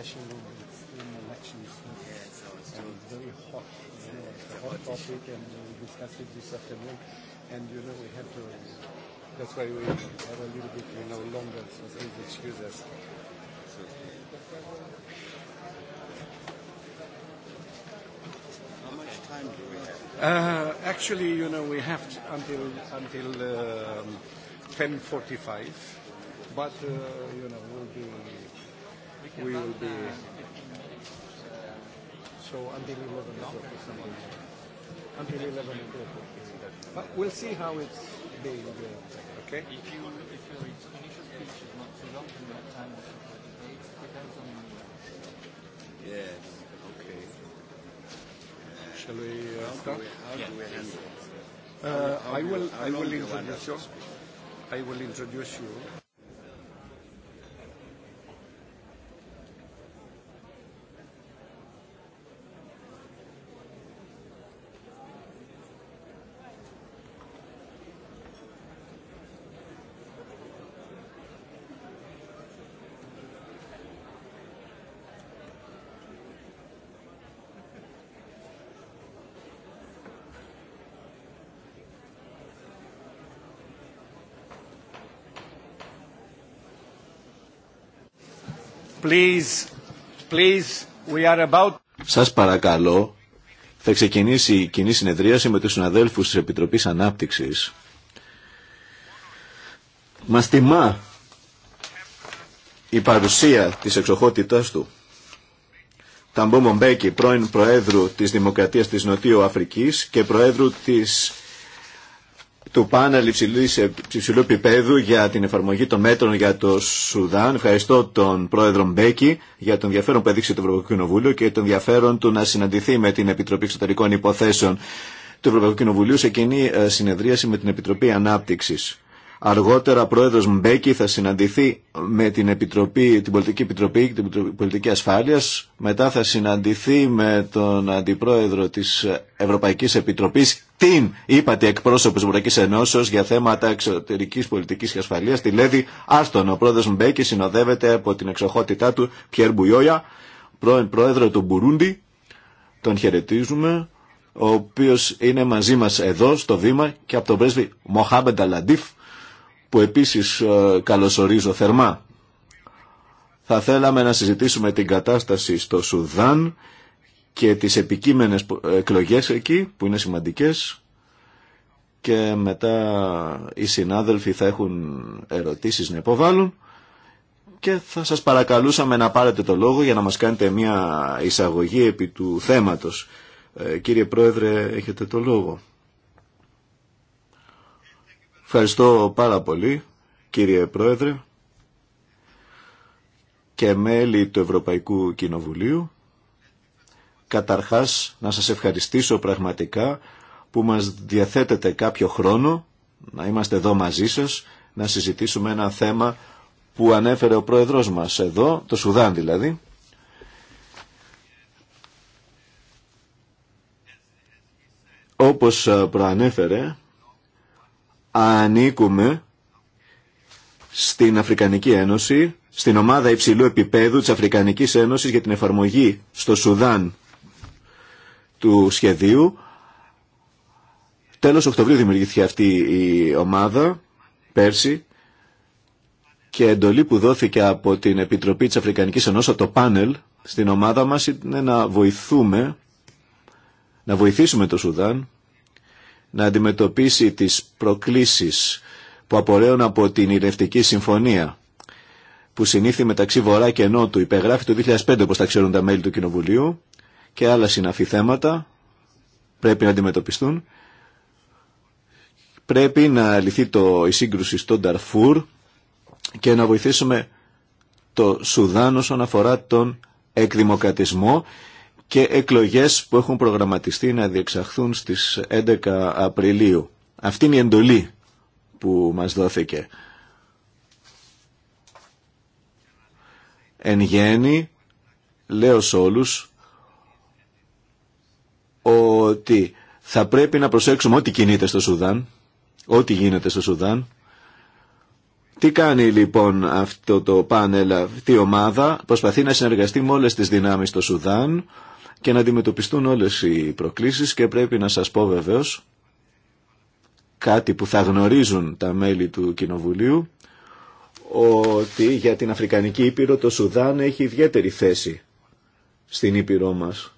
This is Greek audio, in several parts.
session will be in elections. So it's very hot, hot topic, and we discussed it this afternoon. And you know, we have to. That's why we have a little bit, you know, longer. So please excuse us. How much time do we have? Actually, you know, we have until until 10:45, but you know, we'll be we will be so until 11 o'clock until 11 o'clock but we'll see how it's being okay if you if your initial speech is not too long in that time it depends on yes okay shall we start how do we handle uh, I will I will introduce you I will introduce you Σας παρακαλώ, θα ξεκινήσει η κοινή συνεδρίαση με τους συναδέλφους της Επιτροπής Ανάπτυξης. Μας τιμά η παρουσία της εξοχότητάς του. Ταμπού Μομπέκη, πρώην Προέδρου της Δημοκρατίας της Νοτιού Αφρικής και Προέδρου της του πάνελ υψηλού επίπεδου για την εφαρμογή των μέτρων για το Σουδάν. Ευχαριστώ τον πρόεδρο Μπέκη για τον ενδιαφέρον που έδειξε το Ευρωπαϊκό Κοινοβούλιο και τον ενδιαφέρον του να συναντηθεί με την Επιτροπή Εξωτερικών Υποθέσεων του Ευρωπαϊκού Κοινοβουλίου σε κοινή ε, συνεδρίαση με την Επιτροπή Ανάπτυξη. Αργότερα πρόεδρος Μπέκη θα συναντηθεί με την, Επιτροπή, την Πολιτική Επιτροπή και την Πολιτική Ασφάλειας. Μετά θα συναντηθεί με τον Αντιπρόεδρο της Ευρωπαϊκής Επιτροπής, την είπατε εκπρόσωπο της Ευρωπαϊκής Ενώσεως για θέματα εξωτερικής πολιτικής και ασφαλείας, τη Λέδη Άστον. Ο πρόεδρος Μπέκη συνοδεύεται από την εξοχότητά του Πιέρ Μπουγιόια, πρώην πρόεδρο του Μπουρούντι. Τον χαιρετίζουμε ο οποίος είναι μαζί μας εδώ στο βήμα και από τον πρέσβη Μοχάμπεντα Λαντίφ που επίσης ε, καλωσορίζω θερμά. Θα θέλαμε να συζητήσουμε την κατάσταση στο Σουδάν και τις επικείμενες εκλογές εκεί που είναι σημαντικές και μετά οι συνάδελφοι θα έχουν ερωτήσεις να υποβάλουν και θα σας παρακαλούσαμε να πάρετε το λόγο για να μας κάνετε μια εισαγωγή επί του θέματος. Ε, κύριε Πρόεδρε, έχετε το λόγο. Ευχαριστώ πάρα πολύ κύριε Πρόεδρε και μέλη του Ευρωπαϊκού Κοινοβουλίου. Καταρχάς να σας ευχαριστήσω πραγματικά που μας διαθέτετε κάποιο χρόνο να είμαστε εδώ μαζί σας να συζητήσουμε ένα θέμα που ανέφερε ο πρόεδρος μας εδώ, το Σουδάν δηλαδή. Όπως προανέφερε, ανήκουμε στην Αφρικανική Ένωση, στην ομάδα υψηλού επίπεδου της Αφρικανικής Ένωσης για την εφαρμογή στο Σουδάν του σχεδίου. Τέλος Οκτωβρίου δημιουργήθηκε αυτή η ομάδα, πέρσι, και εντολή που δόθηκε από την Επιτροπή της Αφρικανικής Ενώσης, το πάνελ, στην ομάδα μας είναι να βοηθούμε, να βοηθήσουμε το Σουδάν να αντιμετωπίσει τις προκλήσεις που απορρέουν από την ηρευτική Συμφωνία που συνήθει μεταξύ Βορρά και Νότου υπεγράφει το 2005 όπως τα ξέρουν τα μέλη του Κοινοβουλίου και άλλα συναφή θέματα πρέπει να αντιμετωπιστούν. Πρέπει να λυθεί το, η σύγκρουση στο Νταρφούρ και να βοηθήσουμε το Σουδάν όσον αφορά τον εκδημοκρατισμό και εκλογές που έχουν προγραμματιστεί να διεξαχθούν στις 11 Απριλίου. Αυτή είναι η εντολή που μας δόθηκε. Εν γέννη, λέω σε όλους, ότι θα πρέπει να προσέξουμε ό,τι κινείται στο Σουδάν, ό,τι γίνεται στο Σουδάν. Τι κάνει λοιπόν αυτό το πάνελ, αυτή η ομάδα, προσπαθεί να συνεργαστεί με όλες τις δυνάμεις στο Σουδάν, και να αντιμετωπιστούν όλες οι προκλήσεις και πρέπει να σας πω βεβαίως κάτι που θα γνωρίζουν τα μέλη του Κοινοβουλίου ότι για την Αφρικανική Ήπειρο το Σουδάν έχει ιδιαίτερη θέση στην Ήπειρό μας.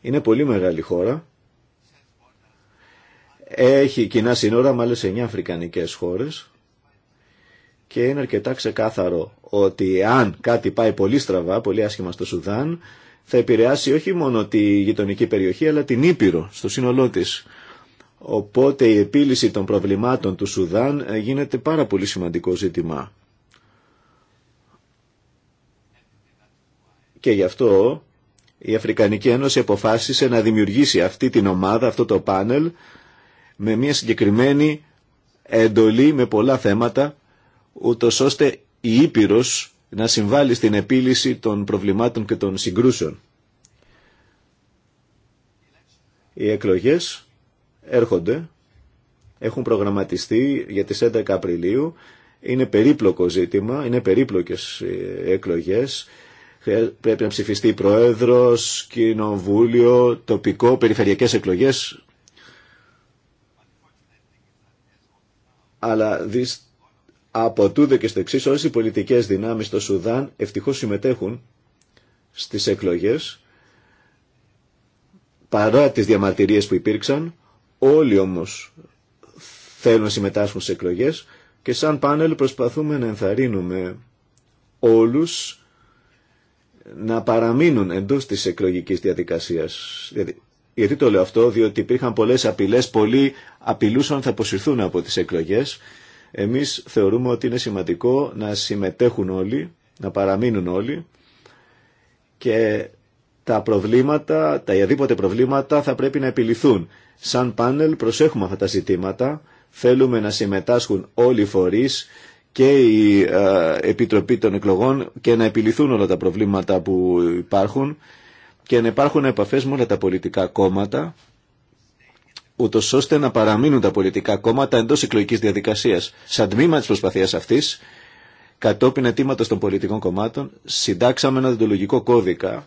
Είναι πολύ μεγάλη χώρα. Έχει κοινά σύνορα με άλλες 9 Αφρικανικές χώρες και είναι αρκετά ξεκάθαρο ότι αν κάτι πάει πολύ στραβά, πολύ άσχημα στο Σουδάν, θα επηρεάσει όχι μόνο τη γειτονική περιοχή αλλά την Ήπειρο στο σύνολό της. Οπότε η επίλυση των προβλημάτων του Σουδάν ε, γίνεται πάρα πολύ σημαντικό ζήτημα. Και γι' αυτό η Αφρικανική Ένωση αποφάσισε να δημιουργήσει αυτή την ομάδα, αυτό το πάνελ, με μια συγκεκριμένη εντολή με πολλά θέματα, ούτω ώστε η Ήπειρος να συμβάλλει στην επίλυση των προβλημάτων και των συγκρούσεων. Οι εκλογές έρχονται, έχουν προγραμματιστεί για τις 11 Απριλίου, είναι περίπλοκο ζήτημα, είναι περίπλοκες ε, εκλογές, πρέπει να ψηφιστεί πρόεδρος, κοινοβούλιο, τοπικό, περιφερειακές εκλογές, αλλά δυστυχώς από τούδε και στο εξή όλες οι πολιτικές δυνάμεις στο Σουδάν ευτυχώ συμμετέχουν στις εκλογές παρά τις διαμαρτυρίες που υπήρξαν όλοι όμως θέλουν να συμμετάσχουν στι εκλογές και σαν πάνελ προσπαθούμε να ενθαρρύνουμε όλους να παραμείνουν εντός της εκλογικής διαδικασίας. Γιατί το λέω αυτό, διότι υπήρχαν πολλές απειλές, πολλοί απειλούσαν θα αποσυρθούν από τις εκλογές εμείς θεωρούμε ότι είναι σημαντικό να συμμετέχουν όλοι, να παραμείνουν όλοι και τα προβλήματα, τα ιαδήποτε προβλήματα θα πρέπει να επιληθούν. Σαν πάνελ προσέχουμε αυτά τα ζητήματα, θέλουμε να συμμετάσχουν όλοι οι φορείς και η ε, Επιτροπή των Εκλογών και να επιληθούν όλα τα προβλήματα που υπάρχουν και να υπάρχουν επαφές με όλα τα πολιτικά κόμματα ούτω ώστε να παραμείνουν τα πολιτικά κόμματα εντό εκλογική διαδικασία. Σαν τμήμα τη προσπαθία αυτή, κατόπιν αιτήματο των πολιτικών κομμάτων, συντάξαμε ένα διοντολογικό κώδικα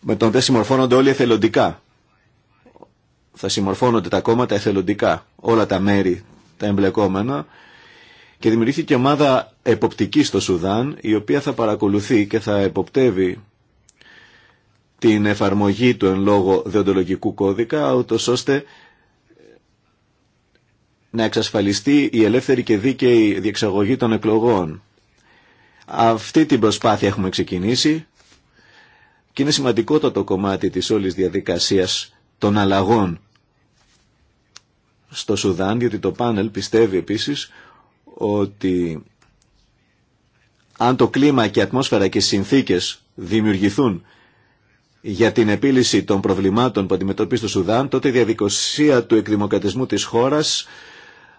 με τον οποίο συμμορφώνονται όλοι εθελοντικά. Θα συμμορφώνονται τα κόμματα εθελοντικά, όλα τα μέρη τα εμπλεκόμενα και δημιουργήθηκε ομάδα εποπτική στο Σουδάν η οποία θα παρακολουθεί και θα εποπτεύει την εφαρμογή του εν λόγω διοντολογικού κώδικα, ούτως ώστε να εξασφαλιστεί η ελεύθερη και δίκαιη διεξαγωγή των εκλογών. Αυτή την προσπάθεια έχουμε ξεκινήσει και είναι σημαντικό το, το κομμάτι της όλης διαδικασίας των αλλαγών στο Σουδάν, διότι το πάνελ πιστεύει επίσης ότι αν το κλίμα και η ατμόσφαιρα και οι συνθήκες δημιουργηθούν για την επίλυση των προβλημάτων που αντιμετωπίζει το Σουδάν, τότε η διαδικασία του εκδημοκρατισμού της χώρας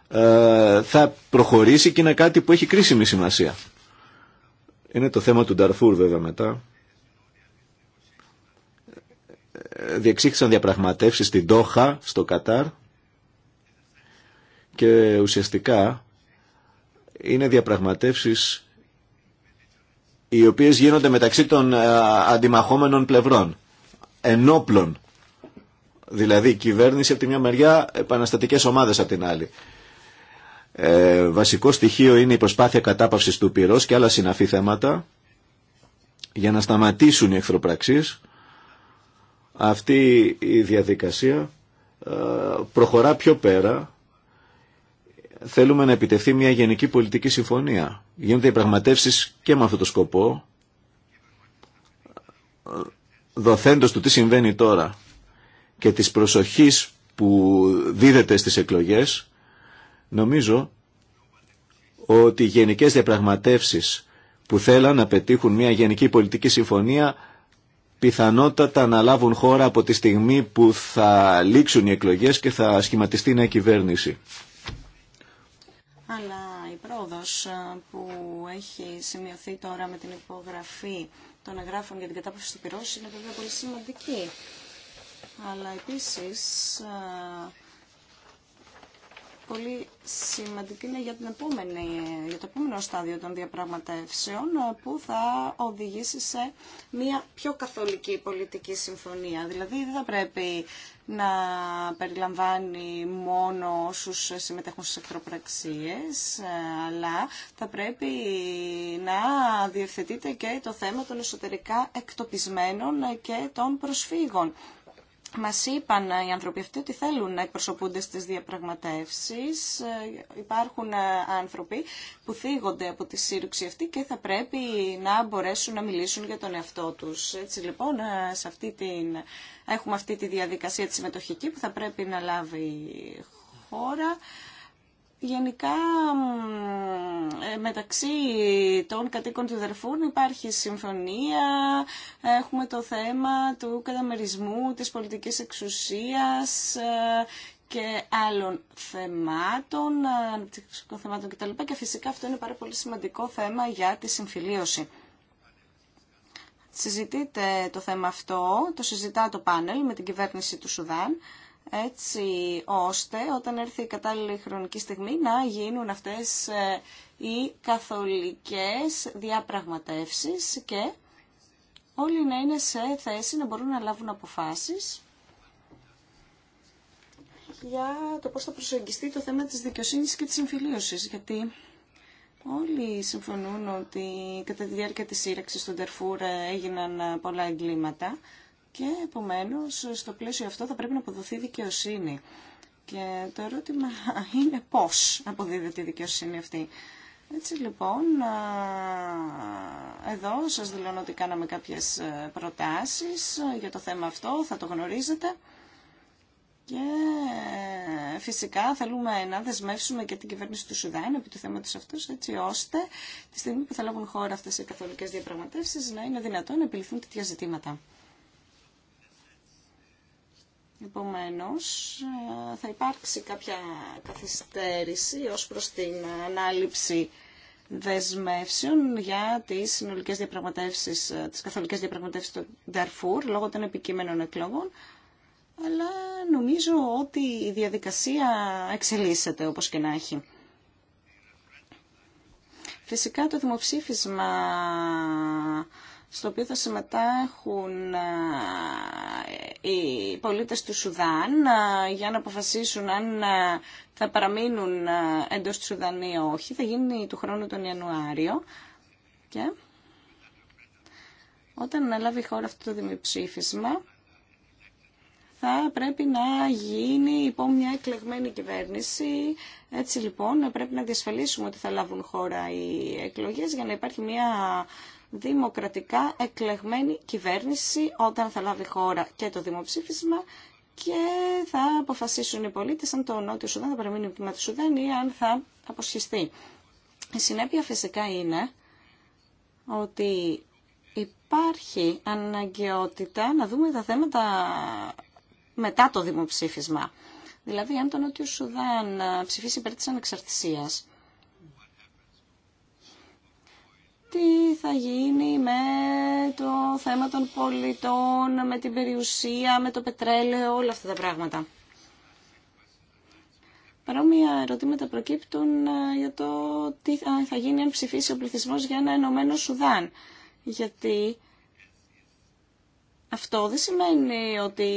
ε, θα προχωρήσει και είναι κάτι που έχει κρίσιμη σημασία. Είναι το θέμα του Νταρφούρ βέβαια μετά. Διεξήχθησαν διαπραγματεύσεις στην Τόχα, στο Κατάρ και ουσιαστικά είναι διαπραγματεύσεις οι οποίες γίνονται μεταξύ των ε, αντιμαχόμενων πλευρών, ενόπλων. Δηλαδή κυβέρνηση από τη μια μεριά, επαναστατικές ομάδες από την άλλη. Ε, βασικό στοιχείο είναι η προσπάθεια κατάπαυσης του πυρός και άλλα συναφή θέματα για να σταματήσουν οι εχθροπραξίες. Αυτή η διαδικασία ε, προχωρά πιο πέρα θέλουμε να επιτευχθεί μια γενική πολιτική συμφωνία. Γίνονται οι πραγματεύσεις και με αυτό το σκοπό, δοθέντος του τι συμβαίνει τώρα και της προσοχής που δίδεται στις εκλογές, νομίζω ότι οι γενικές διαπραγματεύσεις που θέλαν να πετύχουν μια γενική πολιτική συμφωνία πιθανότατα να λάβουν χώρα από τη στιγμή που θα λήξουν οι εκλογές και θα σχηματιστεί νέα κυβέρνηση αλλά η πρόοδος ε, που έχει σημειωθεί τώρα με την υπογραφή των εγγράφων για την κατάπαυση του πυρός είναι βέβαια πολύ σημαντική. Αλλά επίσης ε, πολύ σημαντική είναι για, την για το επόμενο στάδιο των διαπραγματεύσεων που θα οδηγήσει σε μια πιο καθολική πολιτική συμφωνία. Δηλαδή δεν θα πρέπει να περιλαμβάνει μόνο όσους συμμετέχουν στις εκτροπραξίες, αλλά θα πρέπει να διευθετείται και το θέμα των εσωτερικά εκτοπισμένων και των προσφύγων μας είπαν οι άνθρωποι αυτοί ότι θέλουν να εκπροσωπούνται στις διαπραγματεύσεις. Ε, υπάρχουν ε, άνθρωποι που θίγονται από τη σύρουξη αυτή και θα πρέπει να μπορέσουν να μιλήσουν για τον εαυτό τους. Έτσι λοιπόν ε, σε αυτή την... έχουμε αυτή τη διαδικασία τη συμμετοχική που θα πρέπει να λάβει χώρα. Γενικά ε, μεταξύ των κατοίκων του Δερφούν υπάρχει συμφωνία, έχουμε το θέμα του καταμερισμού, της πολιτικής εξουσίας ε, και άλλων θεμάτων, αναπτυξιακών θεμάτων κτλ. Και φυσικά αυτό είναι πάρα πολύ σημαντικό θέμα για τη συμφιλίωση. Συζητείτε το θέμα αυτό, το συζητά το πάνελ με την κυβέρνηση του Σουδάν έτσι ώστε όταν έρθει η κατάλληλη χρονική στιγμή να γίνουν αυτές ε, οι καθολικές διαπραγματεύσεις και όλοι να είναι σε θέση να μπορούν να λάβουν αποφάσεις για το πώς θα προσεγγιστεί το θέμα της δικαιοσύνης και της συμφιλίωσης, γιατί όλοι συμφωνούν ότι κατά τη διάρκεια της σύραξης στον Τερφούρ ε, έγιναν ε, πολλά εγκλήματα, και επομένως στο πλαίσιο αυτό θα πρέπει να αποδοθεί δικαιοσύνη. Και το ερώτημα είναι πώς αποδίδεται η δικαιοσύνη αυτή. Έτσι λοιπόν, εδώ σας δηλώνω ότι κάναμε κάποιες ε, προτάσεις ε, για το θέμα αυτό, θα το γνωρίζετε. Και ε, φυσικά θέλουμε να δεσμεύσουμε και την κυβέρνηση του Σουδάν επί του θέματος αυτού, έτσι ώστε τη στιγμή που θα λάβουν χώρα αυτές οι καθολικές διαπραγματεύσεις να είναι δυνατόν να επιληθούν τέτοια ζητήματα. Επομένως, ε, θα υπάρξει κάποια καθυστέρηση ως προς την ανάληψη δεσμεύσεων για τις συνολικές διαπραγματεύσεις, ε, τις καθολικές διαπραγματεύσεις του Νταρφούρ λόγω των επικείμενων εκλογών, αλλά νομίζω ότι η διαδικασία εξελίσσεται όπως και να έχει. Φυσικά το δημοψήφισμα στο οποίο θα συμμετάχουν οι πολίτες του Σουδάν για να αποφασίσουν αν θα παραμείνουν εντός του Σουδάν ή όχι. Θα γίνει του χρόνου τον Ιανουάριο. Και όταν αναλάβει η χώρα αυτό το δημοψήφισμα, θα πρέπει να γίνει υπό μια εκλεγμένη κυβέρνηση. Έτσι λοιπόν πρέπει να διασφαλίσουμε ότι θα λάβουν χώρα οι εκλογές για να υπάρχει μια δημοκρατικά εκλεγμένη κυβέρνηση όταν θα λάβει χώρα και το δημοψήφισμα και θα αποφασίσουν οι πολίτες αν το Νότιο Σουδάν θα παραμείνει πτήμα του Σουδάν ή αν θα αποσχιστεί. Η συνέπεια φυσικά είναι ότι υπάρχει αναγκαιότητα να δούμε τα θέματα μετά το δημοψήφισμα. Δηλαδή, αν το Νότιο Σουδάν ψηφίσει υπέρ της ανεξαρτησίας, τι θα γίνει με το θέμα των πολιτών, με την περιουσία, με το πετρέλαιο, όλα αυτά τα πράγματα. Παρόμοια ερωτήματα προκύπτουν ε, για το τι θα γίνει αν ψηφίσει ο πληθυσμό για ένα ενωμένο Σουδάν. Γιατί αυτό δεν σημαίνει ότι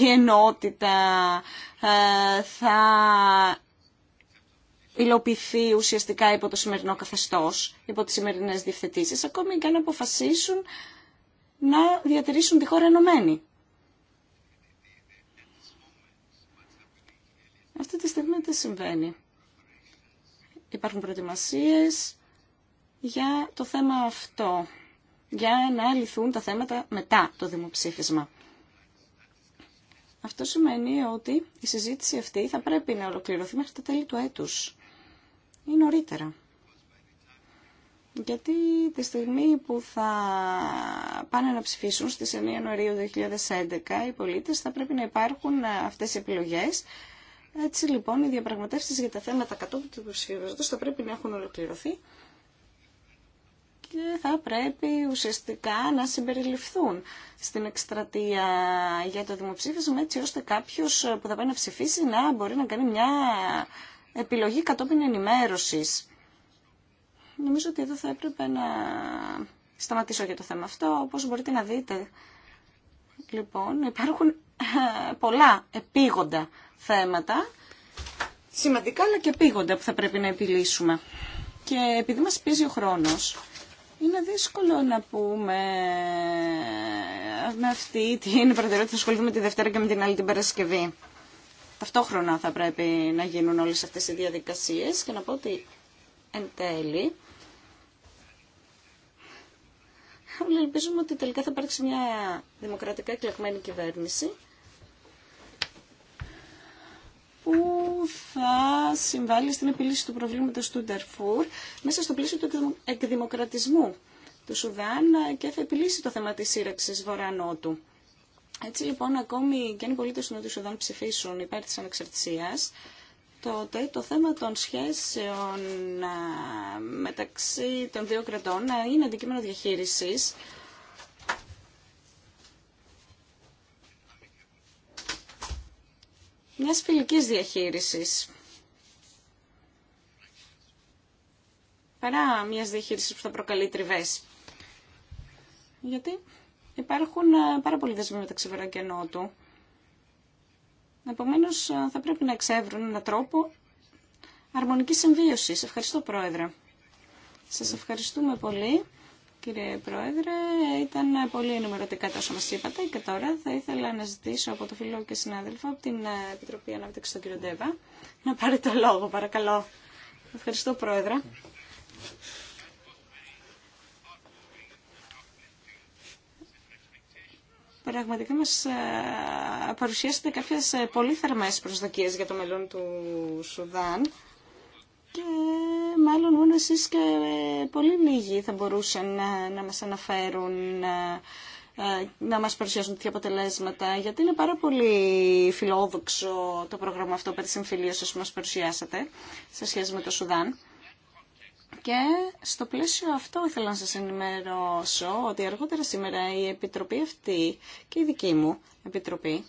η ενότητα ε, θα υλοποιηθεί ουσιαστικά υπό το σημερινό καθεστώς, υπό τις σημερινές διευθετήσεις, ακόμη και αν αποφασίσουν να διατηρήσουν τη χώρα ενωμένη. Αυτή τη στιγμή τι συμβαίνει. Υπάρχουν προετοιμασίες για το θέμα αυτό, για να λυθούν τα θέματα μετά το δημοψήφισμα. Αυτό σημαίνει ότι η συζήτηση αυτή θα πρέπει να ολοκληρωθεί μέχρι τα τέλη του έτους ή νωρίτερα. Γιατί τη στιγμή που θα πάνε να ψηφίσουν στις 9 Ιανουαρίου 2011 οι πολίτες θα πρέπει να υπάρχουν ε, αυτές οι επιλογές. Έτσι λοιπόν οι διαπραγματεύσεις για τα θέματα κατόπιν του ψηφίσματος θα πρέπει να έχουν ολοκληρωθεί και θα πρέπει ουσιαστικά να συμπεριληφθούν στην εκστρατεία για το δημοψήφισμα έτσι ώστε κάποιος ε, που θα πάει να ψηφίσει να μπορεί να κάνει μια επιλογή κατόπιν ενημέρωσης. Νομίζω ότι εδώ θα έπρεπε να σταματήσω για το θέμα αυτό, όπως μπορείτε να δείτε. Λοιπόν, υπάρχουν ε, πολλά επίγοντα θέματα, σημαντικά αλλά και επίγοντα που θα πρέπει να επιλύσουμε. Και επειδή μας πίζει ο χρόνος, είναι δύσκολο να πούμε ε, με αυτή την προτεραιότητα ασχοληθούμε τη Δευτέρα και με την άλλη την Παρασκευή. Ταυτόχρονα θα πρέπει να γίνουν όλες αυτές οι διαδικασίες και να πω ότι εν τέλει ελπίζουμε ότι τελικά θα υπάρξει μια δημοκρατικά εκλεγμένη κυβέρνηση που θα συμβάλλει στην επίλυση του προβλήματος του Ντερφούρ μέσα στο πλαίσιο του εκδημοκρατισμού του Σουδάν και θα επιλύσει το θέμα της σύραξης έτσι λοιπόν ακόμη και αν οι πολίτε του Νότιου Σουδάν ψηφίσουν υπέρ τη ανεξαρτησία. τότε το θέμα των σχέσεων μεταξύ των δύο κρατών είναι αντικείμενο διαχείριση. μιας φιλικής διαχείρισης. Παρά μιας διαχείρισης που θα προκαλεί τριβές. Γιατί Υπάρχουν ε, πάρα πολλοί δεσμοί μεταξύ Βορρά και Νότου. Επομένω, ε, θα πρέπει να εξεύρουν έναν τρόπο αρμονική συμβίωση. Ευχαριστώ, Πρόεδρε. Σα ευχαριστούμε πολύ. Κύριε Πρόεδρε, ήταν πολύ ενημερωτικά τα όσα μας είπατε και τώρα θα ήθελα να ζητήσω από το φίλο και συνάδελφο από την ε, Επιτροπή Ανάπτυξη τον κύριο Ντέβα να πάρει το λόγο, παρακαλώ. Ευχαριστώ, Πρόεδρε. πραγματικά μας ε, παρουσιάσετε κάποιες ε, πολύ θερμές προσδοκίες για το μέλλον του Σουδάν και μάλλον μόνο εσείς και ε, πολύ λίγοι θα μπορούσαν να, να μας αναφέρουν να μας παρουσιάσουν τέτοια αποτελέσματα, γιατί είναι πάρα πολύ φιλόδοξο το πρόγραμμα αυτό περί συμφιλίωσης που μας παρουσιάσατε σε σχέση με το Σουδάν. Και στο πλαίσιο αυτό ήθελα να σας ενημερώσω ότι αργότερα σήμερα η Επιτροπή αυτή και η δική μου Επιτροπή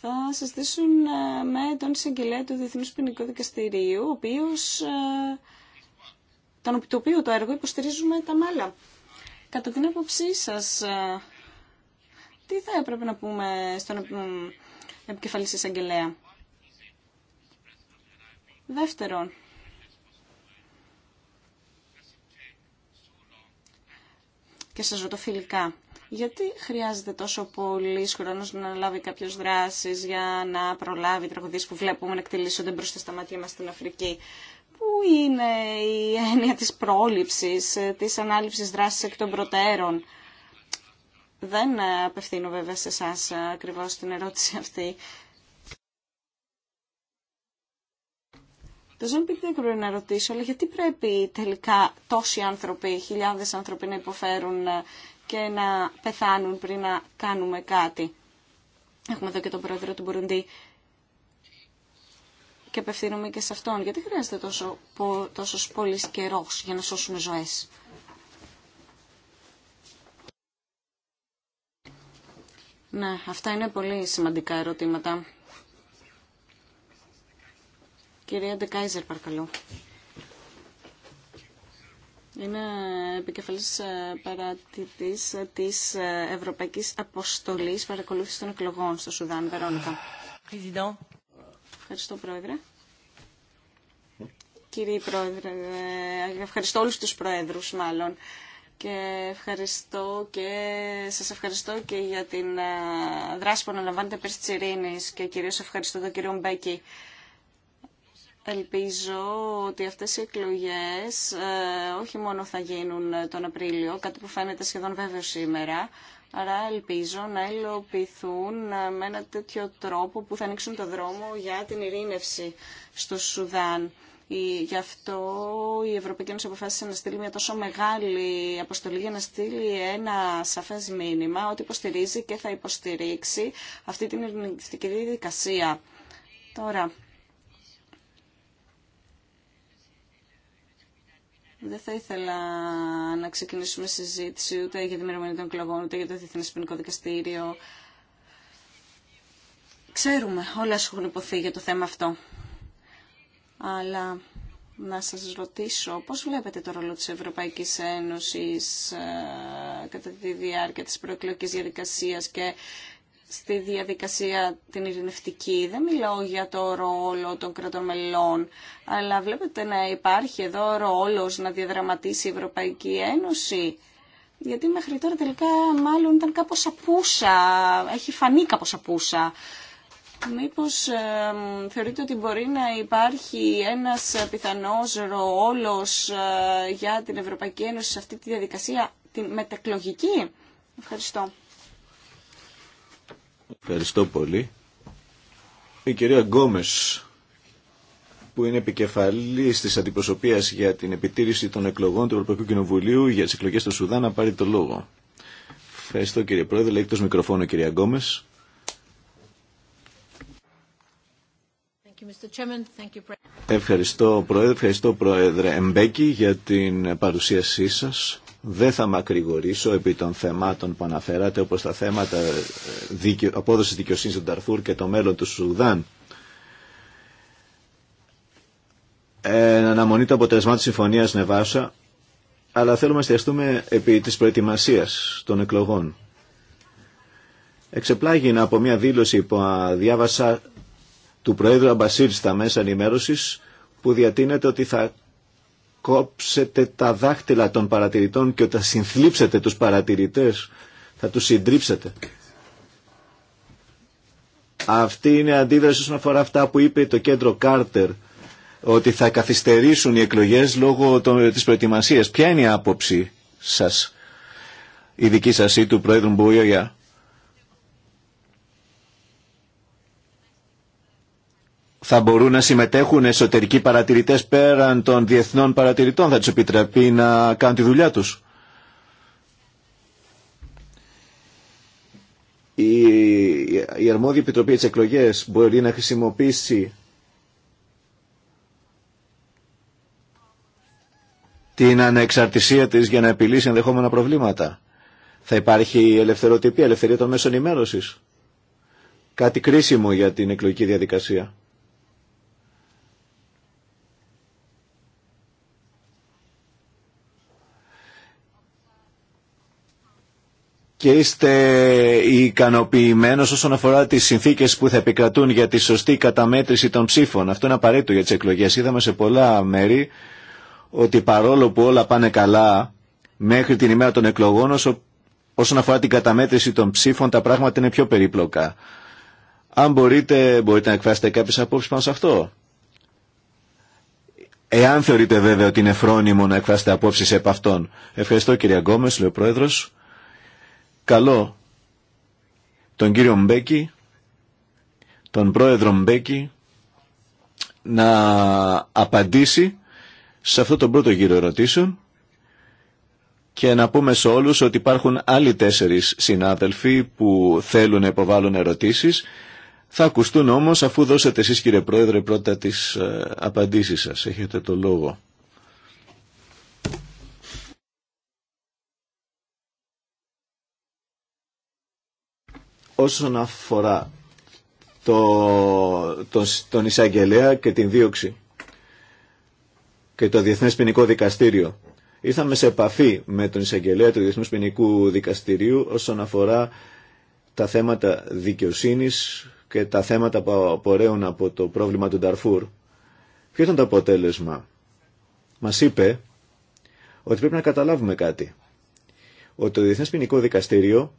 θα συζητήσουν ε, με τον εισαγγελέα του Διεθνούς Ποινικού Δικαστηρίου, ο οποίος, ε, τον, οποίο το έργο υποστηρίζουμε τα μάλα. Κατά την άποψή σας, ε, τι θα έπρεπε να πούμε στον επικεφαλής εισαγγελέα. Δεύτερον, και σας ρωτώ φιλικά. Γιατί χρειάζεται τόσο πολύ χρόνο να λάβει κάποιο δράσει για να προλάβει τραγωδίε που βλέπουμε να εκτελήσονται μπροστά στα μάτια μα στην Αφρική. Πού είναι η έννοια της πρόληψης, ε, της ανάληψης δράσης εκ των προτέρων. Δεν ε, απευθύνω βέβαια σε εσά ε, ακριβώ την ερώτηση αυτή. Δεν πει να ρωτήσω, αλλά γιατί πρέπει τελικά τόσοι άνθρωποι, χιλιάδες άνθρωποι να υποφέρουν ε, και να πεθάνουν πριν να κάνουμε κάτι. Έχουμε εδώ και τον πρόεδρο του Μπουρουντή και απευθύνομαι και σε αυτόν. Γιατί χρειάζεται τόσο, τόσο πολύ καιρό για να σώσουμε ζωές. Ναι, αυτά είναι πολύ σημαντικά ερωτήματα. Κυρία Ντεκάιζερ, παρακαλώ. Είναι επικεφαλής ε, παρατητής ε, της ε, Ευρωπαϊκής Αποστολής Παρακολούθησης των Εκλογών στο Σουδάν, Βερόνικα. Ευχαριστώ, Πρόεδρε. Κύριε Πρόεδρε, ευχαριστώ όλους τους Προέδρους, μάλλον. Και ευχαριστώ και σας ευχαριστώ και για την δράση που αναλαμβάνετε πέρσι της Ειρήνης και κυρίως ευχαριστώ τον κύριο Μπέκη Ελπίζω ότι αυτές οι εκλογές ε, όχι μόνο θα γίνουν τον Απρίλιο, κάτι που φαίνεται σχεδόν βέβαιο σήμερα, αλλά ελπίζω να υλοποιηθούν ε, με ένα τέτοιο τρόπο που θα ανοίξουν το δρόμο για την ειρήνευση στο Σουδάν. Γι' αυτό η Ευρωπαϊκή Ένωση αποφάσισε να στείλει μια τόσο μεγάλη αποστολή για να στείλει ένα σαφές μήνυμα ότι υποστηρίζει και θα υποστηρίξει αυτή την ειρηνευτική διαδικασία. Τώρα, Δεν θα ήθελα να ξεκινήσουμε συζήτηση ούτε για τη μερομηνία των εκλογών, ούτε για το Διεθνές Ποινικό Δικαστήριο. Ξέρουμε, όλα σου έχουν υποθεί για το θέμα αυτό. Αλλά να σας ρωτήσω πώς βλέπετε το ρόλο της Ευρωπαϊκής Ένωσης ε, κατά τη διάρκεια της προεκλογικής διαδικασίας και στη διαδικασία την ειρηνευτική. Δεν μιλάω για το ρόλο των κρατών μελών, αλλά βλέπετε να υπάρχει εδώ ρόλος να διαδραματίσει η Ευρωπαϊκή Ένωση. Γιατί μέχρι τώρα τελικά μάλλον ήταν κάπως απούσα, έχει φανεί κάπως απούσα. Μήπως ε, θεωρείτε ότι μπορεί να υπάρχει ένας πιθανός ρόλος ε, για την Ευρωπαϊκή Ένωση σε αυτή τη διαδικασία, τη μετακλογική. Ευχαριστώ. Ευχαριστώ πολύ. Η κυρία Γκόμες, που είναι επικεφαλής της αντιπροσωπείας για την επιτήρηση των εκλογών του Ευρωπαϊκού Κοινοβουλίου για τις εκλογές του Σουδάν, να πάρει το λόγο. Ευχαριστώ κύριε Πρόεδρε. Λέει μικροφόνο μικροφώνου κυρία Γκόμε. Ευχαριστώ Πρόεδρε, ευχαριστώ Πρόεδρε Εμπέκη για την παρουσίασή σας. Δεν θα μακρηγορήσω επί των θεμάτων που αναφέρατε όπως τα θέματα ε, δικαι... απόδοσης δικαιοσύνης του Νταρφούρ και το μέλλον του Σουδάν. Ε, αναμονή το αποτελεσμά της συμφωνίας Νεβάσα αλλά θέλουμε να εστιαστούμε επί της προετοιμασίας των εκλογών. Εξεπλάγει από μια δήλωση που διάβασα του Προέδρου Αμπασίρ στα μέσα ενημέρωση που διατείνεται ότι θα κόψετε τα δάχτυλα των παρατηρητών και όταν συνθλίψετε τους παρατηρητές θα τους συντρίψετε. Αυτή είναι η αντίδραση όσον αφορά αυτά που είπε το κέντρο Κάρτερ ότι θα καθυστερήσουν οι εκλογές λόγω των, της προετοιμασίας. Ποια είναι η άποψη σας, η δική σας ή του Πρόεδρου Μπούγια θα μπορούν να συμμετέχουν εσωτερικοί παρατηρητές πέραν των διεθνών παρατηρητών, θα τους επιτραπεί να κάνουν τη δουλειά τους. Η, η αρμόδια επιτροπή της εκλογές μπορεί να χρησιμοποιήσει την ανεξαρτησία της για να επιλύσει ενδεχόμενα προβλήματα. Θα υπάρχει ελευθεροτυπία, ελευθερία των μέσων ενημέρωσης. Κάτι κρίσιμο για την εκλογική διαδικασία. και είστε ικανοποιημένος όσον αφορά τις συνθήκες που θα επικρατούν για τη σωστή καταμέτρηση των ψήφων. Αυτό είναι απαραίτητο για τις εκλογές. Είδαμε σε πολλά μέρη ότι παρόλο που όλα πάνε καλά μέχρι την ημέρα των εκλογών όσον αφορά την καταμέτρηση των ψήφων τα πράγματα είναι πιο περίπλοκα. Αν μπορείτε, μπορείτε να εκφράσετε κάποιες απόψεις πάνω σε αυτό. Εάν θεωρείτε βέβαια ότι είναι φρόνιμο να εκφράσετε απόψεις επ' αυτών. Ευχαριστώ κύριε Γκόμες, λέει ο Πρόεδρος. Καλό τον κύριο Μπέκη, τον πρόεδρο Μπέκη, να απαντήσει σε αυτό το πρώτο γύρο ερωτήσεων και να πούμε σε όλους ότι υπάρχουν άλλοι τέσσερις συνάδελφοι που θέλουν να υποβάλουν ερωτήσεις. Θα ακουστούν όμως αφού δώσετε εσείς κύριε Πρόεδρε πρώτα τις ε, απαντήσεις σας. Έχετε το λόγο. Όσον αφορά το, τον εισαγγελέα και την δίωξη και το Διεθνές Ποινικό Δικαστήριο. Ήρθαμε σε επαφή με τον εισαγγελέα του Διεθνούς Ποινικού Δικαστηρίου όσον αφορά τα θέματα δικαιοσύνης και τα θέματα που απορρέουν από το πρόβλημα του Νταρφούρ. Ποιο ήταν το αποτέλεσμα. Μας είπε ότι πρέπει να καταλάβουμε κάτι. Ότι το Διεθνές Ποινικό Δικαστήριο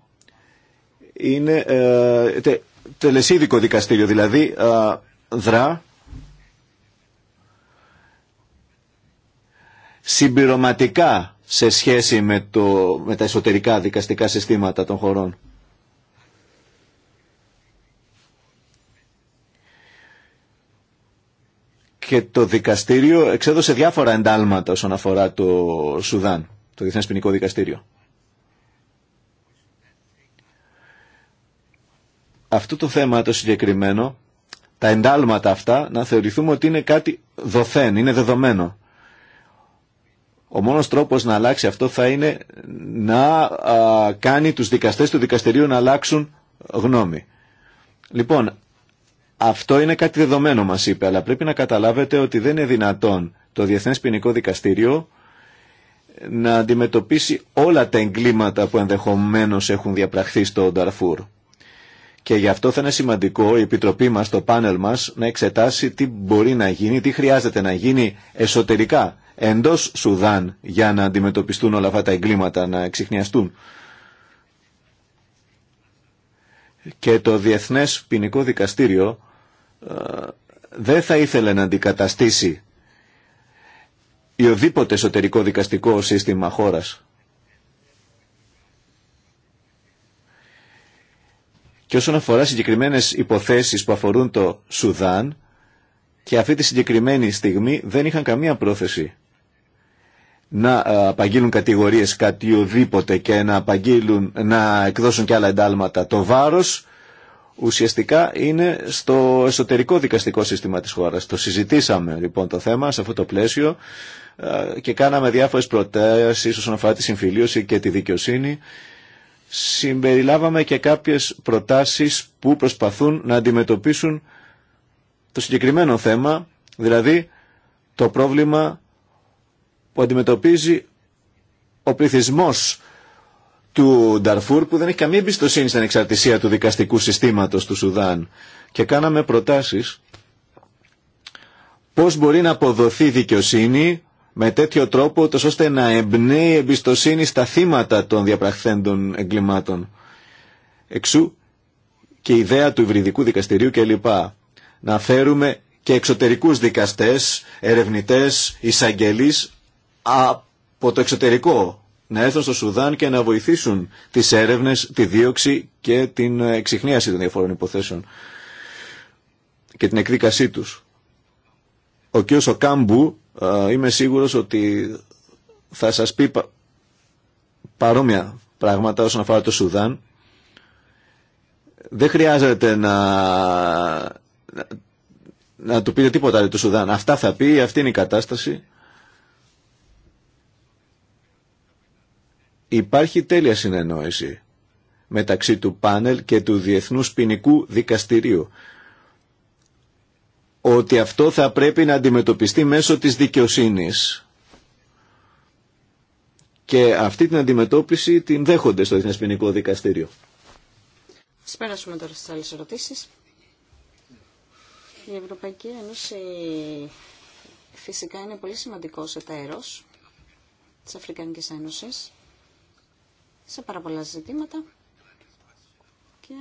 είναι ε, τε, τελεσίδικο δικαστήριο, δηλαδή ε, δρά συμπληρωματικά σε σχέση με, το, με τα εσωτερικά δικαστικά συστήματα των χωρών. Και το δικαστήριο εξέδωσε διάφορα εντάλματα όσον αφορά το Σουδάν, το Διεθνές Ποινικό Δικαστήριο. αυτό το θέμα το συγκεκριμένο, τα εντάλματα αυτά, να θεωρηθούμε ότι είναι κάτι δοθέν, είναι δεδομένο. Ο μόνος τρόπος να αλλάξει αυτό θα είναι να κάνει τους δικαστές του δικαστηρίου να αλλάξουν γνώμη. Λοιπόν, αυτό είναι κάτι δεδομένο μας είπε, αλλά πρέπει να καταλάβετε ότι δεν είναι δυνατόν το Διεθνές Ποινικό Δικαστήριο να αντιμετωπίσει όλα τα εγκλήματα που ενδεχομένως έχουν διαπραχθεί στο Νταρφούρ. Και γι' αυτό θα είναι σημαντικό η Επιτροπή μας, το πάνελ μας, να εξετάσει τι μπορεί να γίνει, τι χρειάζεται να γίνει εσωτερικά, εντός Σουδάν, για να αντιμετωπιστούν όλα αυτά τα εγκλήματα, να εξηχνιαστούν. Και το Διεθνές Ποινικό Δικαστήριο ε, δεν θα ήθελε να αντικαταστήσει οδήποτε εσωτερικό δικαστικό σύστημα χώρας. Και όσον αφορά συγκεκριμένες υποθέσεις που αφορούν το Σουδάν και αυτή τη συγκεκριμένη στιγμή δεν είχαν καμία πρόθεση να ε, απαγγείλουν κατηγορίες κάτι οδήποτε και να απαγγείλουν, να εκδώσουν και άλλα εντάλματα. Το βάρος ουσιαστικά είναι στο εσωτερικό δικαστικό σύστημα της χώρας. Το συζητήσαμε λοιπόν το θέμα σε αυτό το πλαίσιο ε, και κάναμε διάφορες προτάσεις όσον αφορά τη συμφιλίωση και τη δικαιοσύνη συμπεριλάβαμε και κάποιες προτάσεις που προσπαθούν να αντιμετωπίσουν το συγκεκριμένο θέμα, δηλαδή το πρόβλημα που αντιμετωπίζει ο πληθυσμό του Νταρφούρ που δεν έχει καμία εμπιστοσύνη στην εξαρτησία του δικαστικού συστήματος του Σουδάν και κάναμε προτάσεις πώς μπορεί να αποδοθεί δικαιοσύνη με τέτοιο τρόπο ώστε να εμπνέει εμπιστοσύνη στα θύματα των διαπραχθέντων εγκλημάτων. Εξού και η ιδέα του υβριδικού δικαστηρίου κλπ. Να φέρουμε και εξωτερικούς δικαστές, ερευνητές, εισαγγελείς από το εξωτερικό να έρθουν στο Σουδάν και να βοηθήσουν τις έρευνες, τη δίωξη και την εξυχνίαση των διαφόρων υποθέσεων και την εκδίκασή τους. Ο κ. Σοκάμπου ε, είμαι σίγουρος ότι θα σας πει παρόμοια πράγματα όσον αφορά το Σουδάν. Δεν χρειάζεται να, να, του πείτε τίποτα για το Σουδάν. Αυτά θα πει, αυτή είναι η κατάσταση. Υπάρχει τέλεια συνεννόηση μεταξύ του πάνελ και του Διεθνούς Ποινικού Δικαστηρίου ότι αυτό θα πρέπει να αντιμετωπιστεί μέσω της δικαιοσύνης. Και αυτή την αντιμετώπιση την δέχονται στο Διεθνές Ποινικό Δικαστήριο. Ας πέρασουμε τώρα στις άλλες ερωτήσεις. Η Ευρωπαϊκή Ένωση φυσικά είναι πολύ σημαντικός εταίρος της Αφρικανικής Ένωσης σε πάρα πολλά ζητήματα και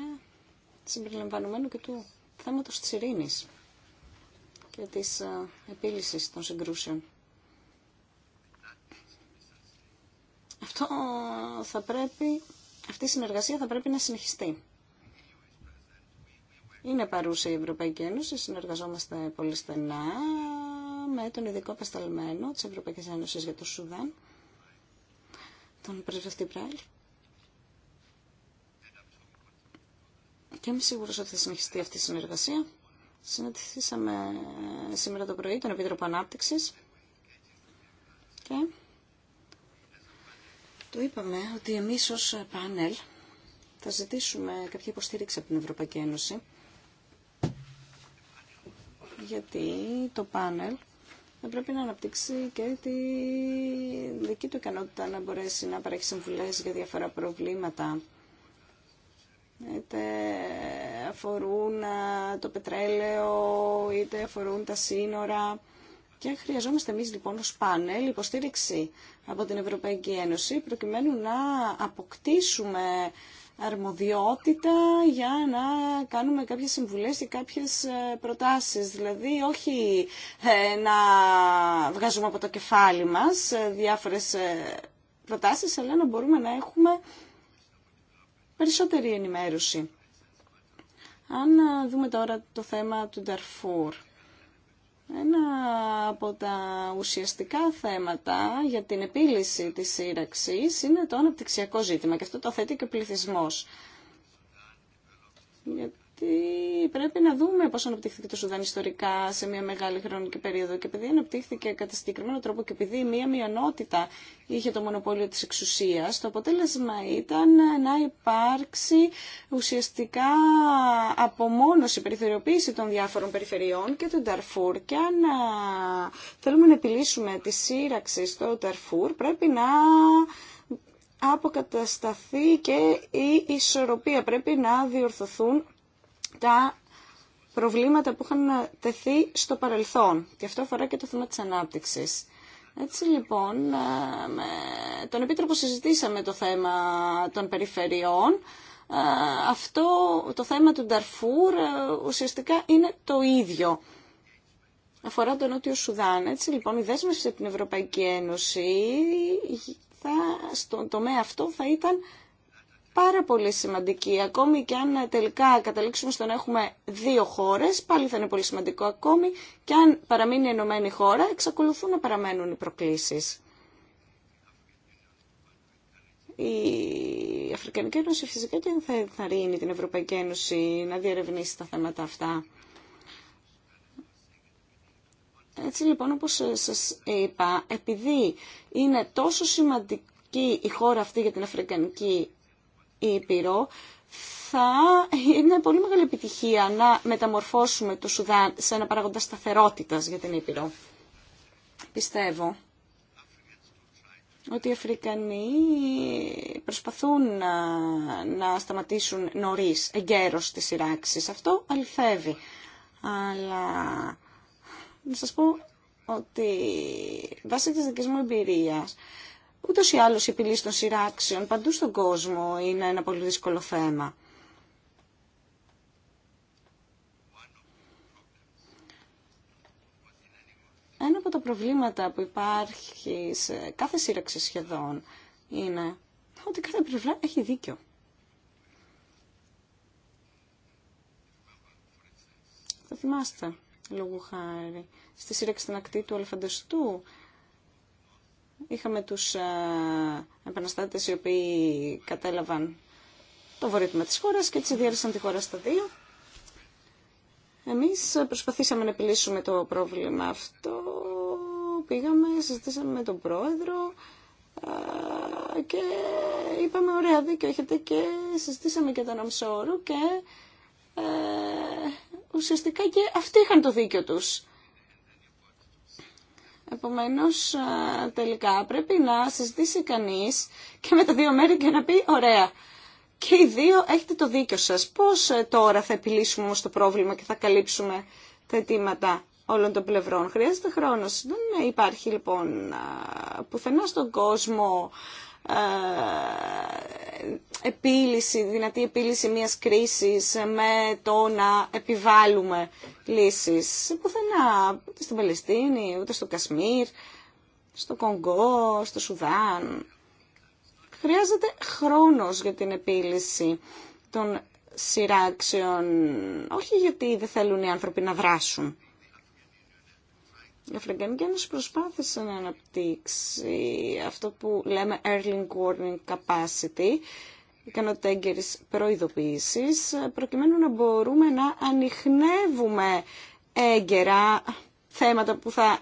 συμπεριλαμβανομένου και του θέματος της ειρήνης και της ε, επίλυσης των συγκρούσεων. Αυτό θα πρέπει, αυτή η συνεργασία θα πρέπει να συνεχιστεί. Είναι παρούσα η Ευρωπαϊκή Ένωση, συνεργαζόμαστε πολύ στενά με τον ειδικό απεσταλμένο της Ευρωπαϊκής Ένωσης για το Σουδάν, τον πρεσβευτή Πράιλ. Και είμαι σίγουρος ότι θα συνεχιστεί αυτή η συνεργασία. Συναντηθήσαμε ε, σήμερα το πρωί τον Επίτροπο ανάπτυξη και του είπαμε ότι εμεί ω πάνελ θα ζητήσουμε κάποια υποστήριξη από την Ευρωπαϊκή Ένωση γιατί το πάνελ θα πρέπει να αναπτύξει και τη δική του ικανότητα να μπορέσει να παρέχει συμβουλέ για διάφορα προβλήματα είτε αφορούν το πετρέλαιο, είτε αφορούν τα σύνορα. Και χρειαζόμαστε εμείς λοιπόν ως πάνελ υποστήριξη από την Ευρωπαϊκή Ένωση προκειμένου να αποκτήσουμε αρμοδιότητα για να κάνουμε κάποιες συμβουλές και κάποιες ε, προτάσεις. Δηλαδή όχι ε, να βγάζουμε από το κεφάλι μας ε, διάφορες προτάσεις, αλλά να μπορούμε να έχουμε περισσότερη ενημέρωση. Αν δούμε τώρα το θέμα του Νταρφούρ, ένα από τα ουσιαστικά θέματα για την επίλυση της σύραξης είναι το αναπτυξιακό ζήτημα και αυτό το θέτει και ο πληθυσμός πρέπει να δούμε πώς αναπτύχθηκε το Σουδάν ιστορικά σε μια μεγάλη χρονική περίοδο και επειδή αναπτύχθηκε κατά συγκεκριμένο τρόπο και επειδή μια μειονότητα είχε το μονοπόλιο της εξουσίας, το αποτέλεσμα ήταν να υπάρξει ουσιαστικά απομόνωση, περιθωριοποίηση των διάφορων περιφερειών και του Νταρφούρ. Και αν θέλουμε να επιλύσουμε τη σύραξη στο Νταρφούρ, πρέπει να αποκατασταθεί και η ισορροπία. Πρέπει να διορθωθούν τα προβλήματα που είχαν τεθεί στο παρελθόν. Και αυτό αφορά και το θέμα της ανάπτυξης. Έτσι λοιπόν, ε, τον Επίτροπο συζητήσαμε το θέμα των περιφερειών. Ε, αυτό το θέμα του Νταρφούρ ε, ουσιαστικά είναι το ίδιο. Αφορά τον Νότιο Σουδάν. Έτσι λοιπόν, η δέσμευση από την Ευρωπαϊκή Ένωση θα, στον τομέα αυτό θα ήταν πάρα πολύ σημαντική. Ακόμη και αν ε, τελικά καταλήξουμε στο να έχουμε δύο χώρε πάλι θα είναι πολύ σημαντικό. Ακόμη και αν παραμείνει ενωμένη χώρα, εξακολουθούν να παραμένουν οι προκλήσεις. Η Αφρικανική Ένωση φυσικά και θα ενθαρρύνει την Ευρωπαϊκή Ένωση να διερευνήσει τα θέματα αυτά. Έτσι λοιπόν όπως ε, σας είπα, επειδή είναι τόσο σημαντική η χώρα αυτή για την Αφρικανική Ήπειρο, θα είναι πολύ μεγάλη επιτυχία να μεταμορφώσουμε το Σουδάν σε ένα παράγοντα σταθερότητας για την Ήπειρο. Πιστεύω ότι οι Αφρικανοί προσπαθούν να, να σταματήσουν νωρίς, εγκαίρως τις σειράξεις. Αυτό αληθεύει. Αλλά να σας πω ότι βάσει της δικής μου εμπειρίας Ούτως ή άλλως η πυλή των σειράξεων παντού στον κόσμο είναι ένα πολύ δύσκολο θέμα. Ένα από τα προβλήματα που υπάρχει σε κάθε σύραξη σχεδόν είναι ότι κάθε πλευρά έχει δίκιο. Θα θυμάστε, λόγου χάρη, στη σύραξη στην ακτή του Αλεφαντεστού... Είχαμε τους ε, επαναστάτες οι οποίοι κατέλαβαν το βορείτημα της χώρας και έτσι διέρεσαν τη χώρα στα δύο. Εμείς προσπαθήσαμε να επιλύσουμε το πρόβλημα αυτό. Πήγαμε, συζητήσαμε με τον πρόεδρο ε, και είπαμε ωραία δίκιο έχετε και συζητήσαμε και τον Αμσόρου και ε, ουσιαστικά και αυτοί είχαν το δίκιο τους. Επομένως, τελικά πρέπει να συζητήσει κανείς και με τα δύο μέρη και να πει «Ωραία, και οι δύο έχετε το δίκιο σας. Πώς ε, τώρα θα επιλύσουμε όμως το πρόβλημα και θα καλύψουμε τα αιτήματα» όλων των πλευρών. Χρειάζεται χρόνος. Δεν υπάρχει λοιπόν πουθενά στον κόσμο επίλυση, δυνατή επίλυση μιας κρίσης με το να επιβάλλουμε λύσεις. Πουθενά, ούτε στην Παλαιστίνη, ούτε στο Κασμίρ, στο Κονγκό, στο Σουδάν. Χρειάζεται χρόνος για την επίλυση των σειράξεων, όχι γιατί δεν θέλουν οι άνθρωποι να δράσουν. Η Αφρικανική Ένωση προσπάθησε να αναπτύξει αυτό που λέμε early warning capacity, ικανότητα έγκαιρη προειδοποίηση, προκειμένου να μπορούμε να ανοιχνεύουμε έγκαιρα θέματα που θα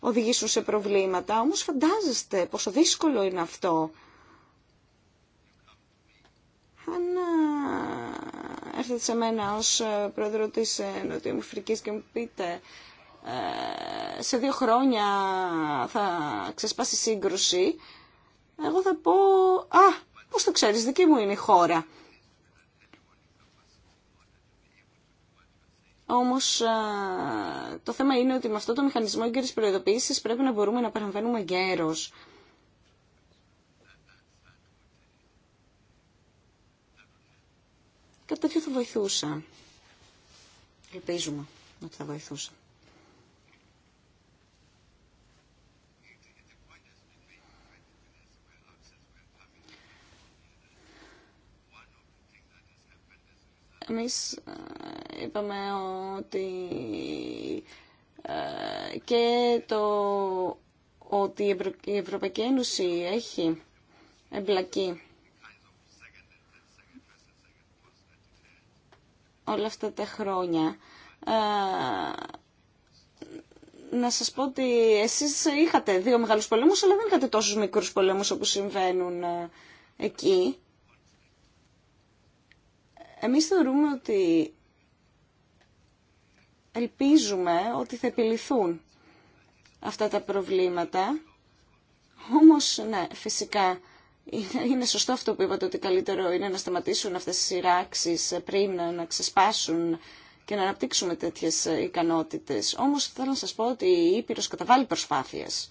οδηγήσουν σε προβλήματα. Όμως φαντάζεστε πόσο δύσκολο είναι αυτό. Αν έρθετε σε μένα ως ε, πρόεδρο της ε, Νοτιομουφρικής και μου πείτε ε, σε δύο χρόνια θα ξεσπάσει σύγκρουση, εγώ θα πω, α, πώς το ξέρεις, δική μου είναι η χώρα. Όμως ε, το θέμα είναι ότι με αυτό το μηχανισμό έγκαιρης προειδοποίησης πρέπει να μπορούμε να παραμβαίνουμε γέρος. Κάτι τέτοιο θα βοηθούσα. Ελπίζουμε ότι θα βοηθούσα. Εμείς ε, είπαμε ότι ε, και το ότι η Ευρωπαϊκή Ένωση έχει εμπλακεί όλα αυτά τα χρόνια. Ε, να σας πω ότι εσείς είχατε δύο μεγάλους πολέμους, αλλά δεν είχατε τόσους μικρούς πολέμους όπως συμβαίνουν εκεί. Εμείς θεωρούμε ότι ελπίζουμε ότι θα επιληθούν αυτά τα προβλήματα. Όμως, ναι, φυσικά, είναι σωστό αυτό που είπατε ότι καλύτερο είναι να σταματήσουν αυτές οι σειράξεις πριν να ξεσπάσουν και να αναπτύξουμε τέτοιες ικανότητες. Όμως θέλω να σας πω ότι η Ήπειρος καταβάλει προσπάθειες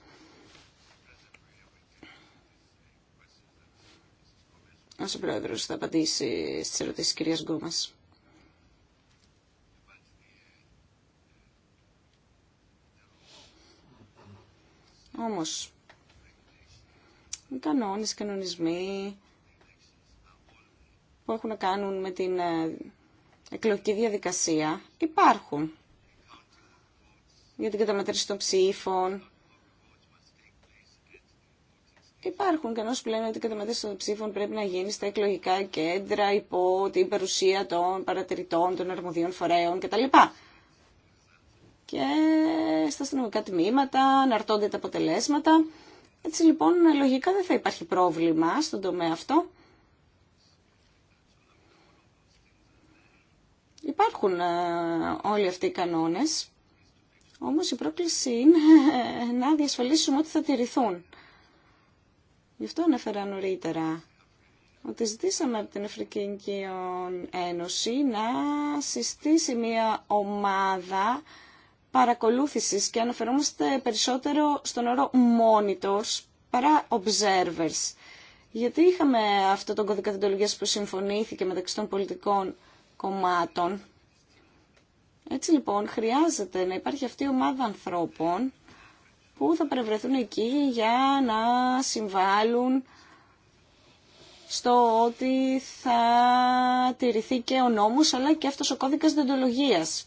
Όσο ο Πρόεδρος θα απαντήσει στις ερωτήσεις της κυρίας Γκόμας. Όμως, οι κανόνες, οι κανονισμοί που έχουν να κάνουν με την ε, εκλογική διαδικασία υπάρχουν για την καταμετρήση των ψήφων, Υπάρχουν κανόνες που λένε ότι η καταμέτρηση των ψήφων πρέπει να γίνει στα εκλογικά κέντρα υπό την παρουσία των παρατηρητών, των αρμοδίων φορέων κτλ. Και στα αστυνομικά τμήματα αναρτώνται τα αποτελέσματα. Έτσι λοιπόν λογικά δεν θα υπάρχει πρόβλημα στον τομέα αυτό. Υπάρχουν ε, όλοι αυτοί οι κανόνες, όμως η πρόκληση είναι να διασφαλίσουμε ότι θα τηρηθούν. Γι' αυτό ανέφερα νωρίτερα ότι ζητήσαμε από την Αφρικανική Ένωση να συστήσει μια ομάδα παρακολούθησης και αναφερόμαστε περισσότερο στον όρο monitors παρά observers. Γιατί είχαμε αυτό τον κωδικά διοντολογίας που συμφωνήθηκε μεταξύ των πολιτικών κομμάτων. Έτσι λοιπόν χρειάζεται να υπάρχει αυτή η ομάδα ανθρώπων που θα παρευρεθούν εκεί για να συμβάλλουν στο ότι θα τηρηθεί και ο νόμος αλλά και αυτός ο κώδικας διοντολογίας.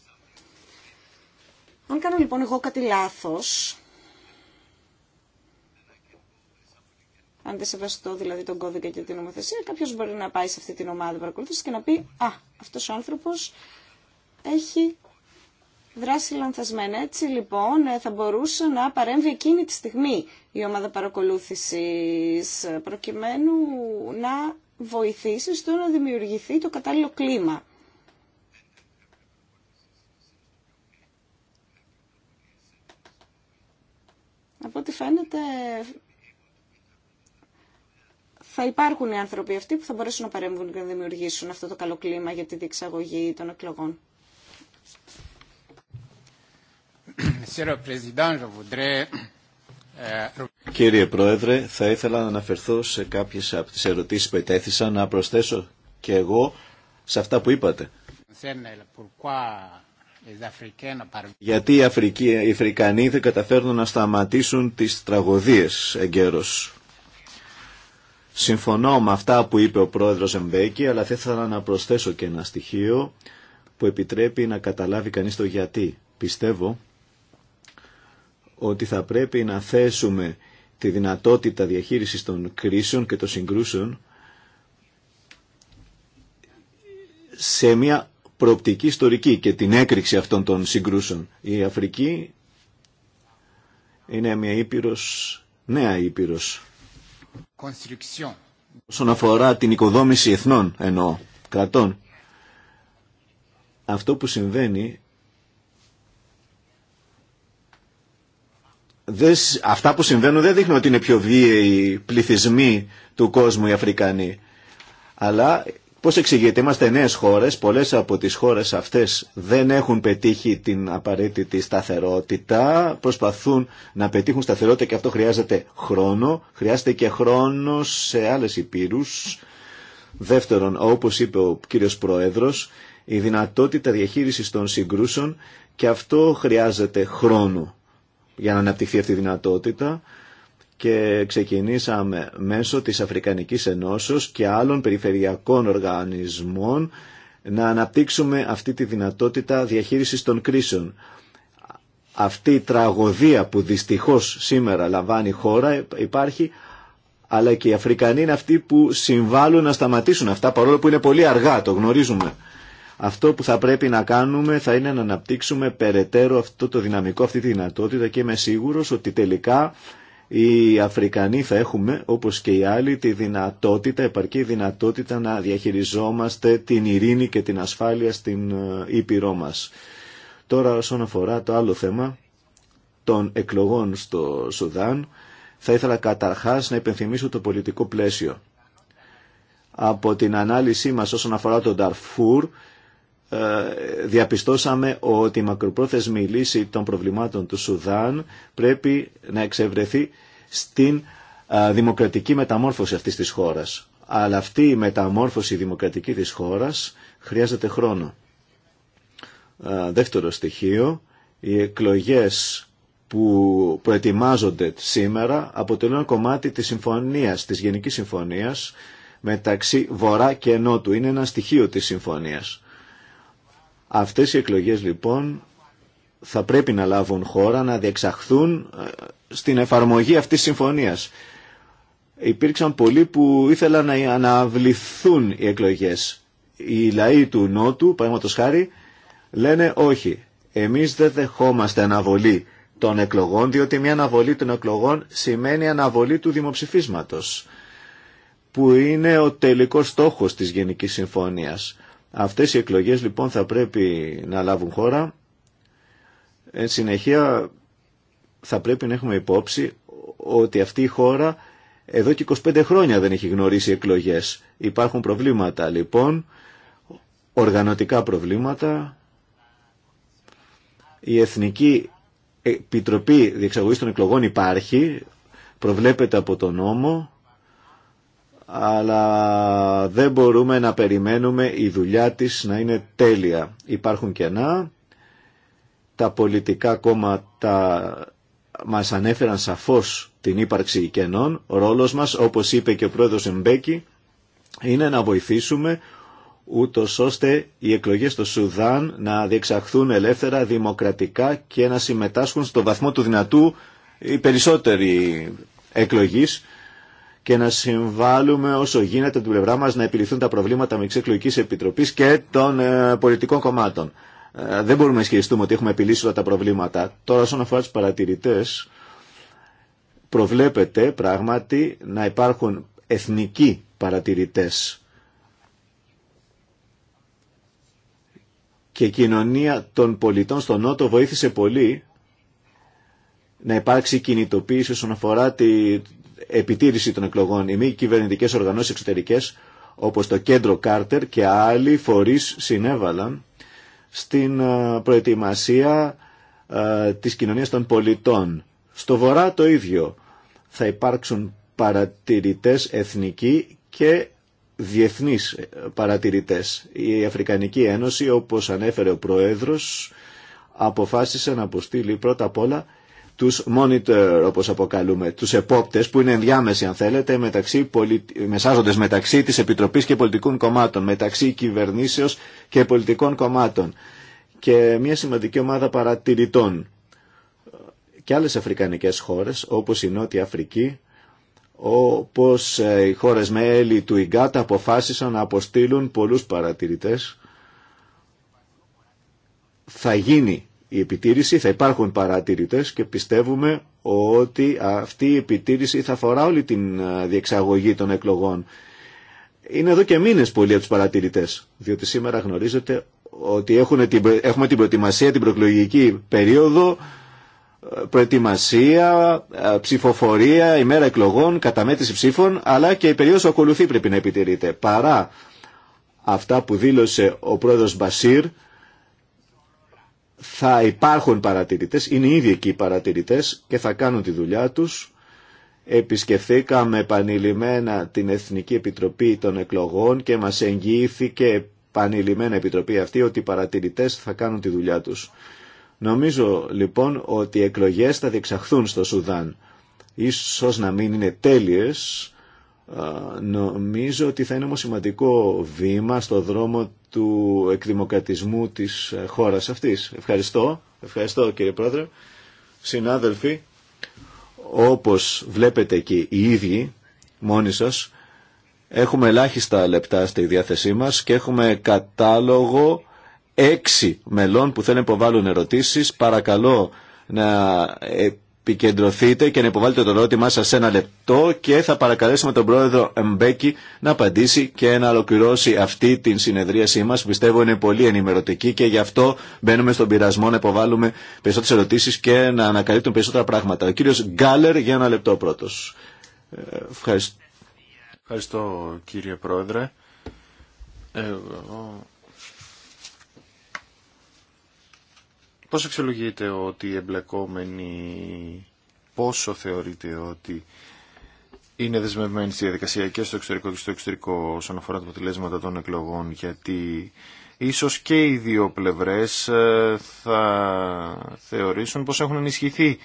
Αν κάνω λοιπόν εγώ κάτι λάθος, αν δεν σεβαστώ δηλαδή τον κώδικα και την νομοθεσία, κάποιος μπορεί να πάει σε αυτή την ομάδα παρακολούθηση και να πει «Α, αυτός ο άνθρωπος έχει δράση λανθασμένα. Έτσι λοιπόν ε, θα μπορούσε να παρέμβει εκείνη τη στιγμή η ομάδα παρακολούθησης ε, προκειμένου να βοηθήσει στο να δημιουργηθεί το κατάλληλο κλίμα. Από ό,τι φαίνεται θα υπάρχουν οι άνθρωποι αυτοί που θα μπορέσουν να παρέμβουν και να δημιουργήσουν αυτό το καλό κλίμα για τη διεξαγωγή των εκλογών. Euh, Κύριε Πρόεδρε, θα ήθελα να αναφερθώ σε κάποιες από τις ερωτήσεις που ετέθησα, να προσθέσω και εγώ σε αυτά που είπατε. Γιατί οι, οι Αφρικανοί δεν καταφέρνουν να σταματήσουν τις τραγωδίες εγκαίρως. Συμφωνώ με αυτά που είπε ο πρόεδρος Εμπέκη, αλλά θα ήθελα να προσθέσω και ένα στοιχείο που επιτρέπει να καταλάβει κανείς το γιατί. Πιστεύω ότι θα πρέπει να θέσουμε τη δυνατότητα διαχείρισης των κρίσεων και των συγκρούσεων σε μια προοπτική ιστορική και την έκρηξη αυτών των συγκρούσεων. Η Αφρική είναι μια ήπειρος, νέα ήπειρος. Όσον αφορά την οικοδόμηση εθνών, εννοώ, κρατών. Αυτό που συμβαίνει Δες, αυτά που συμβαίνουν δεν δείχνουν ότι είναι πιο βίαιοι πληθυσμοί του κόσμου οι Αφρικανοί. Αλλά πώς εξηγείται, είμαστε νέες χώρες, πολλές από τις χώρες αυτές δεν έχουν πετύχει την απαραίτητη σταθερότητα, προσπαθούν να πετύχουν σταθερότητα και αυτό χρειάζεται χρόνο, χρειάζεται και χρόνο σε άλλες υπήρους. Δεύτερον, όπως είπε ο κύριος Πρόεδρος, η δυνατότητα διαχείρισης των συγκρούσεων και αυτό χρειάζεται χρόνο για να αναπτυχθεί αυτή η δυνατότητα και ξεκινήσαμε μέσω της Αφρικανικής Ενώσεως και άλλων περιφερειακών οργανισμών να αναπτύξουμε αυτή τη δυνατότητα διαχείρισης των κρίσεων. Αυτή η τραγωδία που δυστυχώς σήμερα λαμβάνει η χώρα υπάρχει, αλλά και οι Αφρικανοί είναι αυτοί που συμβάλλουν να σταματήσουν αυτά, παρόλο που είναι πολύ αργά, το γνωρίζουμε. Αυτό που θα πρέπει να κάνουμε θα είναι να αναπτύξουμε περαιτέρω αυτό το δυναμικό, αυτή τη δυνατότητα και είμαι σίγουρος ότι τελικά οι Αφρικανοί θα έχουμε, όπως και οι άλλοι, τη δυνατότητα, επαρκή δυνατότητα να διαχειριζόμαστε την ειρήνη και την ασφάλεια στην ε, Ήπειρό μας. Τώρα όσον αφορά το άλλο θέμα των εκλογών στο Σουδάν, θα ήθελα καταρχάς να υπενθυμίσω το πολιτικό πλαίσιο. Από την ανάλυση μας όσον αφορά τον Νταρφούρ, ε, διαπιστώσαμε ότι η μακροπρόθεσμη λύση των προβλημάτων του Σουδάν πρέπει να εξευρεθεί στην ε, δημοκρατική μεταμόρφωση αυτής της χώρας. Αλλά αυτή η μεταμόρφωση δημοκρατική της χώρας χρειάζεται χρόνο. Ε, δεύτερο στοιχείο, οι εκλογές που προετοιμάζονται σήμερα αποτελούν κομμάτι της συμφωνίας, της Γενικής Συμφωνίας μεταξύ Βορρά και Νότου. Είναι ένα στοιχείο της συμφωνίας. Αυτές οι εκλογές λοιπόν θα πρέπει να λάβουν χώρα, να διεξαχθούν ε, στην εφαρμογή αυτής της συμφωνίας. Υπήρξαν πολλοί που ήθελαν να αναβληθούν οι εκλογές. Οι λαοί του Νότου, παραδείγματος χάρη, λένε όχι. Εμείς δεν δεχόμαστε αναβολή των εκλογών, διότι μια αναβολή των εκλογών σημαίνει αναβολή του δημοψηφίσματος, που είναι ο τελικός στόχος της Γενικής Συμφωνίας. Αυτές οι εκλογές λοιπόν θα πρέπει να λάβουν χώρα. Εν συνεχεία θα πρέπει να έχουμε υπόψη ότι αυτή η χώρα εδώ και 25 χρόνια δεν έχει γνωρίσει εκλογές. Υπάρχουν προβλήματα λοιπόν, οργανωτικά προβλήματα. Η Εθνική Επιτροπή Διεξαγωγής των Εκλογών υπάρχει, προβλέπεται από τον νόμο αλλά δεν μπορούμε να περιμένουμε η δουλειά της να είναι τέλεια. Υπάρχουν κενά, τα πολιτικά κόμματα μας ανέφεραν σαφώς την ύπαρξη κενών. Ο ρόλος μας, όπως είπε και ο πρόεδρος Εμπέκη, είναι να βοηθήσουμε ούτω ώστε οι εκλογές στο Σουδάν να διεξαχθούν ελεύθερα, δημοκρατικά και να συμμετάσχουν στο βαθμό του δυνατού οι περισσότεροι εκλογείς και να συμβάλλουμε όσο γίνεται από την πλευρά μας να επιληθούν τα προβλήματα με εξεκλογικής επιτροπής και των ε, πολιτικών κομμάτων. Ε, δεν μπορούμε να ισχυριστούμε ότι έχουμε επιλύσει όλα τα προβλήματα. Τώρα όσον αφορά τους παρατηρητές, προβλέπεται πράγματι να υπάρχουν εθνικοί παρατηρητές και η κοινωνία των πολιτών στον Νότο βοήθησε πολύ να υπάρξει κινητοποίηση όσον αφορά επιτήρηση των εκλογών. Οι μη κυβερνητικέ οργανώσει εξωτερικέ, όπω το κέντρο Κάρτερ και άλλοι φορεί, συνέβαλαν στην ε, προετοιμασία ε, της κοινωνίας των πολιτών. Στο βορρά το ίδιο. Θα υπάρξουν παρατηρητές εθνικοί και διεθνείς ε, παρατηρητές. Η Αφρικανική Ένωση, όπως ανέφερε ο Προέδρος, αποφάσισε να αποστείλει πρώτα απ' όλα τους monitor όπως αποκαλούμε, τους επόπτες που είναι ενδιάμεση αν θέλετε μεταξύ πολιτι... μεσάζοντες μεταξύ της Επιτροπής και πολιτικών κομμάτων, μεταξύ κυβερνήσεως και πολιτικών κομμάτων και μια σημαντική ομάδα παρατηρητών και άλλες αφρικανικές χώρες όπως η Νότια Αφρική όπως ε, οι χώρες μέλη του ΙΓΚΑΤ αποφάσισαν να αποστείλουν πολλούς παρατηρητές θα γίνει η επιτήρηση, θα υπάρχουν παρατηρητές και πιστεύουμε ότι αυτή η επιτήρηση θα αφορά όλη την διεξαγωγή των εκλογών. Είναι εδώ και μήνες πολλοί από τους παρατηρητές, διότι σήμερα γνωρίζετε ότι έχουν την, έχουμε την προετοιμασία, την προεκλογική περίοδο, προετοιμασία, ψηφοφορία, ημέρα εκλογών, καταμέτρηση ψήφων, αλλά και η περίοδος ακολουθεί πρέπει να επιτηρείται. Παρά αυτά που δήλωσε ο πρόεδρος Μπασίρ, θα υπάρχουν παρατηρητές, είναι ήδη εκεί οι παρατηρητές και θα κάνουν τη δουλειά τους. Επισκεφθήκαμε επανειλημμένα την Εθνική Επιτροπή των Εκλογών και μας εγγυήθηκε επανειλημμένα η Επιτροπή αυτή ότι οι παρατηρητές θα κάνουν τη δουλειά τους. Νομίζω λοιπόν ότι οι εκλογές θα διεξαχθούν στο Σουδάν. Ίσως να μην είναι τέλειες, νομίζω ότι θα είναι όμως σημαντικό βήμα στο δρόμο του εκδημοκρατισμού της ε, χώρας αυτής. Ευχαριστώ, ευχαριστώ κύριε Πρόεδρε. Συνάδελφοι, όπως βλέπετε και οι ίδιοι μόνοι σας, έχουμε ελάχιστα λεπτά στη διάθεσή μας και έχουμε κατάλογο έξι μελών που θέλουν να υποβάλουν ερωτήσεις. Παρακαλώ να ε, επικεντρωθείτε και να υποβάλλετε το ερώτημά σας σε ένα λεπτό και θα παρακαλέσουμε τον πρόεδρο Μπέκη να απαντήσει και να ολοκληρώσει αυτή την συνεδρίασή μας. Πιστεύω είναι πολύ ενημερωτική και γι' αυτό μπαίνουμε στον πειρασμό να υποβάλλουμε περισσότερες ερωτήσεις και να ανακαλύπτουν περισσότερα πράγματα. Ο κύριος Γκάλερ για ένα λεπτό πρώτος. Ε, Ευχαριστώ. Ευχαριστώ κύριε πρόεδρε. Εγώ Πώς αξιολογείτε ότι οι εμπλεκόμενοι, πόσο θεωρείτε ότι είναι δεσμευμένοι στη διαδικασία και στο εξωτερικό και στο εξωτερικό όσον αφορά τα αποτελέσματα των εκλογών γιατί ίσως και οι δύο πλευρές ε, θα θεωρήσουν πως έχουν ενισχυθεί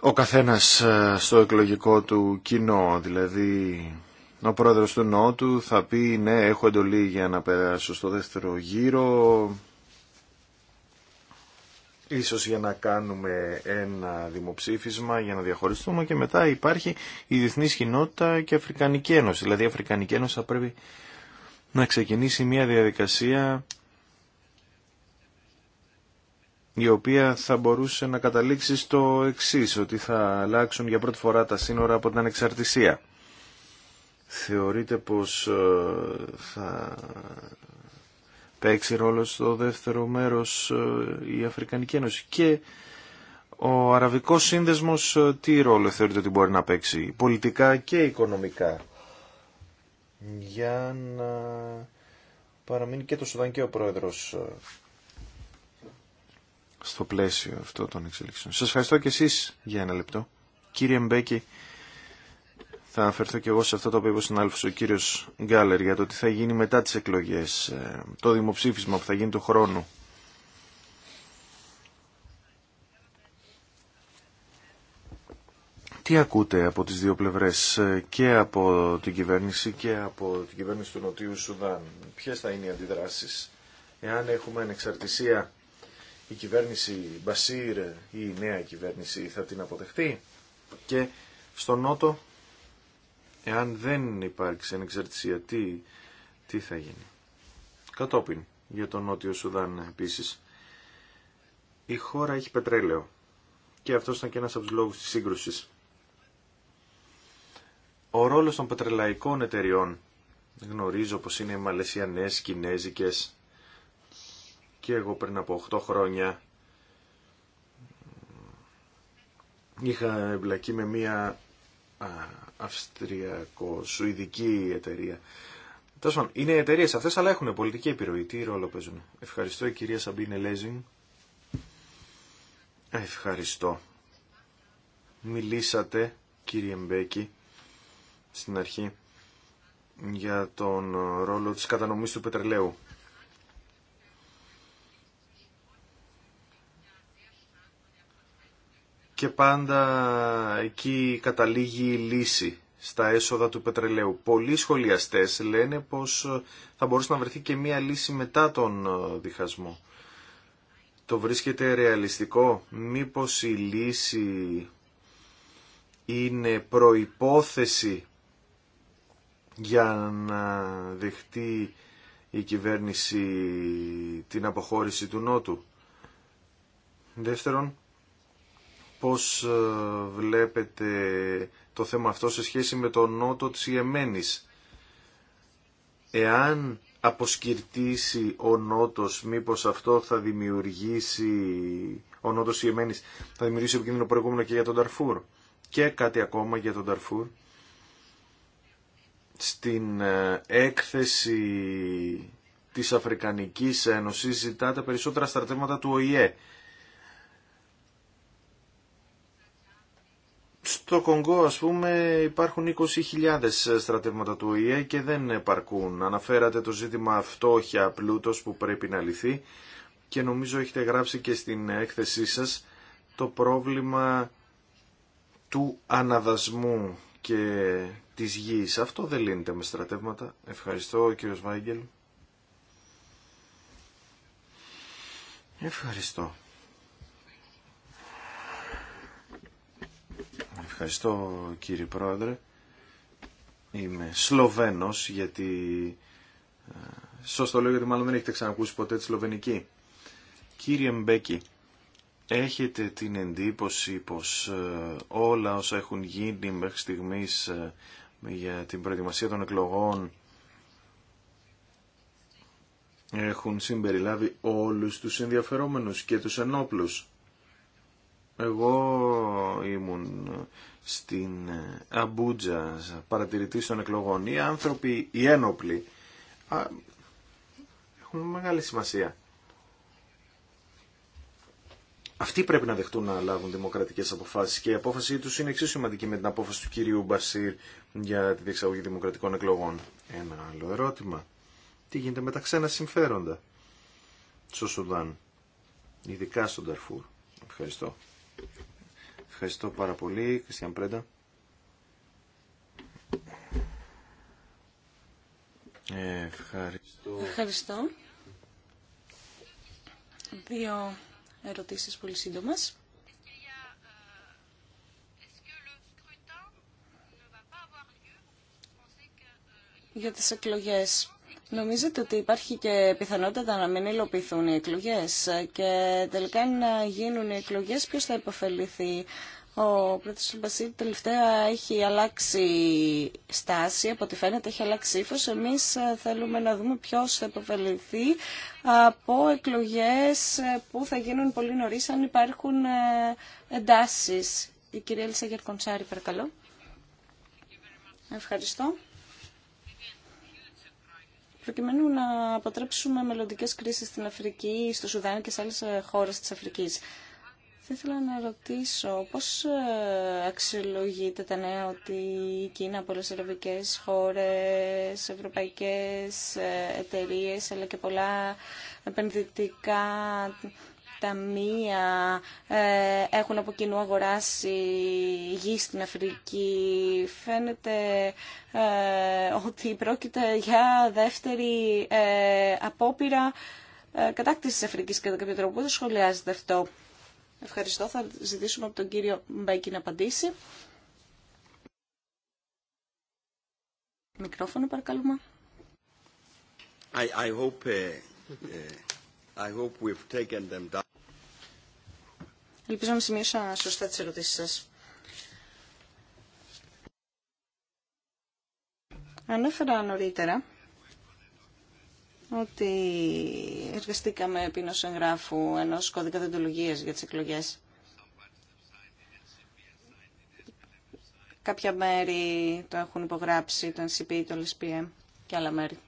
ο καθένας ε, στο εκλογικό του κοινό δηλαδή ο πρόεδρος του Νότου θα πει ναι έχω εντολή για να περάσω στο δεύτερο γύρο ίσως για να κάνουμε ένα δημοψήφισμα για να διαχωριστούμε και μετά υπάρχει η Διεθνή κοινότητα και η Αφρικανική Ένωση. Δηλαδή η Αφρικανική Ένωση θα πρέπει να ξεκινήσει μια διαδικασία η οποία θα μπορούσε να καταλήξει στο εξή ότι θα αλλάξουν για πρώτη φορά τα σύνορα από την ανεξαρτησία. Θεωρείτε πως ε, θα παίξει ρόλο στο δεύτερο μέρος ε, η Αφρικανική Ένωση. Και ο Αραβικός Σύνδεσμος ε, τι ρόλο θεωρείτε ότι μπορεί να παίξει πολιτικά και οικονομικά για να παραμείνει και το Σουδάν και ο Πρόεδρος ε, στο πλαίσιο αυτό των εξελίξεων. Σας ευχαριστώ και εσείς για ένα λεπτό. Κύριε Μπέκη, θα αναφερθώ και εγώ σε αυτό το οποίο είπε ο συνάδελφο κύριος Γκάλερ για το τι θα γίνει μετά τι εκλογέ. Ε, το δημοψήφισμα που θα γίνει του χρόνου. Τι ακούτε από τις δύο πλευρές ε, και από την κυβέρνηση και από την κυβέρνηση του Νοτιού Σουδάν. Ποιες θα είναι οι αντιδράσεις. Εάν έχουμε ανεξαρτησία η κυβέρνηση Μπασίρ ή η νέα κυβέρνηση θα την αποδεχτεί και στο Νότο Εάν δεν υπάρξει ανεξαρτησία, τι, τι θα γίνει. Κατόπιν, για τον Νότιο Σουδάν επίσης, η χώρα έχει πετρέλαιο. Και αυτό ήταν και ένας από τους λόγους της σύγκρουσης. Ο ρόλος των πετρελαϊκών εταιριών γνωρίζω πως είναι οι Μαλαισιανές, Κινέζικες και εγώ πριν από 8 χρόνια είχα εμπλακεί με μία αυστριακο-σουηδική εταιρεία. είναι εταιρείε αυτέ, αλλά έχουν πολιτική επιρροή. Τι ρόλο παίζουν. Ευχαριστώ, η κυρία Σαμπίνε Λέζινγκ. Ευχαριστώ. Μιλήσατε, κύριε Μπέκη, στην αρχή για τον ρόλο της κατανομής του πετρελαίου. και πάντα εκεί καταλήγει η λύση στα έσοδα του πετρελαίου. Πολλοί σχολιαστές λένε πως θα μπορούσε να βρεθεί και μία λύση μετά τον ε, διχασμό. Το βρίσκεται ρεαλιστικό. Μήπως η λύση είναι προϋπόθεση για να δεχτεί η κυβέρνηση την αποχώρηση του Νότου. Δεύτερον, πώς ε, βλέπετε το θέμα αυτό σε σχέση με τον νότο της Ιεμένης. Εάν αποσκυρτήσει ο νότος, μήπως αυτό θα δημιουργήσει, ο νότος Ιεμένης θα δημιουργήσει επικίνδυνο προηγούμενο και για τον Ταρφούρ. Και κάτι ακόμα για τον Ταρφούρ. Στην ε, έκθεση της Αφρικανικής Ένωσης ζητάτε περισσότερα στρατεύματα του ΟΗΕ Στο Κονγκό, ας πούμε, υπάρχουν 20.000 στρατεύματα του ΟΗΕ και δεν επαρκούν. Αναφέρατε το ζήτημα φτώχεια πλούτος που πρέπει να λυθεί και νομίζω έχετε γράψει και στην έκθεσή σας το πρόβλημα του αναδασμού και της γης. Αυτό δεν λύνεται με στρατεύματα. Ευχαριστώ, κύριος Βάγγελ. Ευχαριστώ. Ευχαριστώ κύριε Πρόεδρε. Είμαι Σλοβένος γιατί... Ε, σωστό λέω γιατί μάλλον δεν έχετε ξανακούσει ποτέ τη Σλοβενική. Κύριε Μπέκη, έχετε την εντύπωση πως ε, όλα όσα έχουν γίνει μέχρι στιγμής ε, για την προετοιμασία των εκλογών έχουν συμπεριλάβει όλους τους ενδιαφερόμενους και τους ενόπλους. Εγώ ήμουν στην Αμπούτζα παρατηρητή των εκλογών. Οι άνθρωποι, οι ένοπλοι, έχουν μεγάλη σημασία. Αυτοί πρέπει να δεχτούν να λάβουν δημοκρατικέ αποφάσει και η απόφασή του είναι εξίσου σημαντική με την απόφαση του κυρίου Μπασίρ για τη διεξαγωγή δημοκρατικών εκλογών. Ένα άλλο ερώτημα. Τι γίνεται με τα ξένα συμφέροντα στο Σουδάν, ειδικά στον Ταρφούρ. Ευχαριστώ. Ευχαριστώ πάρα πολύ, Κριστιαν Πρέντα. Ευχαριστώ. Ευχαριστώ. Δύο ερωτήσεις πολύ σύντομες. για τις εκλογές. Νομίζετε ότι υπάρχει και πιθανότητα να μην υλοποιηθούν οι εκλογές και τελικά να γίνουν οι εκλογές ποιος θα υποφεληθεί. Ο πρόεδρος Μπασίτη τελευταία έχει αλλάξει στάση, από ό,τι φαίνεται έχει αλλάξει ύφος. Εμείς θέλουμε να δούμε ποιος θα υποφεληθεί από εκλογές που θα γίνουν πολύ νωρίς αν υπάρχουν ε, εντάσεις. Η κυρία Λισαγερ Κοντσάρη, παρακαλώ. Ευχαριστώ προκειμένου να αποτρέψουμε μελλοντικέ κρίσεις στην Αφρική, στο Σουδάν και σε άλλες ε, χώρες της Αφρικής. Θα ήθελα να ρωτήσω πώ ε, αξιολογείται τα νέα ότι η Κίνα, πολλές ευρωπαϊκέ χώρες, ευρωπαϊκές ε, εταιρείε αλλά και πολλά επενδυτικά τα μία ε, έχουν από κοινού αγοράσει γη στην Αφρική. Φαίνεται ε, ότι πρόκειται για δεύτερη ε, απόπειρα κατάκτηση της Αφρικής κατά κάποιο τρόπο. Πώς σχολιάζεται αυτό. Ευχαριστώ. Θα ζητήσουμε από τον κύριο Μπαϊκή να απαντήσει. Μικρόφωνο παρακαλούμε. I, I hope, I hope we've taken them down. Ελπίζω να σημείωσα σωστά τις ερωτήσεις σας. Ανέφερα νωρίτερα ότι εργαστήκαμε επί ενός εγγράφου ενός κώδικα δεντολογίας για τις εκλογές. Κάποια μέρη το έχουν υπογράψει, το NCP, το LSPM και άλλα μέρη.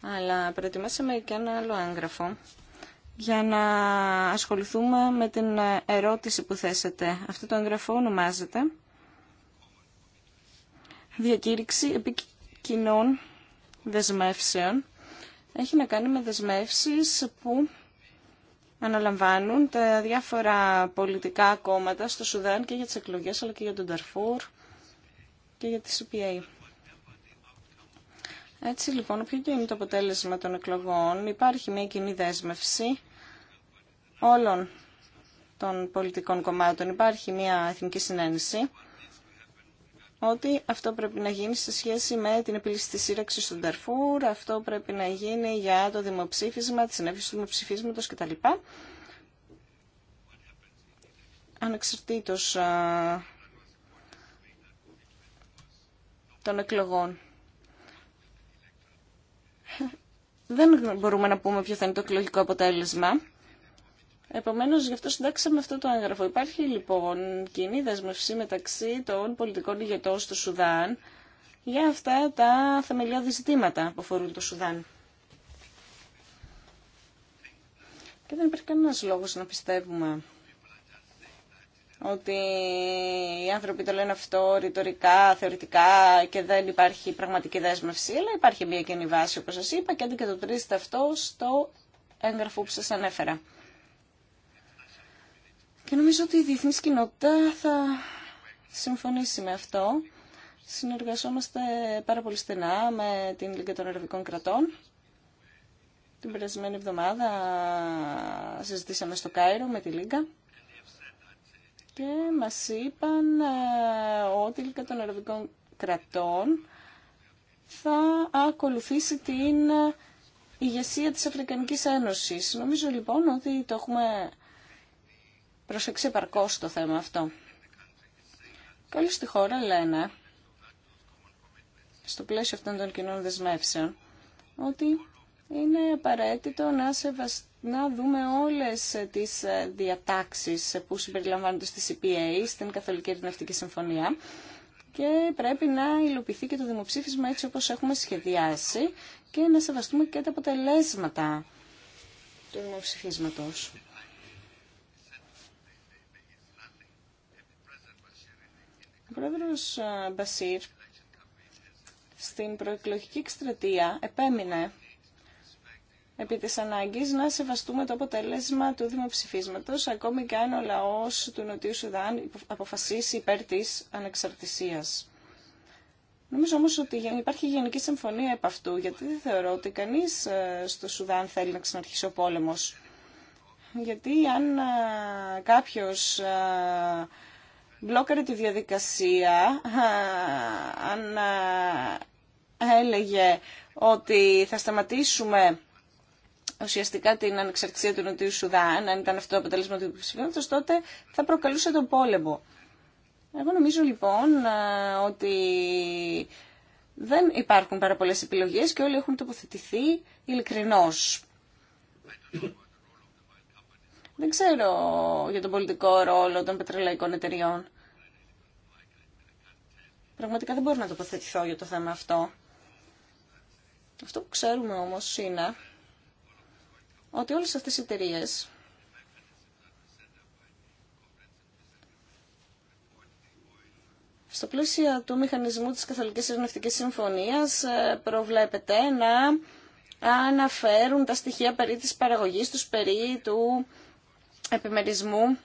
Αλλά προετοιμάσαμε και ένα άλλο έγγραφο για να ασχοληθούμε με την ερώτηση που θέσετε. Αυτό το εγγραφό ονομάζεται «Διακήρυξη επικοινών δεσμεύσεων». Έχει να κάνει με δεσμεύσεις που αναλαμβάνουν τα διάφορα πολιτικά κόμματα στο Σουδάν και για τις εκλογές αλλά και για τον Ταρφούρ και για τη CPA. Έτσι λοιπόν, ποιο και είναι το αποτέλεσμα των εκλογών. Υπάρχει μια κοινή δέσμευση όλων των πολιτικών κομμάτων. Υπάρχει μια εθνική συνένεση ότι αυτό πρέπει να γίνει σε σχέση με την επίλυση της σύραξης στον Ταρφούρ, αυτό πρέπει να γίνει για το δημοψήφισμα, τη συνέβηση του δημοψηφίσματος κτλ. Ανεξαρτήτως των εκλογών. δεν μπορούμε να πούμε ποιο θα είναι το εκλογικό αποτέλεσμα. Επομένως, γι' αυτό συντάξαμε αυτό το έγγραφο. Υπάρχει λοιπόν κοινή δεσμευσή μεταξύ των πολιτικών ηγετών στο Σουδάν για αυτά τα θεμελιώδη ζητήματα που αφορούν το Σουδάν. Και δεν υπάρχει κανένας λόγος να πιστεύουμε ότι οι άνθρωποι το λένε αυτό ρητορικά, θεωρητικά και δεν υπάρχει πραγματική δέσμευση, αλλά υπάρχει μια κοινή βάση όπως σας είπα και αντικατοπτρίζεται αυτό στο έγγραφο που σας ανέφερα. Και νομίζω ότι η διεθνή κοινότητα θα συμφωνήσει με αυτό. Συνεργασόμαστε πάρα πολύ στενά με την Λίγκα των Αραβικών Κρατών. Την περασμένη εβδομάδα συζητήσαμε στο Κάιρο με τη Λίγκα και μας είπαν ε, ότι η των Αραβικών Κρατών θα ακολουθήσει την ε, ηγεσία της Αφρικανικής Ένωσης. Νομίζω λοιπόν ότι το έχουμε προσεξεί παρκώς το θέμα αυτό. Καλή στη χώρα λένε, στο πλαίσιο αυτών των κοινών δεσμεύσεων, ότι είναι απαραίτητο να σεβαστεί να δούμε όλες τις ε, διατάξεις που συμπεριλαμβάνονται στη CPA, στην Καθολική Ερνευτική Συμφωνία και πρέπει να υλοποιηθεί και το δημοψήφισμα έτσι όπως έχουμε σχεδιάσει και να σεβαστούμε και τα αποτελέσματα του δημοψηφίσματος. Ο πρόεδρος ε, Μπασίρ στην προεκλογική εκστρατεία επέμεινε επί της ανάγκης να σεβαστούμε το αποτέλεσμα του δημοψηφίσματος, ακόμη και αν ο λαός του Νοτιού Σουδάν αποφασίσει υπέρ της ανεξαρτησίας. Νομίζω όμως ότι υπάρχει γενική συμφωνία επ' αυτού, γιατί δεν θεωρώ ότι κανείς ε, στο Σουδάν θέλει να ξαναρχίσει ο πόλεμος. Γιατί αν ε, κάποιος ε, μπλόκαρε τη διαδικασία, αν έλεγε ότι θα σταματήσουμε ουσιαστικά την ανεξαρτησία του Νοτιού Σουδάν, αν ήταν αυτό το αποτέλεσμα του ψηφίματο, τότε θα προκαλούσε τον πόλεμο. Εγώ νομίζω λοιπόν ότι δεν υπάρχουν πάρα πολλέ επιλογές και όλοι έχουν τοποθετηθεί ειλικρινώ. Δεν ξέρω για τον πολιτικό ρόλο των πετρελαϊκών εταιριών. Πραγματικά δεν μπορώ να τοποθετηθώ για το θέμα αυτό. Αυτό που ξέρουμε όμως είναι ότι όλες αυτές οι εταιρείε. Στο πλαίσιο του μηχανισμού της Καθολικής Ειρηνευτικής Συμφωνίας ε, προβλέπεται να αναφέρουν τα στοιχεία περί της παραγωγής τους, περί του επιμερισμού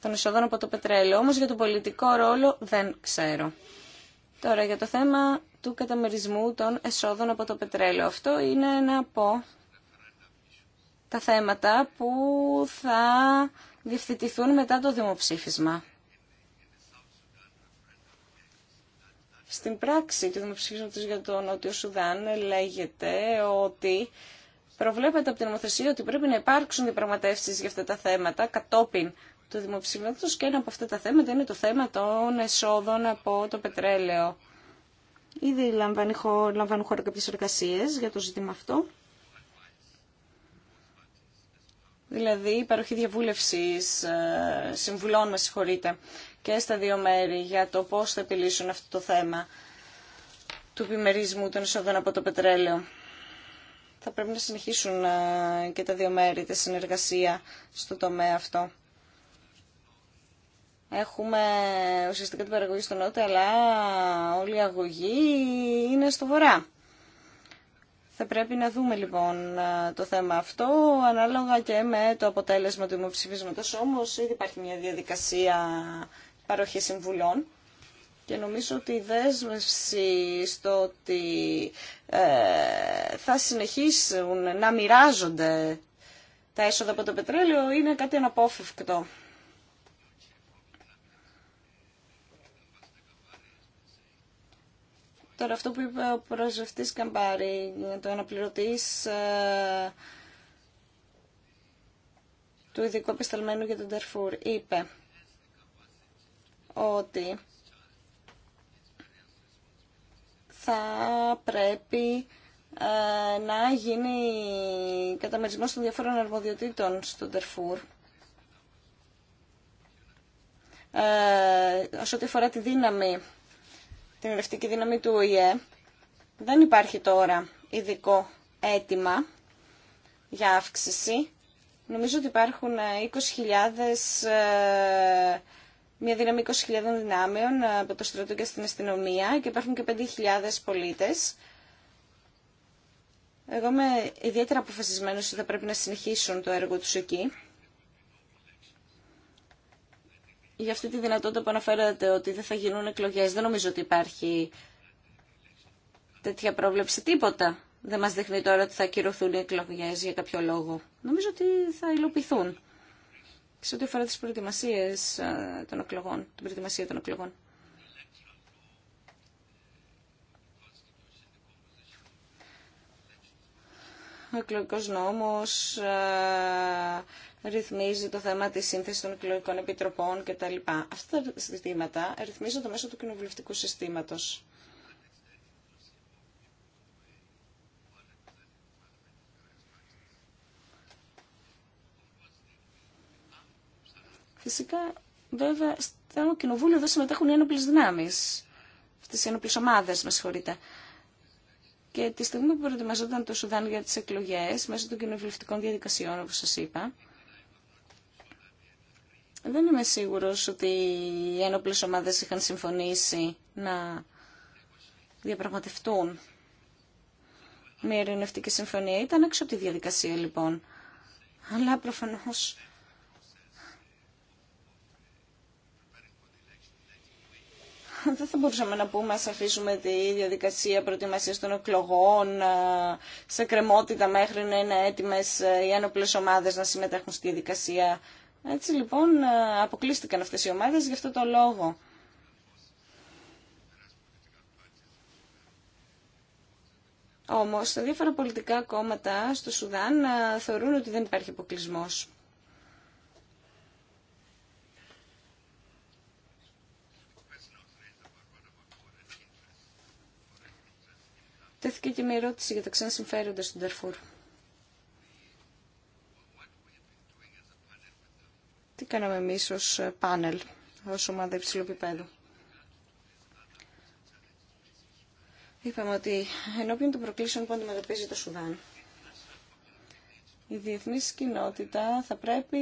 των εισόδων από το πετρέλαιο. Όμως για τον πολιτικό ρόλο δεν ξέρω. Τώρα για το θέμα του καταμερισμού των εσόδων από το πετρέλαιο. Αυτό είναι ένα από τα θέματα που θα διευθυντηθούν μετά το δημοψήφισμα. Στην πράξη του δημοψήφισματος για το Νότιο Σουδάν λέγεται ότι προβλέπεται από την νομοθεσία ότι πρέπει να υπάρξουν διαπραγματεύσεις για αυτά τα θέματα κατόπιν του τους και ένα από αυτά τα θέματα είναι το θέμα των εσόδων από το πετρέλαιο. Ήδη λαμβάνει λαμβάνουν χώρο κάποιες εργασίες για το ζήτημα αυτό. Δηλαδή η παροχή διαβούλευση ε, συμβουλών με συγχωρείτε, και στα δύο μέρη για το πώς θα επιλύσουν αυτό το θέμα του επιμερισμού των εσόδων από το πετρέλαιο. Θα πρέπει να συνεχίσουν ε, και τα δύο μέρη τη συνεργασία στο τομέα αυτό. Έχουμε ουσιαστικά την παραγωγή στο νότο, αλλά όλη η αγωγή είναι στο βορρά. Θα πρέπει να δούμε λοιπόν το θέμα αυτό, ανάλογα και με το αποτέλεσμα του δημοψηφίσματος. Όμως ήδη υπάρχει μια διαδικασία παροχή συμβουλών. Και νομίζω ότι η δέσμευση στο ότι ε, θα συνεχίσουν να μοιράζονται τα έσοδα από το πετρέλαιο είναι κάτι αναπόφευκτο. Τώρα αυτό που είπε ο προσβευτής Καμπάρη, το αναπληρωτής ε, του ειδικού επισταλμένου για τον Τερφούρ, είπε ότι θα πρέπει ε, να γίνει καταμερισμός των διαφόρων αρμοδιοτήτων στον Τερφούρ. Ε, ό,τι αφορά τη δύναμη την ελευτική δύναμη του ΟΗΕ, δεν υπάρχει τώρα ειδικό αίτημα για αύξηση. Νομίζω ότι υπάρχουν 20.000 ε, ε, μια δύναμη 20.000 δυνάμεων ε, από το στρατό και στην αστυνομία και υπάρχουν και 5.000 πολίτες. Εγώ είμαι ιδιαίτερα αποφασισμένος ότι θα πρέπει να συνεχίσουν το έργο τους εκεί. για αυτή τη δυνατότητα που αναφέρατε ότι δεν θα γίνουν εκλογές. Δεν νομίζω ότι υπάρχει τέτοια πρόβλεψη τίποτα. Δεν μας δείχνει τώρα ότι θα ακυρωθούν οι εκλογές για κάποιο λόγο. Νομίζω ότι θα υλοποιηθούν. Σε ό,τι αφορά τις προετοιμασίες ε, των εκλογών, την προετοιμασία των εκλογών. ο εκλογικό νόμος ε, ρυθμίζει το θέμα της σύνθεσης των εκλογικών επιτροπών κτλ. Αυτά τα ζητήματα ρυθμίζονται μέσω του κοινοβουλευτικού συστήματος. Φυσικά, βέβαια, στο κοινοβούλιο δεν συμμετέχουν οι ένοπλε δυνάμεις. Αυτές οι ένοπλες με συγχωρείτε. Και τη στιγμή που προετοιμαζόταν το Σουδάν για τις εκλογές, μέσω των κοινοβουλευτικών διαδικασιών, όπως σας είπα, δεν είμαι σίγουρος ότι οι ένοπλες ομάδες είχαν συμφωνήσει να διαπραγματευτούν μια ειρηνευτική συμφωνία. Ήταν έξω από τη διαδικασία λοιπόν. Αλλά προφανώς δεν θα μπορούσαμε να πούμε ας αφήσουμε τη διαδικασία προετοιμασίας των εκλογών ε, σε κρεμότητα μέχρι να είναι έτοιμες ε, οι ένοπλες ομάδες να συμμετέχουν στη διαδικασία. Έτσι λοιπόν ε, αποκλείστηκαν αυτές οι ομάδες γι' αυτό το λόγο. Όμως τα διάφορα πολιτικά κόμματα στο Σουδάν θεωρούν ότι δεν υπάρχει αποκλεισμός. Τέθηκε και μια ερώτηση για τα ξένα συμφέροντα στον Ταρφούρ. Τι κάναμε εμεί ω πάνελ, ω ομάδα υψηλού επίπεδου. Είπαμε ότι ενώπιον των προκλήσεων που αντιμετωπίζει το Σουδάν, η διεθνή κοινότητα θα πρέπει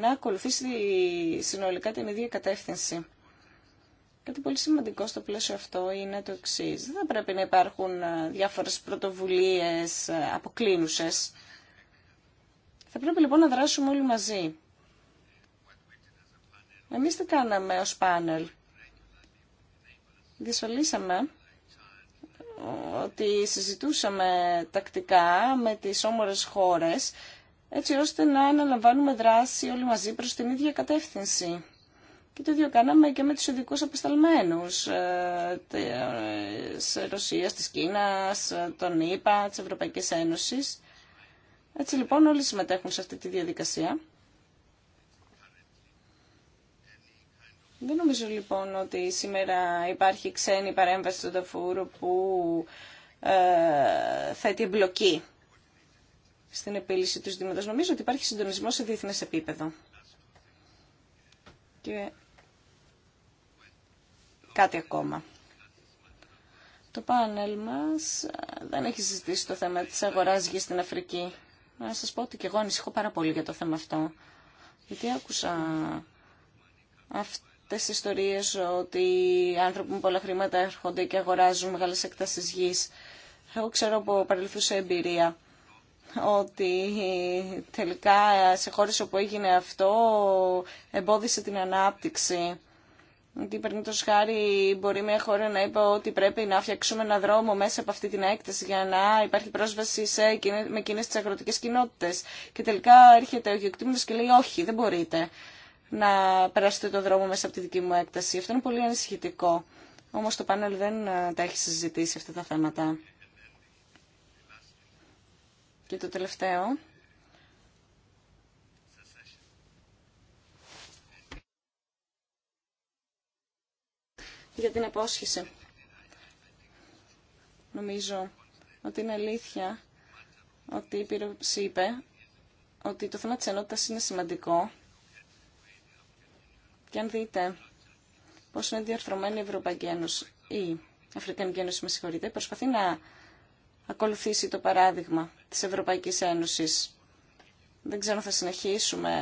να ακολουθήσει συνολικά την ίδια κατεύθυνση. Κάτι πολύ σημαντικό στο πλαίσιο αυτό είναι το εξή. Δεν θα πρέπει να υπάρχουν ε, διάφορες πρωτοβουλίες ε, αποκλίνουσες. Θα πρέπει λοιπόν να δράσουμε όλοι μαζί. Εμείς τι κάναμε ως πάνελ. Διασφαλίσαμε ε, ότι συζητούσαμε τακτικά με τις όμορες χώρες έτσι ώστε να αναλαμβάνουμε δράση όλοι μαζί προς την ίδια κατεύθυνση. Και το ίδιο κάναμε και με τους ειδικού απεσταλμένους ε, της Ρωσίας, της Κίνας, ε, των ΗΠΑ, της Ευρωπαϊκής Ένωσης. Έτσι λοιπόν όλοι συμμετέχουν σε αυτή τη διαδικασία. Δεν νομίζω λοιπόν ότι σήμερα υπάρχει ξένη παρέμβαση στον Ταφούρο που ε, θέτει εμπλοκή στην επίλυση του ζητήματος. Νομίζω ότι υπάρχει συντονισμό σε διεθνές επίπεδο. Και Κάτι ακόμα. Το πάνελ μας ε, δεν έχει συζητήσει το θέμα της αγοράς γης στην Αφρική. Να σας πω ότι και εγώ ανησυχώ πάρα πολύ για το θέμα αυτό. Γιατί άκουσα αυτές τις ιστορίες ότι άνθρωποι με πολλά χρήματα έρχονται και αγοράζουν μεγάλες εκτάσεις γης. Εγώ ξέρω από παρελθούσα εμπειρία ότι τελικά σε χώρες όπου έγινε αυτό εμπόδισε την ανάπτυξη ότι παραδείγματο χάρη μπορεί μια χώρα να είπε ότι πρέπει να φτιάξουμε ένα δρόμο μέσα από αυτή την έκταση για να υπάρχει πρόσβαση σε, με εκείνε τι αγροτικέ κοινότητε. Και τελικά έρχεται ο γεωκτήμονα και λέει όχι, δεν μπορείτε να περάσετε το δρόμο μέσα από τη δική μου έκταση. Αυτό είναι πολύ ανησυχητικό. Όμως το πάνελ δεν ε, τα έχει συζητήσει αυτά τα θέματα. Και το τελευταίο για την απόσχεση. Νομίζω ότι είναι αλήθεια ότι η Πύρος είπε ότι το θέμα της ενότητας είναι σημαντικό και αν δείτε πώς είναι διαρθρωμένη η Ευρωπαϊκή Ένωση ή η Αφρικανική Ένωση, με συγχωρείτε, προσπαθεί να ακολουθήσει το παράδειγμα της Ευρωπαϊκής Ένωσης. Δεν ξέρω αν θα συνεχίσουμε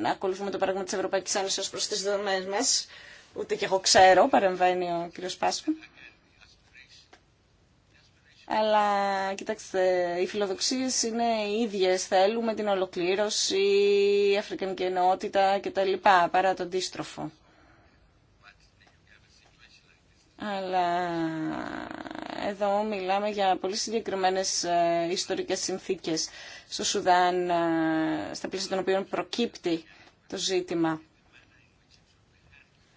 να ακολουθούμε το παράδειγμα της Ευρωπαϊκής Ένωσης προς τις δομές μας, Ούτε και εγώ ξέρω, παρεμβαίνει ο κύριος Πάσχου. Αλλά κοιτάξτε, οι φιλοδοξίες είναι οι ίδιες. Θέλουμε την ολοκλήρωση, η Αφρικανική Ενότητα κτλ. Παρά τον αντίστροφο. Αλλά εδώ μιλάμε για πολύ συγκεκριμένες ε, ιστορικές συνθήκες στο Σουδάν, ε, στα πλαίσια των οποίων προκύπτει το ζήτημα.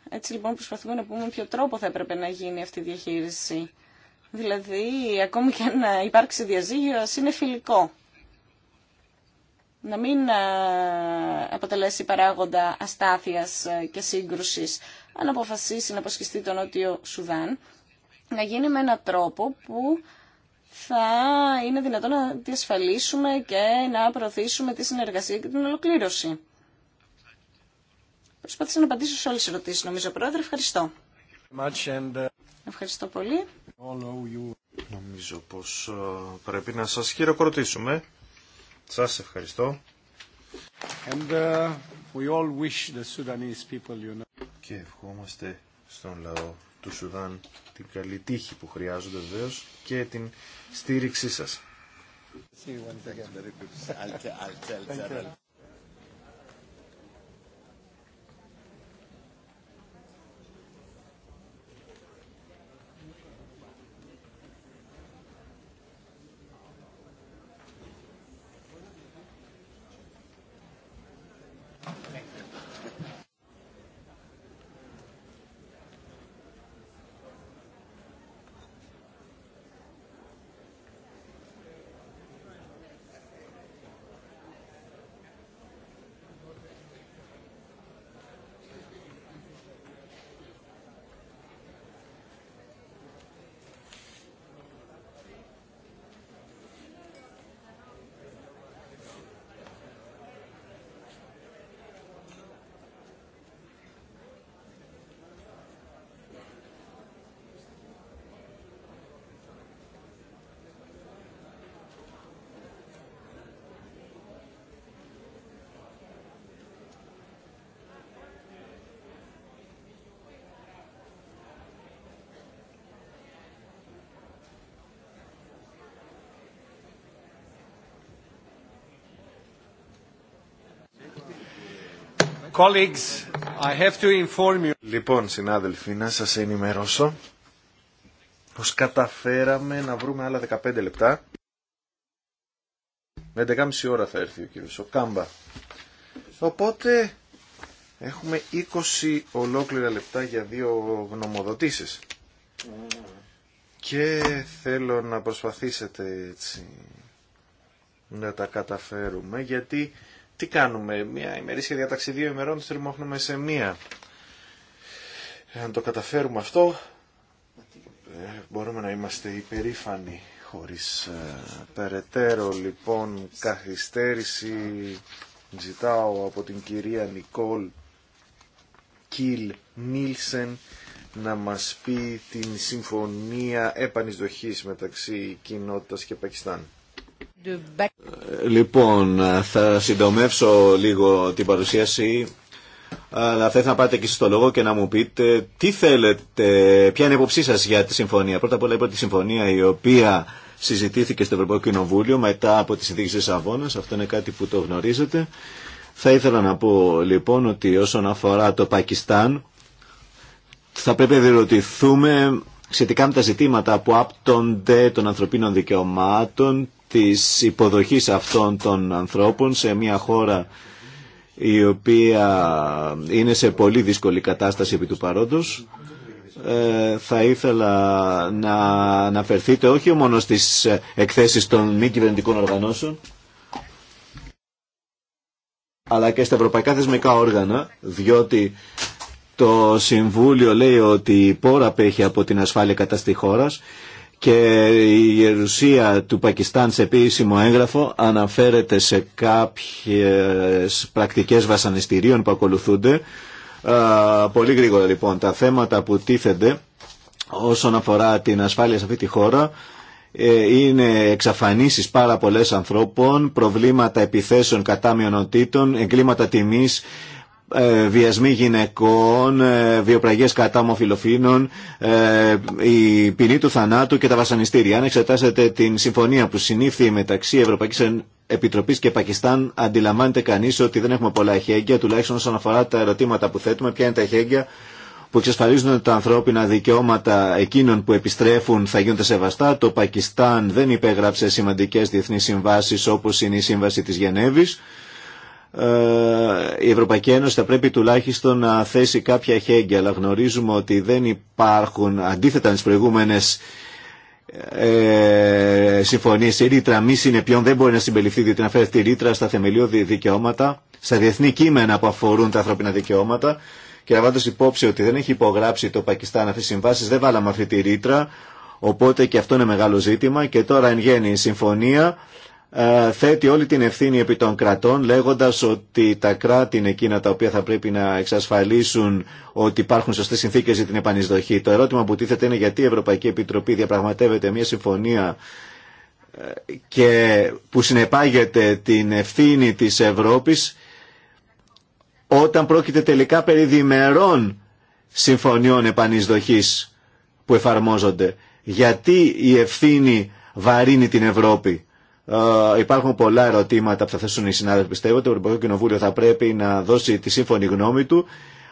Έτσι λοιπόν προσπαθούμε να πούμε με ποιο τρόπο θα έπρεπε να γίνει αυτή η διαχείριση. Δηλαδή, ακόμη και να ε, υπάρξει διαζύγιο, είναι φιλικό. Να μην ε, αποτελέσει παράγοντα αστάθειας ε, και σύγκρουσης. Αν αποφασίσει να αποσχιστεί το Νότιο Σουδάν, να γίνει με έναν τρόπο που θα είναι δυνατόν να διασφαλίσουμε και να προωθήσουμε τη συνεργασία και την ολοκλήρωση. Προσπάθησα να απαντήσω σε όλες τις ερωτήσεις, νομίζω, Πρόεδρε. Ευχαριστώ. Ευχαριστώ πολύ. Νομίζω πως ε, πρέπει να σας χειροκροτήσουμε. Σας ευχαριστώ. And, ε, we all wish the people, you know. Και ευχόμαστε στον λαό του Σουδάν την καλή τύχη που χρειάζονται βεβαίω και την στήριξή σας. Λοιπόν, συνάδελφοι, να σας ενημερώσω πως καταφέραμε να βρούμε άλλα 15 λεπτά. Με 11.30 ώρα θα έρθει ο κύριος ο Κάμπα. Οπότε έχουμε 20 ολόκληρα λεπτά για δύο γνωμοδοτήσεις. Και θέλω να προσπαθήσετε έτσι να τα καταφέρουμε γιατί τι κάνουμε, μια ημερήσια διάταξη δύο ημερών, τους σε μία. Αν το καταφέρουμε αυτό, ε, μπορούμε να είμαστε υπερήφανοι χωρίς ε, περαιτέρω λοιπόν καθυστέρηση. Ζητάω από την κυρία Νικόλ Κιλ Νίλσεν να μας πει την συμφωνία επανεισδοχής μεταξύ κοινότητας και Πακιστάν. Λοιπόν, θα συντομεύσω λίγο την παρουσίαση, αλλά θα ήθελα να πάτε και στο λόγο και να μου πείτε τι θέλετε, ποια είναι η υποψή σας για τη συμφωνία. Πρώτα απ' όλα είπα τη συμφωνία η οποία συζητήθηκε στο Ευρωπαϊκό Κοινοβούλιο μετά από τη συνθήκη τη Αβώνας, αυτό είναι κάτι που το γνωρίζετε. Θα ήθελα να πω λοιπόν ότι όσον αφορά το Πακιστάν, θα πρέπει να διερωτηθούμε σχετικά με τα ζητήματα που άπτονται των ανθρωπίνων δικαιωμάτων, της υποδοχής αυτών των ανθρώπων σε μια χώρα η οποία είναι σε πολύ δύσκολη κατάσταση επί του παρόντος ε, θα ήθελα να αναφερθείτε όχι μόνο στις εκθέσεις των μη κυβερνητικών οργανώσεων αλλά και στα ευρωπαϊκά θεσμικά όργανα διότι το Συμβούλιο λέει ότι η πόρα απέχει από την ασφάλεια κατά στη χώρας και η γερουσία του Πακιστάν σε επίσημο έγγραφο αναφέρεται σε κάποιες πρακτικές βασανιστήριων που ακολουθούνται. Πολύ γρήγορα λοιπόν τα θέματα που τίθενται όσον αφορά την ασφάλεια σε αυτή τη χώρα ε, είναι εξαφανίσεις πάρα πολλές ανθρώπων, προβλήματα επιθέσεων κατά μειονοτήτων, εγκλήματα τιμής, ε, βιασμοί γυναικών, ε, βιοπραγίες κατά ομοφιλοφίνων, ε, η ποινή του θανάτου και τα βασανιστήρια. Αν εξετάσετε την συμφωνία που συνήφθη μεταξύ Ευρωπαϊκής Επιτροπής και Πακιστάν, αντιλαμβάνεται κανείς ότι δεν έχουμε πολλά εχέγγυα, τουλάχιστον όσον αφορά τα ερωτήματα που θέτουμε, ποια είναι τα εχέγγυα που εξασφαλίζουν τα ανθρώπινα δικαιώματα εκείνων που επιστρέφουν θα γίνονται σεβαστά. Το Πακιστάν δεν υπέγραψε σημαντικέ διεθνεί συμβάσει όπω είναι η Σύμβαση τη Γενέβης. Ε, η Ευρωπαϊκή Ένωση θα πρέπει τουλάχιστον να θέσει κάποια χέγγια, αλλά γνωρίζουμε ότι δεν υπάρχουν αντίθετα τι προηγούμενε προηγούμενες ε, συμφωνίες η ρήτρα μη συνεπιών δεν μπορεί να συμπεριληφθεί διότι να φέρει ρήτρα στα θεμελιώδη δικαιώματα στα διεθνή κείμενα που αφορούν τα ανθρώπινα δικαιώματα και λαμβάνοντα υπόψη ότι δεν έχει υπογράψει το Πακιστάν αυτέ τι συμβάσει, δεν βάλαμε αυτή τη ρήτρα οπότε και αυτό είναι μεγάλο ζήτημα και τώρα εν γέννη η συμφωνία ε, θέτει όλη την ευθύνη επί των κρατών λέγοντας ότι τα κράτη είναι εκείνα τα οποία θα πρέπει να εξασφαλίσουν ότι υπάρχουν σωστές συνθήκες για την επανεισδοχή. Το ερώτημα που τίθεται είναι γιατί η Ευρωπαϊκή Επιτροπή διαπραγματεύεται μια συμφωνία ε, και που συνεπάγεται την ευθύνη της Ευρώπης όταν πρόκειται τελικά περί διμερών συμφωνιών επανεισδοχής που εφαρμόζονται. Γιατί η ευθύνη βαρύνει την Ευρώπη υπάρχουν πολλά ερωτήματα που θα θέσουν οι συνάδελφοι. Πιστεύω ότι το Ευρωπαϊκό Κοινοβούλιο θα πρέπει να δώσει τη σύμφωνη γνώμη του,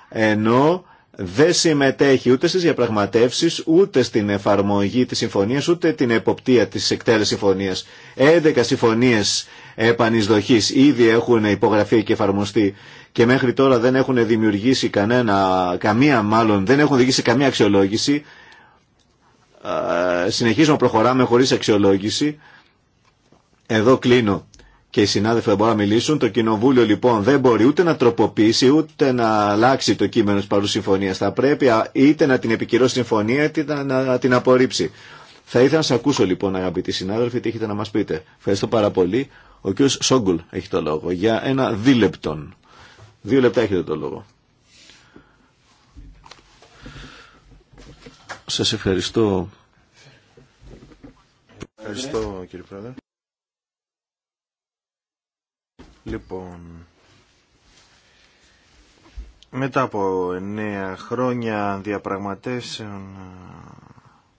ενώ δεν συμμετέχει ούτε στις διαπραγματεύσεις, ούτε στην εφαρμογή της συμφωνίας, ούτε την εποπτεία της εκτέλεσης συμφωνίας. 11 συμφωνίες επανεισδοχής ήδη έχουν υπογραφεί και εφαρμοστεί και μέχρι τώρα δεν έχουν δημιουργήσει κανένα, καμία μάλλον, δεν έχουν δημιουργήσει καμία αξιολόγηση. Ε, συνεχίζουμε προχωράμε χωρίς αξιολόγηση. Εδώ κλείνω και οι συνάδελφοι δεν μπορούν να μιλήσουν. Το Κοινοβούλιο λοιπόν δεν μπορεί ούτε να τροποποιήσει ούτε να αλλάξει το κείμενο τη παρού συμφωνία. Θα πρέπει είτε να την επικυρώσει συμφωνία είτε να την απορρίψει. Θα ήθελα να σα ακούσω λοιπόν αγαπητοί συνάδελφοι τι έχετε να μα πείτε. Ευχαριστώ πάρα πολύ. Ο κ. Σόγκουλ έχει το λόγο για ένα δίλεπτον. Δύο λεπτά έχετε το λόγο. Σας ευχαριστώ. Ευχαριστώ κύριε Πρόεδρε. Λοιπόν, μετά από εννέα χρόνια διαπραγματεύσεων ε,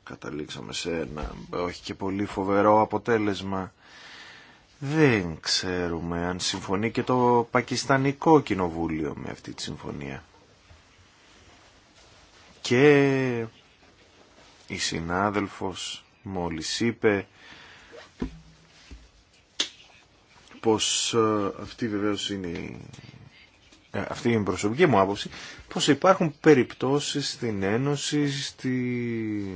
καταλήξαμε σε ένα όχι και πολύ φοβερό αποτέλεσμα. Δεν ξέρουμε αν συμφωνεί και το Πακιστανικό Κοινοβούλιο με αυτή τη συμφωνία. Και η συνάδελφος μόλις είπε πως ε, αυτή βεβαιω είναι η ε, αυτή είναι η προσωπική μου άποψη, πως υπάρχουν περιπτώσεις στην Ένωση στη...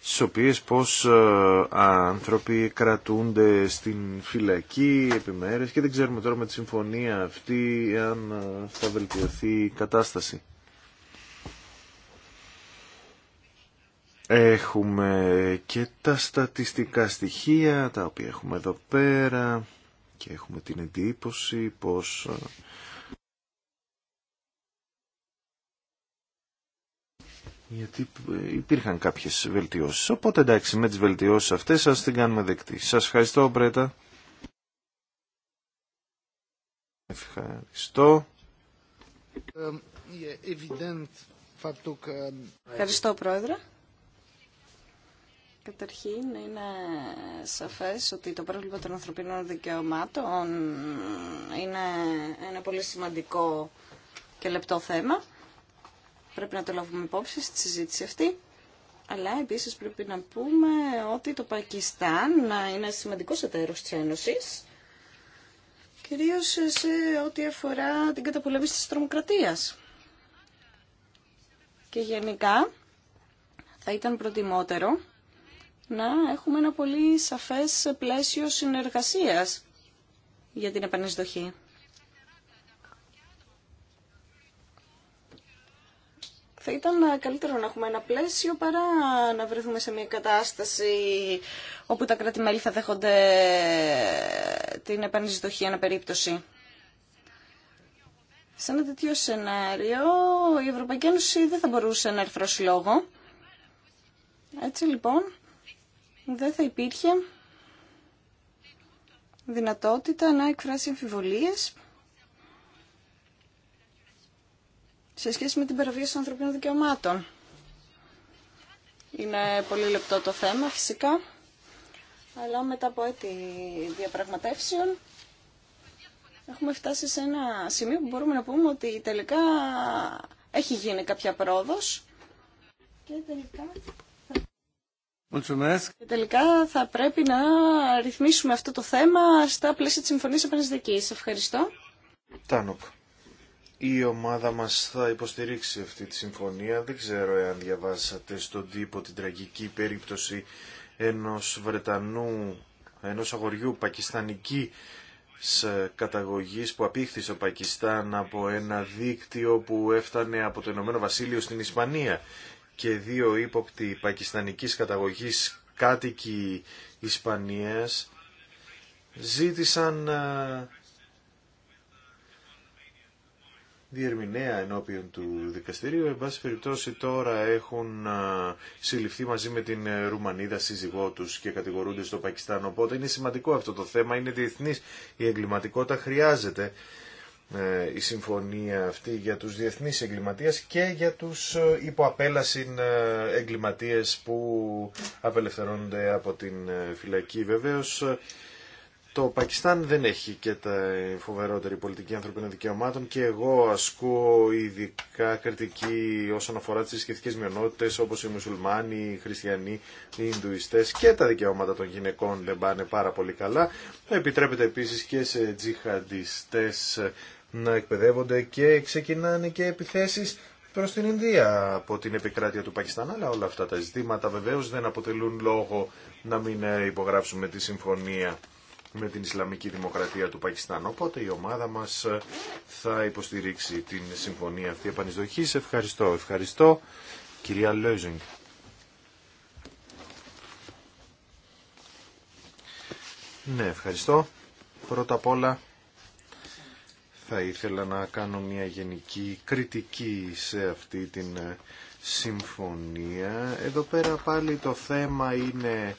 στις οποίες πως ε, άνθρωποι κρατούνται στην φυλακή επιμέρες και δεν ξέρουμε τώρα με τη συμφωνία αυτή αν θα βελτιωθεί η κατάσταση. Έχουμε και τα στατιστικά στοιχεία τα οποία έχουμε εδώ πέρα και έχουμε την εντύπωση πως γιατί υπήρχαν κάποιες βελτιώσεις. Οπότε εντάξει με τις βελτιώσεις αυτές σας την κάνουμε δεκτή. Σας ευχαριστώ Μπρέτα. Ευχαριστώ. Ευχαριστώ Πρόεδρε. Καταρχήν είναι σαφές ότι το πρόβλημα των ανθρωπίνων δικαιωμάτων είναι ένα πολύ σημαντικό και λεπτό θέμα. Πρέπει να το λάβουμε υπόψη στη συζήτηση αυτή. Αλλά επίσης πρέπει να πούμε ότι το Πακιστάν είναι σημαντικό εταίρος της Ένωσης, κυρίως σε ό,τι αφορά την καταπολέμηση της τρομοκρατίας. Και γενικά θα ήταν προτιμότερο να έχουμε ένα πολύ σαφές πλαίσιο συνεργασίας για την επανεισδοχή. Θα ήταν καλύτερο να έχουμε ένα πλαίσιο παρά να βρεθούμε σε μια κατάσταση όπου τα κράτη-μέλη θα δέχονται την επανεισδοχή περίπτωση Σε ένα τέτοιο σενάριο η Ευρωπαϊκή Ένωση δεν θα μπορούσε να έρθει λόγο. Έτσι λοιπόν δεν θα υπήρχε δυνατότητα να εκφράσει αμφιβολίες σε σχέση με την παραβίαση των ανθρωπίνων δικαιωμάτων. Είναι πολύ λεπτό το θέμα φυσικά, αλλά μετά από έτη διαπραγματεύσεων έχουμε φτάσει σε ένα σημείο που μπορούμε να πούμε ότι τελικά έχει γίνει κάποια πρόοδος και τελικά και τελικά θα πρέπει να ρυθμίσουμε αυτό το θέμα στα πλαίσια της Συμφωνίας Επανεσδικής. Ευχαριστώ. Τάνοκ. Η ομάδα μας θα υποστηρίξει αυτή τη συμφωνία. Δεν ξέρω εάν διαβάσατε στον τύπο την τραγική περίπτωση ενός Βρετανού, ενός αγοριού πακιστανική καταγωγής που απήχθη στο Πακιστάν από ένα δίκτυο που έφτανε από το Ηνωμένο Βασίλειο στην Ισπανία και δύο ύποπτοι πακιστανικής καταγωγής κάτοικοι Ισπανίας ζήτησαν διερμηνέα ενώπιον του δικαστηρίου. Εν πάση περιπτώσει τώρα έχουν συλληφθεί μαζί με την ε, Ρουμανίδα σύζυγό τους και κατηγορούνται στο Πακιστάν. Οπότε είναι σημαντικό αυτό το θέμα, είναι διεθνής. Η εγκληματικότητα χρειάζεται ε, η συμφωνία αυτή για τους διεθνείς εγκληματίες και για τους ε, υποαπέλασιν ε, εγκληματίες που απελευθερώνονται από την φυλακή. Βεβαίως το Πακιστάν δεν έχει και τα φοβερότερη πολιτική ανθρωπίνων δικαιωμάτων και εγώ ασκώ ειδικά κριτική όσον αφορά τις σχετικές μειονότητες όπως οι μουσουλμάνοι, οι χριστιανοί, οι Ινδουιστές και τα δικαιώματα των γυναικών δεν πάνε πάρα πολύ καλά. Επιτρέπεται επίσης και σε τζιχαντιστές να εκπαιδεύονται και ξεκινάνε και επιθέσεις προς την Ινδία από την επικράτεια του Πακιστάν. Αλλά όλα αυτά τα ζητήματα βεβαίως δεν αποτελούν λόγο να μην υπογράψουμε τη συμφωνία με την Ισλαμική Δημοκρατία του Πακιστάν. Οπότε η ομάδα μας ε, θα υποστηρίξει την συμφωνία αυτή επανεισδοχής. Ευχαριστώ. Ευχαριστώ κυρία Λόιζινγκ. Ναι, ευχαριστώ. Πρώτα απ' όλα θα ήθελα να κάνω μια γενική κριτική σε αυτή την ε, συμφωνία. Εδώ πέρα πάλι το θέμα είναι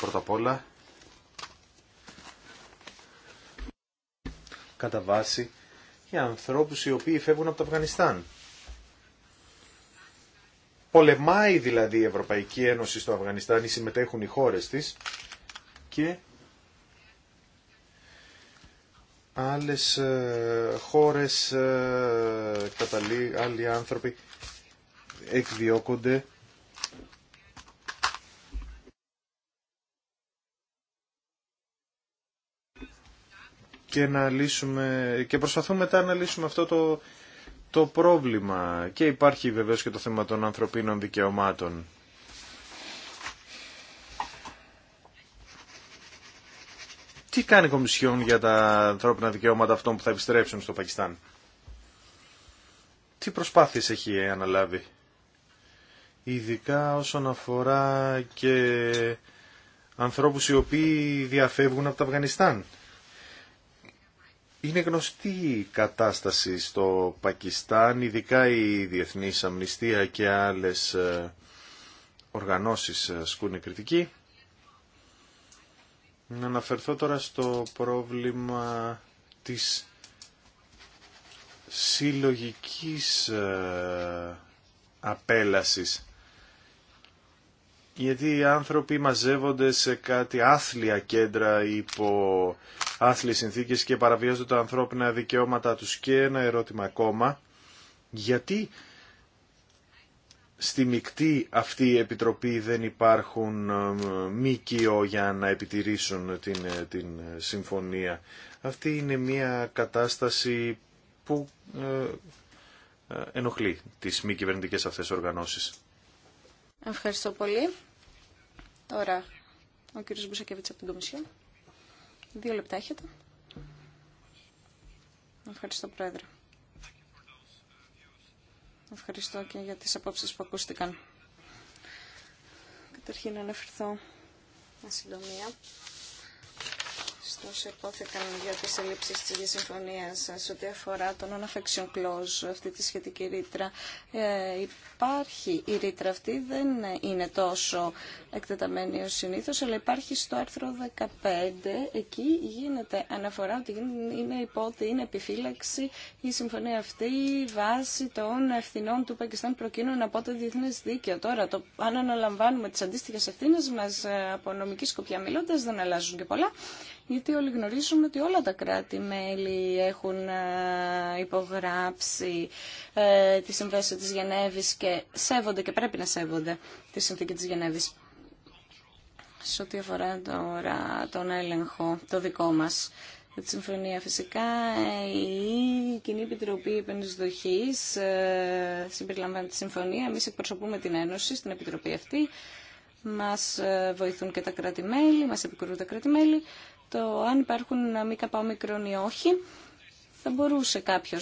πρώτα απ' όλα κατά βάση για ανθρώπους οι οποίοι φεύγουν από το Αφγανιστάν. Πολεμάει δηλαδή η Ευρωπαϊκή Ένωση στο Αφγανιστάν, ή συμμετέχουν οι χώρες της και άλλες ε, χώρες, ε, άλλοι άνθρωποι εκδιώκονται. Και, να λύσουμε, και προσπαθούμε μετά να λύσουμε αυτό το, το πρόβλημα. Και υπάρχει βεβαίως και το θέμα των ανθρωπίνων δικαιωμάτων. Τι κάνει η Κομισιόν για τα ανθρώπινα δικαιώματα αυτών που θα επιστρέψουν στο Πακιστάν. Τι προσπάθειες έχει αναλάβει. Ειδικά όσον αφορά και ανθρώπους οι οποίοι διαφεύγουν από το Αφγανιστάν. Είναι γνωστή η κατάσταση στο Πακιστάν, ειδικά η Διεθνής Αμνηστία και άλλες ε, οργανώσεις ε, ασκούν κριτική. Να αναφερθώ τώρα στο πρόβλημα της συλλογικής ε, απέλασης. Γιατί οι άνθρωποι μαζεύονται σε κάτι άθλια κέντρα υπό άθλιες συνθήκες και παραβιάζονται τα ανθρώπινα δικαιώματά τους. Και ένα ερώτημα ακόμα. Γιατί στη μεικτή αυτή η επιτροπή δεν υπάρχουν ε, μήκυο για να επιτηρήσουν την, ε, ε, συμφωνία. Αυτή είναι μια κατάσταση που ενοχλεί τις μη κυβερνητικέ αυτές οργανώσεις. Ευχαριστώ πολύ. Τώρα, ο κύριος Μπουσακεβίτς από την Κομισιόν. Δύο λεπτά έχετε. Ευχαριστώ, Πρόεδρε. Ευχαριστώ και για τις απόψεις που ακούστηκαν. Καταρχήν αναφερθώ με συντομία Ωστόσο, υπόθηκαν για τι ελλείψει τη διασυμφωνία συμφωνία ό,τι αφορά τον non-affection αυτή τη σχετική ρήτρα. Ε, υπάρχει η ρήτρα αυτή, δεν είναι τόσο εκτεταμένη ω συνήθω, αλλά υπάρχει στο άρθρο 15. Εκεί γίνεται αναφορά ότι είναι υπό ότι είναι επιφύλαξη η συμφωνία αυτή βάσει των ευθυνών του Πακιστάν προκίνων από το διεθνέ δίκαιο. Τώρα, το, αν αναλαμβάνουμε τι αντίστοιχε ευθύνε μα ε, από νομική σκοπιά μιλώντα, δεν αλλάζουν και πολλά γιατί όλοι γνωρίζουμε ότι όλα τα κράτη-μέλη έχουν ε, υπογράψει ε, τη Συμβέση της Γενέβης και σέβονται και πρέπει να σέβονται τη Συνθήκη της Γενέβης. Σε ό,τι αφορά τώρα τον έλεγχο, το δικό μας, τη συμφωνία φυσικά η Κοινή Επιτροπή Επενδυσδοχής ε, συμπεριλαμβάνει τη συμφωνία. Εμείς εκπροσωπούμε την Ένωση στην Επιτροπή αυτή. Μας ε, βοηθούν και τα κράτη-μέλη, μας επικουρούν τα κράτη-μέλη το αν υπάρχουν μη καπαόμικρον ή όχι. Θα μπορούσε κάποιο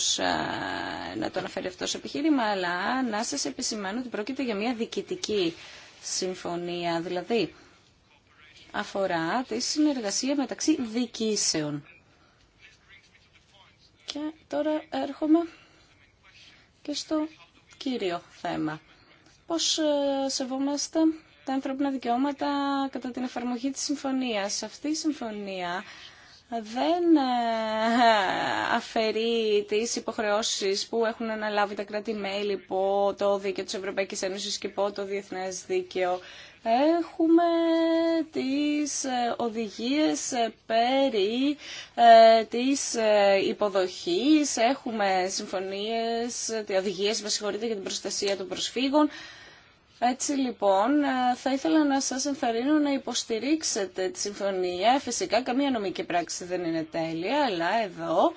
να το αναφέρει αυτό σε επιχείρημα, αλλά να σα επισημάνω ότι πρόκειται για μια διοικητική συμφωνία, δηλαδή αφορά τη συνεργασία μεταξύ διοικήσεων. Και τώρα έρχομαι και στο κύριο θέμα. Πώς σεβόμαστε τα ανθρώπινα δικαιώματα κατά την εφαρμογή της συμφωνίας. Αυτή η συμφωνία δεν ε, αφαιρεί τις υποχρεώσεις που έχουν αναλάβει τα κράτη-μέλη υπό το δίκαιο της Ευρωπαϊκής Ένωσης και υπό το διεθνές δίκαιο. Έχουμε τις ε, οδηγίες ε, περί της υποδοχής, έχουμε συμφωνίες, οδηγίες, με συγχωρείτε, για την προστασία των προσφύγων. Έτσι λοιπόν ε, θα ήθελα να σας ενθαρρύνω να υποστηρίξετε τη συμφωνία. Φυσικά καμία νομική πράξη δεν είναι τέλεια, αλλά εδώ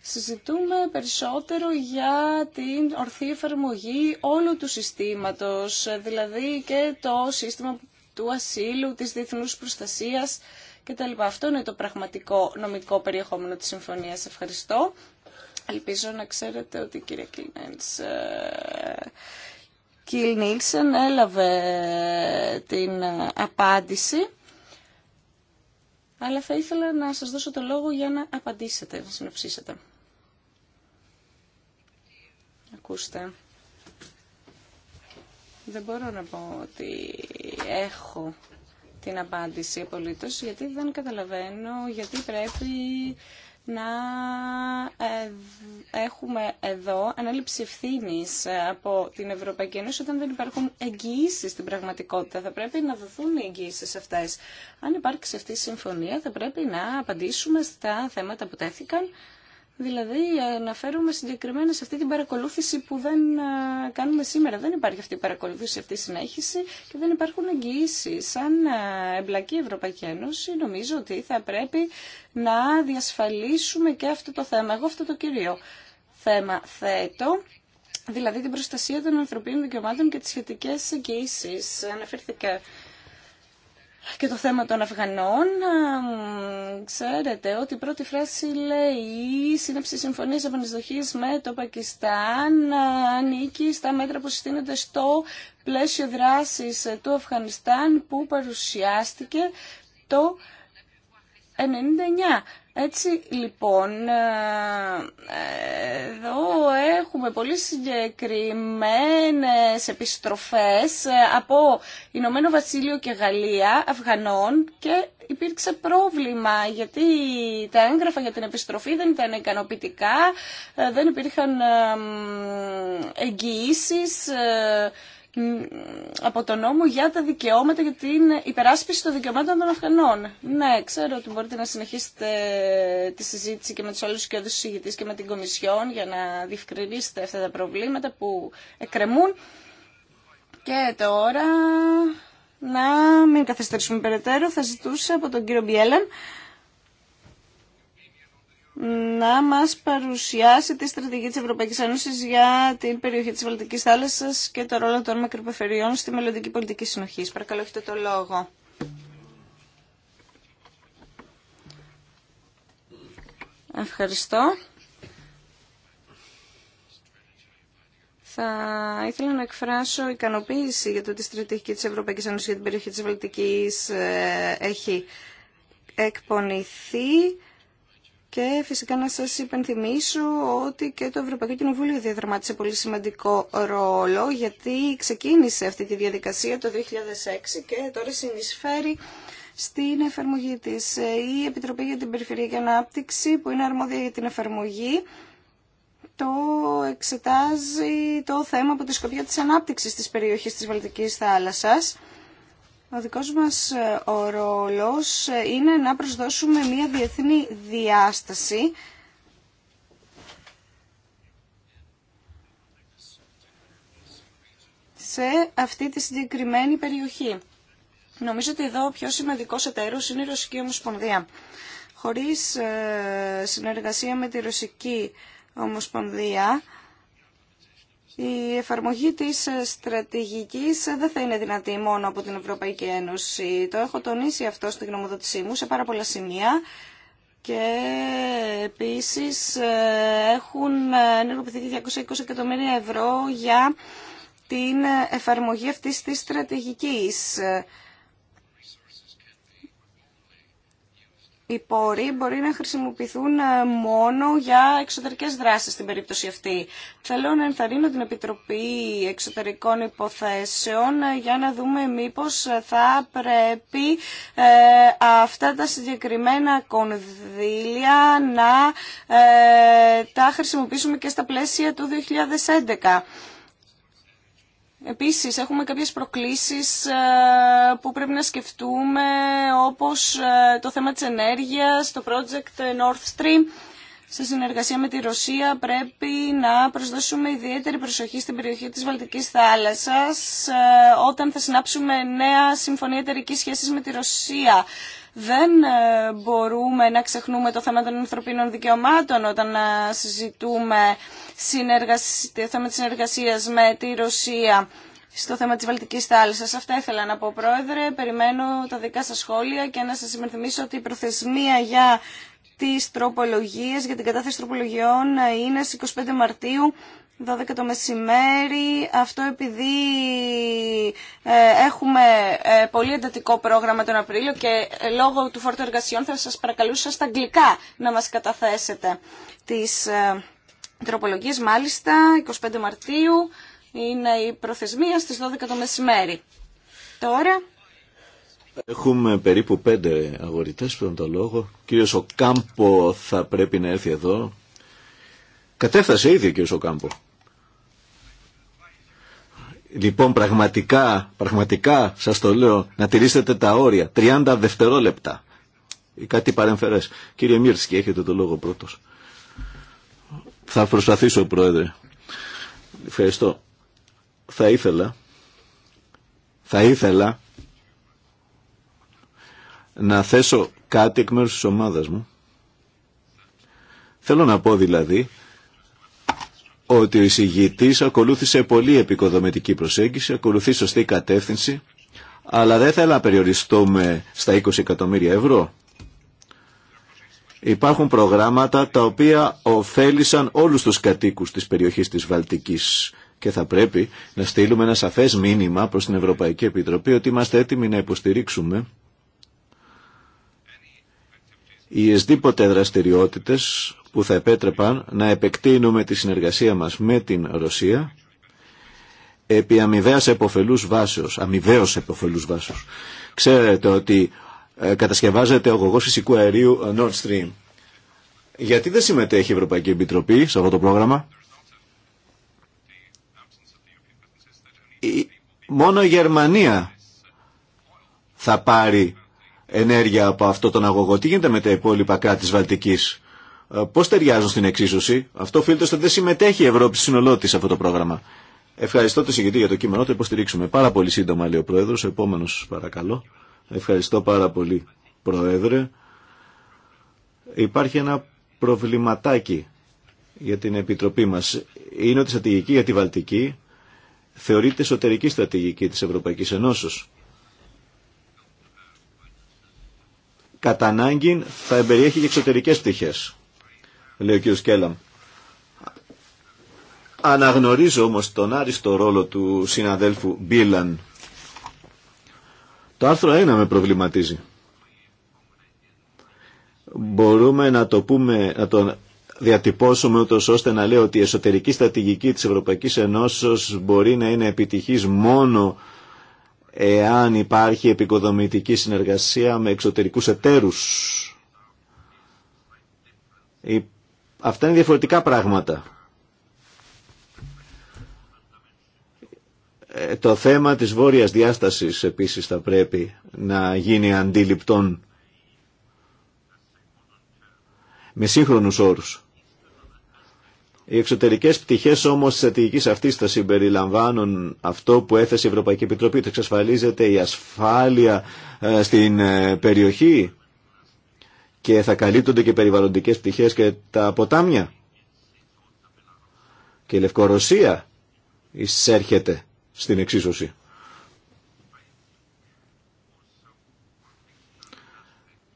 συζητούμε περισσότερο για την ορθή εφαρμογή όλου του συστήματος, δηλαδή και το σύστημα του ασύλου, της διεθνούς προστασίας κτλ. Αυτό είναι το πραγματικό νομικό περιεχόμενο της συμφωνίας. Ευχαριστώ. Ελπίζω να ξέρετε ότι η κυρία Κιλ Νίλσεν έλαβε την ε, απάντηση, αλλά θα ήθελα να σας δώσω το λόγο για να απαντήσετε, να συνοψίσετε. Ακούστε. Δεν μπορώ να πω ότι έχω την απάντηση απολύτως, γιατί δεν καταλαβαίνω γιατί πρέπει να ε, έχουμε εδώ ανάληψη ευθύνη ε, από την Ευρωπαϊκή Ένωση όταν δεν υπάρχουν εγγυήσει στην πραγματικότητα. Θα πρέπει να δοθούν οι εγγυήσει αυτέ. Αν υπάρξει αυτή η συμφωνία, θα πρέπει να απαντήσουμε στα θέματα που τέθηκαν Δηλαδή αναφέρομαι συγκεκριμένα σε αυτή την παρακολούθηση που δεν ε, κάνουμε σήμερα. Δεν υπάρχει αυτή η παρακολούθηση, αυτή η συνέχιση και δεν υπάρχουν εγγυήσει. Σαν ε, εμπλακή Ευρωπαϊκή Ένωση νομίζω ότι θα πρέπει να διασφαλίσουμε και αυτό το θέμα. Εγώ αυτό το κύριο θέμα θέτω δηλαδή την προστασία των ανθρωπίνων δικαιωμάτων και τις σχετικές εγγυήσεις. Αναφέρθηκα και το θέμα των Αφγανών, ξέρετε ότι η πρώτη φράση λέει η σύναψη συμφωνίας επανεισδοχή με το Πακιστάν ανήκει στα μέτρα που συστήνονται στο πλαίσιο δράσης του Αφγανιστάν που παρουσιάστηκε το 99. Έτσι λοιπόν, ε, εδώ έχουμε πολύ συγκεκριμένες επιστροφές ε, από Ηνωμένο Βασίλειο και Γαλλία, Αφγανών και υπήρξε πρόβλημα γιατί τα έγγραφα για την επιστροφή δεν ήταν ικανοποιητικά, ε, δεν υπήρχαν εγγυήσεις από τον νόμο για τα δικαιώματα, για την υπεράσπιση των δικαιωμάτων των Αφγανών. Ναι, ξέρω ότι μπορείτε να συνεχίσετε τη συζήτηση και με τους άλλους και οδούς και με την Κομισιόν για να διευκρινίσετε αυτά τα προβλήματα που εκκρεμούν. Και τώρα, να μην καθυστερήσουμε περαιτέρω, θα ζητούσα από τον κύριο Μπιέλλαν να μας παρουσιάσει τη στρατηγική της Ευρωπαϊκής Ένωσης για την περιοχή της Βαλτικής θάλασσας και το ρόλο των μακροπεφεριών στη μελλοντική πολιτική συνοχής. Παρακαλώ, έχετε το λόγο. Ευχαριστώ. Θα ήθελα να εκφράσω ικανοποίηση για το ότι η στρατηγική της Ευρωπαϊκής Ένωσης για την περιοχή της Βαλτικής ε, έχει εκπονηθεί και φυσικά να σας υπενθυμίσω ότι και το Ευρωπαϊκό Κοινοβούλιο διαδραμάτισε πολύ σημαντικό ρόλο γιατί ξεκίνησε αυτή τη διαδικασία το 2006 και τώρα συνεισφέρει στην εφαρμογή της. Η Επιτροπή για την Περιφερειακή Ανάπτυξη που είναι αρμόδια για την εφαρμογή το εξετάζει το θέμα από τη σκοπιά της ανάπτυξης της περιοχής της Βαλτικής θάλασσας ο δικός μας ε, ο ρόλος ε, είναι να προσδώσουμε μια διεθνή διάσταση σε αυτή τη συγκεκριμένη περιοχή. Νομίζω ότι εδώ ο πιο σημαντικός εταίρος είναι η Ρωσική Ομοσπονδία. Χωρίς ε, συνεργασία με τη Ρωσική Ομοσπονδία η εφαρμογή της στρατηγικής δεν θα είναι δυνατή μόνο από την Ευρωπαϊκή Ένωση. Το έχω τονίσει αυτό στην γνωμοδότησή μου σε πάρα πολλά σημεία και επίσης ε, έχουν ενεργοποιηθεί 220 εκατομμύρια ευρώ για την εφαρμογή αυτής της στρατηγικής. οι πόροι μπορεί να χρησιμοποιηθούν ε, μόνο για εξωτερικές δράσεις στην περίπτωση αυτή. Θέλω να ενθαρρύνω την Επιτροπή Εξωτερικών Υποθέσεων ε, για να δούμε μήπως ε, θα πρέπει αυτά τα συγκεκριμένα κονδύλια να τα χρησιμοποιήσουμε και στα πλαίσια του 2011. Επίσης, έχουμε κάποιες προκλήσεις ε, που πρέπει να σκεφτούμε, όπως ε, το θέμα της ενέργειας, το project North Stream. Σε συνεργασία με τη Ρωσία πρέπει να προσδώσουμε ιδιαίτερη προσοχή στην περιοχή της Βαλτικής θάλασσας ε, όταν θα συνάψουμε νέα συμφωνία εταιρικής σχέσης με τη Ρωσία. Δεν ε, μπορούμε να ξεχνούμε το θέμα των ανθρωπίνων δικαιωμάτων όταν ε, συζητούμε το θέμα της συνεργασίας με τη Ρωσία στο θέμα της Βαλτικής θάλασσας. Αυτά ήθελα να πω, Πρόεδρε. Περιμένω τα δικά σας σχόλια και να σας υπενθυμίσω ότι η προθεσμία για τις τροπολογίες, για την κατάθεση τροπολογιών ε, είναι στις 25 Μαρτίου 12 το μεσημέρι, αυτό επειδή ε, έχουμε ε, πολύ εντατικό πρόγραμμα τον Απρίλιο και ε, λόγω του φόρτου εργασιών θα σας παρακαλούσα στα αγγλικά να μας καταθέσετε τις τροπολογίες. Μάλιστα, 25 Μαρτίου είναι η προθεσμία στις 12 το μεσημέρι. Τώρα... Έχουμε περίπου πέντε αγορητές που το λόγο. Κύριος Κάμπο θα πρέπει να έρθει εδώ Κατέφτασε ήδη ο κ. Σοκάμπο. Λοιπόν, πραγματικά, πραγματικά σας το λέω, να τηρήσετε τα όρια. 30 δευτερόλεπτα. Ή κάτι παρεμφερές. Κύριε Μίρσκι, έχετε το λόγο πρώτος. Θα προσπαθήσω, Πρόεδρε. Ευχαριστώ. Θα ήθελα, θα ήθελα να θέσω κάτι εκ μέρους της ομάδας μου. Θέλω να πω δηλαδή ότι ο εισηγητής ακολούθησε πολύ επικοδομητική προσέγγιση, ακολουθεί σωστή κατεύθυνση, αλλά δεν θέλω να περιοριστούμε στα 20 εκατομμύρια ευρώ. Υπάρχουν προγράμματα τα οποία ωφέλησαν όλους τους κατοίκους της περιοχής της Βαλτικής και θα πρέπει να στείλουμε ένα σαφές μήνυμα προς την Ευρωπαϊκή Επιτροπή ότι είμαστε έτοιμοι να υποστηρίξουμε οι εσδήποτε δραστηριότητες που θα επέτρεπαν να επεκτείνουμε τη συνεργασία μας με την Ρωσία επί αμοιβαίας εποφελούς βάσεως, αμοιβαίως εποφελούς βάσεως. Ξέρετε ότι ε, κατασκευάζεται ο γογός φυσικού αερίου ε, Nord Stream. Γιατί δεν συμμετέχει η Ευρωπαϊκή Επιτροπή σε αυτό το πρόγραμμα. Μόνο η Γερμανία θα πάρει ενέργεια από αυτό τον αγωγό. Τι γίνεται με τα υπόλοιπα κράτη της Βαλτικής. Ε, Πώ ταιριάζουν στην εξίσωση. Αυτό οφείλεται ότι δεν συμμετέχει η Ευρώπη συνολό τη σε αυτό το πρόγραμμα. Ευχαριστώ τον συγκεκριτή για το κείμενο, το υποστηρίξουμε. Πάρα πολύ σύντομα, λέει ο Πρόεδρος. επόμενο, παρακαλώ. Ευχαριστώ πάρα πολύ, Πρόεδρε. Υπάρχει ένα προβληματάκι για την Επιτροπή μα. Είναι ότι η στρατηγική για τη Βαλτική θεωρείται εσωτερική στρατηγική τη Ευρωπαϊκή Ενώσεω. Κατά ανάγκη θα εμπεριέχει και εξωτερικές πτυχές λέει ο κ. Αναγνωρίζω όμως τον άριστο ρόλο του συναδέλφου Μπίλαν. Το άρθρο 1 με προβληματίζει. Μπορούμε να το πούμε, να το διατυπώσουμε ούτως ώστε να λέω ότι η εσωτερική στρατηγική της Ευρωπαϊκής Ενώσεως μπορεί να είναι επιτυχής μόνο εάν υπάρχει επικοδομητική συνεργασία με εξωτερικούς εταίρους. Αυτά είναι διαφορετικά πράγματα. Ε, το θέμα της βόρειας διάστασης επίσης θα πρέπει να γίνει αντιληπτόν με σύγχρονους όρους. Οι εξωτερικές πτυχές όμως της στρατηγικής αυτής θα συμπεριλαμβάνουν αυτό που έθεσε η Ευρωπαϊκή Επιτροπή, το εξασφαλίζεται η ασφάλεια ε, στην ε, περιοχή, και θα καλύπτονται και περιβαλλοντικές πτυχές και τα ποτάμια. Και η Λευκορωσία εισέρχεται στην εξίσωση.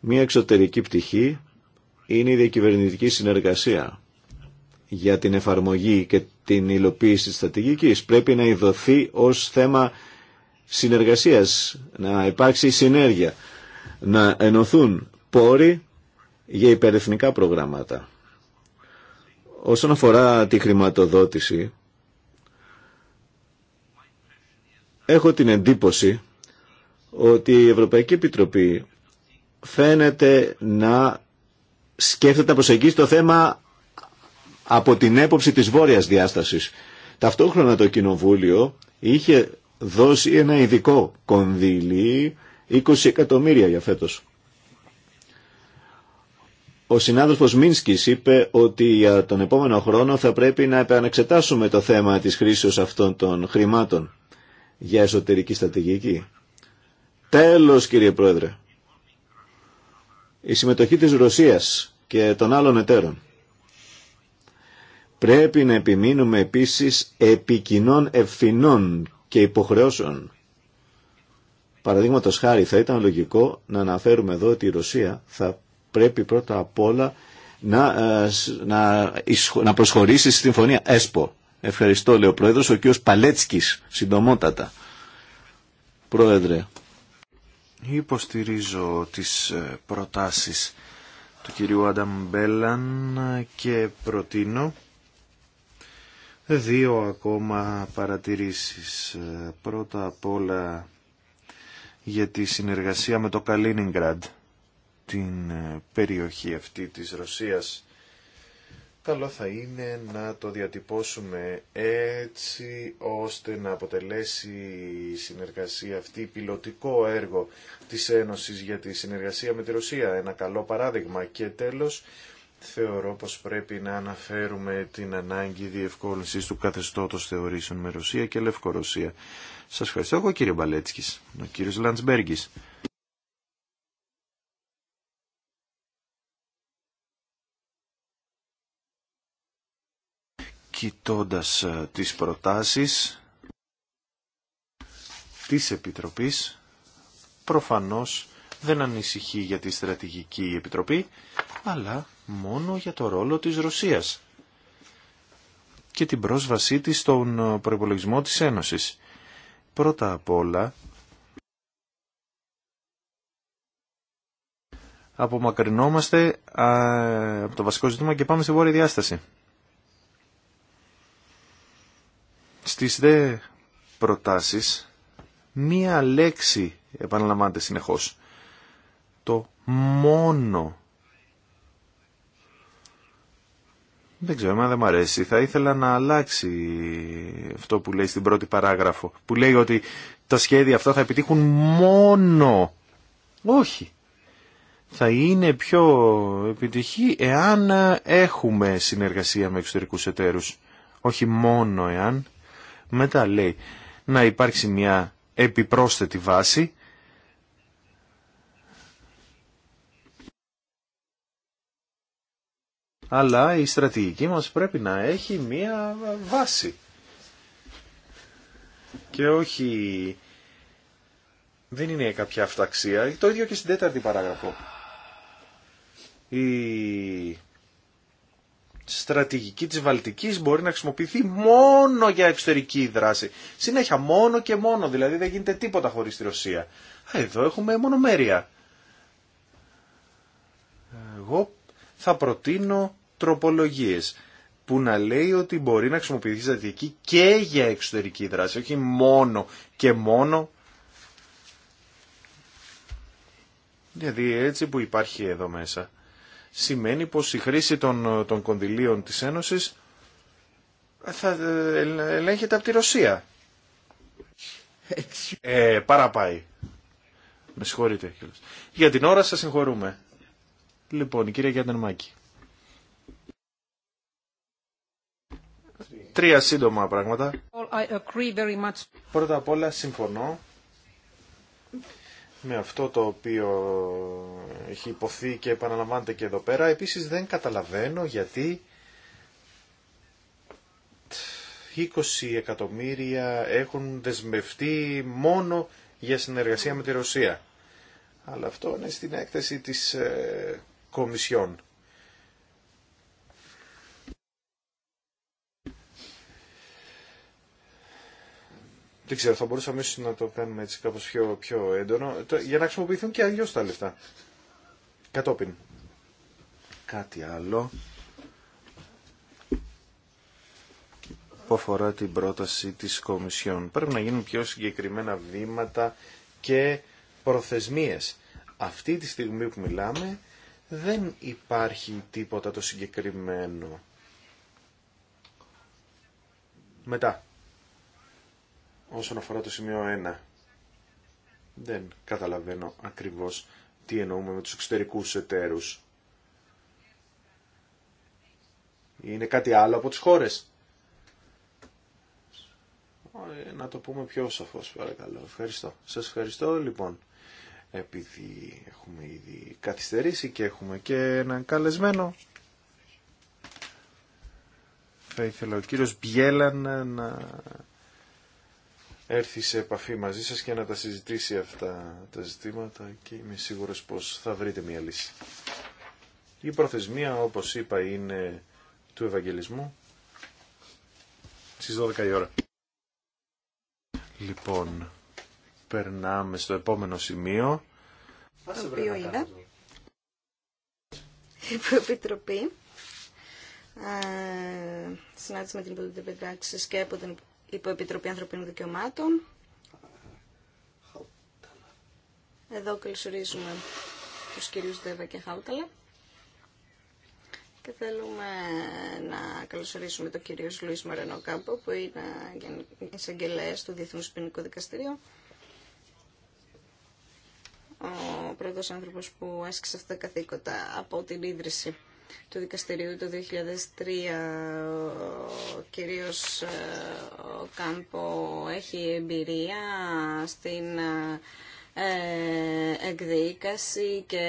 Μία εξωτερική πτυχή είναι η διακυβερνητική συνεργασία για την εφαρμογή και την υλοποίηση της στρατηγικής. Πρέπει να ειδωθεί ως θέμα συνεργασίας, να υπάρξει συνέργεια, να ενωθούν πόροι για υπερεθνικά προγράμματα. Όσον αφορά τη χρηματοδότηση, έχω την εντύπωση ότι η Ευρωπαϊκή Επιτροπή φαίνεται να σκέφτεται να προσεγγίσει το θέμα από την έποψη της βόρειας διάστασης. Ταυτόχρονα το Κοινοβούλιο είχε δώσει ένα ειδικό κονδύλι 20 εκατομμύρια για φέτος ο συνάδελφος Μίνσκης είπε ότι για τον επόμενο χρόνο θα πρέπει να επαναξετάσουμε το θέμα της χρήσης αυτών των χρημάτων για εσωτερική στρατηγική. Τέλος κύριε Πρόεδρε, η συμμετοχή της Ρωσίας και των άλλων εταίρων. Πρέπει να επιμείνουμε επίσης επικοινών ευθυνών και υποχρεώσεων. Παραδείγματο χάρη θα ήταν λογικό να αναφέρουμε εδώ ότι η Ρωσία θα πρέπει πρώτα απ' όλα να, ε, να, να προσχωρήσει στη συμφωνία ΕΣΠΟ. Ευχαριστώ, λέει ο Πρόεδρο. ο κ. Παλέτσκη, συντομότατα. Πρόεδρε. Υποστηρίζω τις ε, προτάσεις του κυρίου Άνταμ και προτείνω δύο ακόμα παρατηρήσεις. Ε, πρώτα απ' όλα για τη συνεργασία με το Καλίνιγκραντ την ε, περιοχή αυτή της Ρωσίας. Καλό θα είναι να το διατυπώσουμε έτσι ώστε να αποτελέσει η συνεργασία αυτή πιλωτικό έργο της Ένωσης για τη συνεργασία με τη Ρωσία. Ένα καλό παράδειγμα και τέλος θεωρώ πως πρέπει να αναφέρουμε την ανάγκη διευκόλυνσης του καθεστώτος θεωρήσεων με Ρωσία και Λευκορωσία. Σας ευχαριστώ εγώ κύριε Μπαλέτσκης, ο κύριος Λαντσμπέργκης. κοιτώντας ε, τις προτάσεις της Επιτροπής, προφανώς δεν ανησυχεί για τη Στρατηγική Επιτροπή, αλλά μόνο για το ρόλο της Ρωσίας και την πρόσβασή της στον ε, προϋπολογισμό της Ένωσης. Πρώτα απ' όλα, απομακρυνόμαστε από το βασικό ζήτημα και πάμε στη βόρεια διάσταση. Στις δε προτάσεις, μία λέξη επαναλαμβάνεται συνεχώς. Το μόνο. Δεν ξέρω, εμένα δεν μου αρέσει. Θα ήθελα να αλλάξει αυτό που λέει στην πρώτη παράγραφο. Που λέει ότι τα σχέδια αυτά θα επιτύχουν μόνο. Όχι. Θα είναι πιο επιτυχή εάν έχουμε συνεργασία με εξωτερικούς εταίρους. Όχι μόνο εάν. Μετά λέει να υπάρξει μια επιπρόσθετη βάση αλλά η στρατηγική μας πρέπει να έχει μία βάση και όχι δεν είναι κάποια αυταξία το ίδιο και στην τέταρτη παράγραφο η στρατηγική της Βαλτικής μπορεί να χρησιμοποιηθεί μόνο για εξωτερική δράση. Συνέχεια μόνο και μόνο, δηλαδή δεν γίνεται τίποτα χωρίς τη Ρωσία. Εδώ έχουμε μονομέρεια. Εγώ θα προτείνω τροπολογίες που να λέει ότι μπορεί να χρησιμοποιηθεί στρατηγική και για εξωτερική δράση, όχι μόνο και μόνο. Δηλαδή έτσι που υπάρχει εδώ μέσα σημαίνει πως η χρήση των, των κονδυλίων της Ένωσης θα ε, ελέγχεται από τη Ρωσία. Ε, παραπάει. Με συγχωρείτε. Για την ώρα σας συγχωρούμε. Λοιπόν, η κυρία Γιάννερμάκη. Τρία σύντομα πράγματα. Πρώτα απ' όλα συμφωνώ με αυτό το οποίο έχει υποθεί και επαναλαμβάνεται και εδώ πέρα. Επίσης δεν καταλαβαίνω γιατί 20 εκατομμύρια έχουν δεσμευτεί μόνο για συνεργασία με τη Ρωσία. Αλλά αυτό είναι στην έκθεση της ε, Κομισιόν. Δεν ξέρω, θα μπορούσαμε ίσω να το κάνουμε έτσι κάπως πιο, πιο έντονο, για να χρησιμοποιηθούν και αλλιώ τα λεφτά. Κατόπιν. Κάτι άλλο που αφορά την πρόταση της Κομισιόν. Πρέπει να γίνουν πιο συγκεκριμένα βήματα και προθεσμίες. Αυτή τη στιγμή που μιλάμε δεν υπάρχει τίποτα το συγκεκριμένο. Μετά, όσον αφορά το σημείο 1. Δεν καταλαβαίνω ακριβώς τι εννοούμε με τους εξωτερικούς εταίρους. Είναι κάτι άλλο από τις χώρες. Ε, να το πούμε πιο σαφώς παρακαλώ. Ευχαριστώ. Σας ευχαριστώ λοιπόν επειδή έχουμε ήδη καθυστερήσει και έχουμε και έναν καλεσμένο. Θα ήθελα ο κύριος Μπιέλαν να έρθει σε επαφή μαζί σας και να τα συζητήσει αυτά τα ζητήματα και είμαι σίγουρος πως θα βρείτε μια λύση. Η προθεσμία, όπως είπα, είναι του Ευαγγελισμού στις 12 η ώρα. Λοιπόν, περνάμε στο επόμενο σημείο. Το οποίο είναι η Επιτροπή ε, συνάντηση με την και από την Υπό Επιτροπή Ανθρωπίνων Δικαιωμάτων. Εδώ καλωσορίζουμε τους κυρίους Δέβα και Χάουταλα. Και θέλουμε να καλωσορίσουμε τον κύριο Λουίς Μαρενό Κάμπο, που είναι εισαγγελέα του Διεθνούς Ποινικού Δικαστηρίου. Ο πρώτος άνθρωπος που άσκησε αυτά τα καθήκοντα από την ίδρυση του δικαστηρίου το 2003 ο κύριος ε, Κάμπο έχει εμπειρία στην ε, εκδίκαση και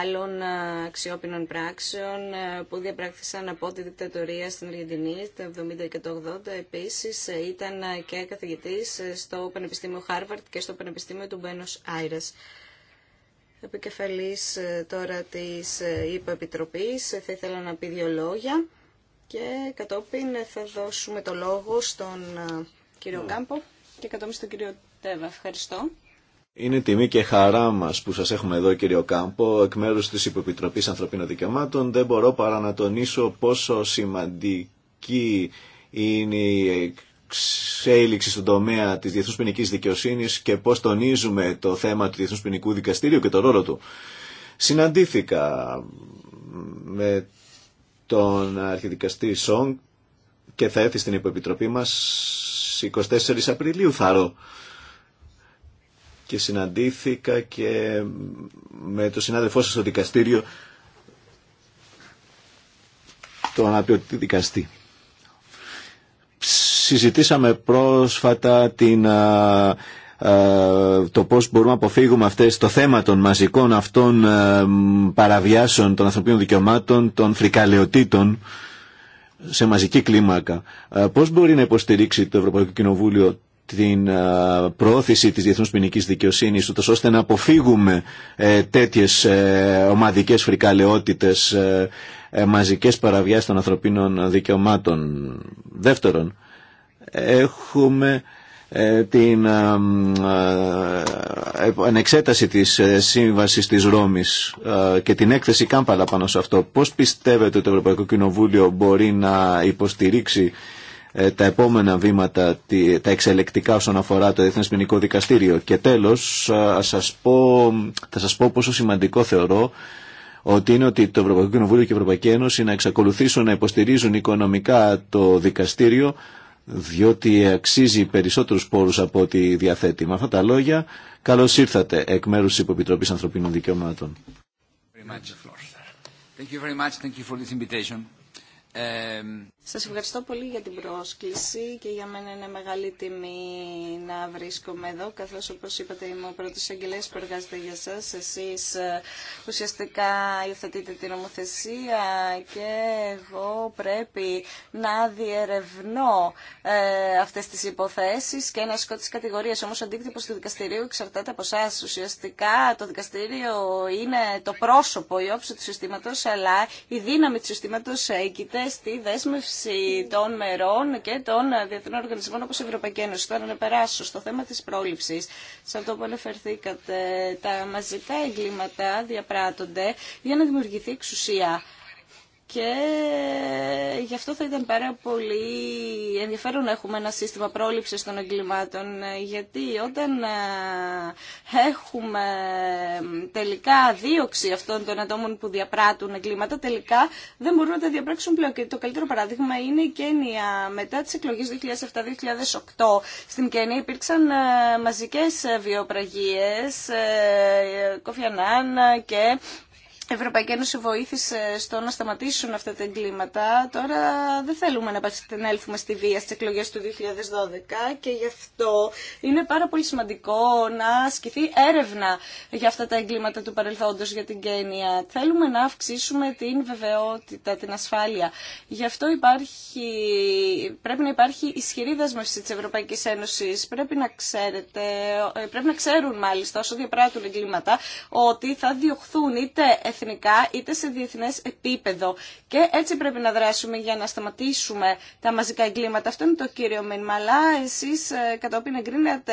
άλλων ε, αξιόπινων πράξεων που διαπράκτησαν από τη δικτατορία στην Αργεντινή το 70 και το 80. Επίσης ήταν και καθηγητής στο Πανεπιστήμιο Χάρβαρτ και στο Πανεπιστήμιο του Μπένος Άιρες επικεφαλής ε, τώρα της ε, ΥΠΑ ε, θα ήθελα να πει δύο λόγια και κατόπιν θα δώσουμε το λόγο στον κύριο ναι. Κάμπο και κατόπιν στον κύριο Τέβα. Ευχαριστώ. Είναι τιμή και χαρά μας που σας έχουμε εδώ κύριο Κάμπο, εκ μέρους της Υποεπιτροπής Ανθρωπίνων Δικαιωμάτων. Δεν μπορώ παρά να τονίσω πόσο σημαντική είναι η εξέλιξη στον τομέα της διεθνούς ποινικής δικαιοσύνης και πω τονίζουμε το θέμα του διεθνούς ποινικού δικαστήριου και το ρόλο του. Συναντήθηκα με τον αρχιδικαστή Σόγκ και θα έρθει στην υποεπιτροπή μα 24 Απριλίου ρω. και συναντήθηκα και με τον συνάδελφό σα στο δικαστήριο τον απειοτή δικαστή. Συζητήσαμε πρόσφατα την, το πώς μπορούμε να αποφύγουμε αυτές, το θέμα των μαζικών αυτών παραβιάσεων των ανθρωπίνων δικαιωμάτων, των φρικαλαιοτήτων σε μαζική κλίμακα. Πώς μπορεί να υποστηρίξει το Ευρωπαϊκό Κοινοβούλιο την προώθηση της διεθνούς ποινική δικαιοσύνης ούτως ώστε να αποφύγουμε ε, τέτοιες ε, ομαδικές φρικαλαιότητες, ε, ε, μαζικές παραβιάσεις των ανθρωπίνων δικαιωμάτων. Δεύτερον, έχουμε ε, την ε, ε, ανεξέταση της σύμβασης της Ρώμης και την έκθεση Κάμπαλα πάνω σε αυτό. Πώς πιστεύετε ότι το Ευρωπαϊκό Κοινοβούλιο μπορεί να υποστηρίξει τα επόμενα βήματα, τα εξελεκτικά όσον αφορά το Διεθνές Δικαστήριο. Και τέλος, σας πω, θα σας πω πόσο σημαντικό θεωρώ ότι είναι ότι το Ευρωπαϊκό Κοινοβούλιο και η Ευρωπαϊκή Ένωση να εξακολουθήσουν να υποστηρίζουν οικονομικά το δικαστήριο διότι αξίζει περισσότερους πόρους από ό,τι διαθέτει. Με αυτά τα λόγια, καλώς ήρθατε εκ μέρους της Υποπιτροπής Ανθρωπίνων Δικαιωμάτων. Σας ευχαριστώ πολύ για την πρόσκληση και για μένα είναι μεγάλη τιμή να βρίσκομαι εδώ, καθώς όπως είπατε είμαι ο πρώτος αγγελέας που εργάζεται για σας. Εσείς ε, ουσιαστικά υιοθετείτε την νομοθεσία και εγώ πρέπει να διερευνώ ε, αυτές τις υποθέσεις και να σηκώ τις κατηγορίες. Όμως ο αντίκτυπος του δικαστηρίου εξαρτάται από εσά. Ουσιαστικά το δικαστήριο είναι το πρόσωπο, η όψη του συστήματος, αλλά η δύναμη του συστήματος ε, έγκυται στη δέσμευση δέσμευση των μερών και των διεθνών οργανισμών όπως η Ευρωπαϊκή Ένωση. Τώρα να περάσω στο θέμα της πρόληψης. Σε αυτό που αναφερθήκατε, τα μαζικά εγκλήματα διαπράττονται για να δημιουργηθεί εξουσία και γι' αυτό θα ήταν πάρα πολύ ενδιαφέρον να έχουμε ένα σύστημα πρόληψης των εγκλημάτων γιατί όταν ε, έχουμε τελικά δίωξη αυτών των ατόμων που διαπράττουν εγκλήματα τελικά δεν μπορούν να τα διαπράξουν πλέον και το καλύτερο παράδειγμα είναι η Κένια μετά τις εκλογές 2007-2008 στην Κένια υπήρξαν ε, μαζικές βιοπραγίες ε, Κοφιανάν και η Ευρωπαϊκή Ένωση βοήθησε στο να σταματήσουν αυτά τα εγκλήματα. Τώρα δεν θέλουμε να επανέλθουμε στη βία στι εκλογέ του 2012 και γι' αυτό είναι πάρα πολύ σημαντικό να ασκηθεί έρευνα για αυτά τα εγκλήματα του παρελθόντος για την Κένια. Θέλουμε να αυξήσουμε την βεβαιότητα, την ασφάλεια. Γι' αυτό υπάρχει, πρέπει να υπάρχει ισχυρή δέσμευση τη Ευρωπαϊκή Ένωση. Πρέπει να, ξέρετε, ε, πρέπει να ξέρουν μάλιστα όσο διαπράττουν εγκλήματα ότι θα διωχθούν είτε εθνικά είτε σε διεθνέ επίπεδο. Και έτσι πρέπει να δράσουμε για να σταματήσουμε τα μαζικά εγκλήματα. Αυτό είναι το κύριο μήνυμα. Αλλά εσεί ε, κατόπιν εγκρίνατε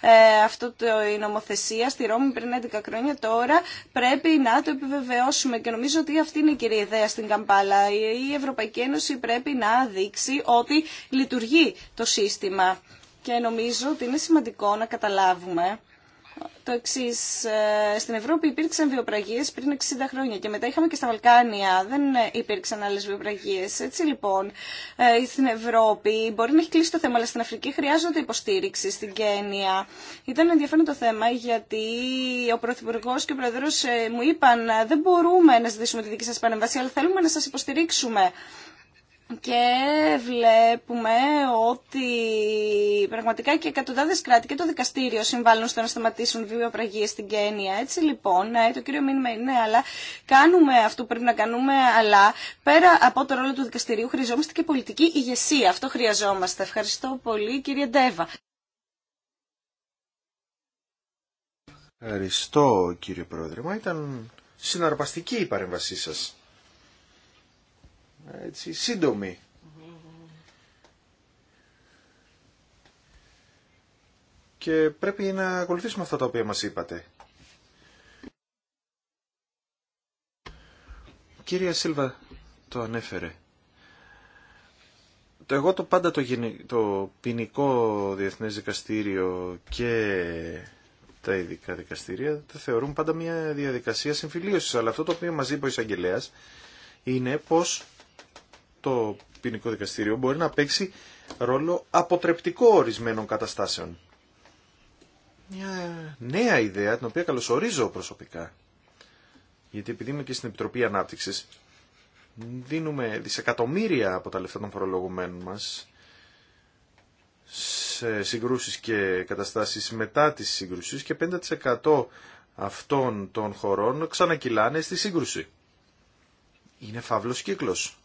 ε, αυτό το, η νομοθεσία στη Ρώμη πριν 11 χρόνια τώρα πρέπει να το επιβεβαιώσουμε και νομίζω ότι αυτή είναι η κυρία ιδέα στην Καμπάλα. Η Ευρωπαϊκή Ένωση πρέπει να δείξει ότι λειτουργεί το σύστημα. Και νομίζω ότι είναι σημαντικό να καταλάβουμε το εξή. Ε, στην Ευρώπη υπήρξαν βιοπραγίε πριν 60 χρόνια και μετά είχαμε και στα Βαλκάνια. Δεν υπήρξαν άλλε βιοπραγίε. Έτσι λοιπόν, ε, στην Ευρώπη μπορεί να έχει κλείσει το θέμα, αλλά στην Αφρική χρειάζονται υποστήριξη. Στην Κένια ήταν ενδιαφέρον το θέμα γιατί ο Πρωθυπουργό και ο Πρόεδρο ε, μου είπαν δεν μπορούμε να ζητήσουμε τη δική σα παρέμβαση, αλλά θέλουμε να σα υποστηρίξουμε και βλέπουμε ότι πραγματικά και εκατοντάδε κράτη και το δικαστήριο συμβάλλουν στο να σταματήσουν βιοπραγίε στην Κένια. Έτσι λοιπόν, ε, το κύριο μήνυμα είναι, αλλά κάνουμε αυτό που πρέπει να κάνουμε, αλλά πέρα από το ρόλο του δικαστηρίου χρειαζόμαστε και πολιτική ηγεσία. Αυτό χρειαζόμαστε. Ευχαριστώ πολύ, κύριε Ντέβα. Ευχαριστώ, κύριε Πρόεδρε. Μα ήταν συναρπαστική η παρέμβασή σας έτσι, σύντομη. Και πρέπει να ακολουθήσουμε αυτά τα οποία μας είπατε. Κύρια Σίλβα το ανέφερε. Το εγώ το πάντα το, το ποινικό διεθνές δικαστήριο και τα ειδικά δικαστήρια τα θεωρούν πάντα μια διαδικασία συμφιλίωσης. Αλλά αυτό το οποίο μας είπε ο εισαγγελέα είναι πως το ποινικό δικαστήριο μπορεί να παίξει ρόλο αποτρεπτικό ορισμένων καταστάσεων. Μια νέα ιδέα την οποία καλωσορίζω προσωπικά. Γιατί επειδή είμαι και στην Επιτροπή Ανάπτυξης, δίνουμε δισεκατομμύρια από τα λεφτά των φορολογουμένων μας σε συγκρούσεις και καταστάσεις μετά τις συγκρούσεις και 5% αυτών των χωρών ξανακυλάνε στη σύγκρουση. Είναι φαύλος κύκλος.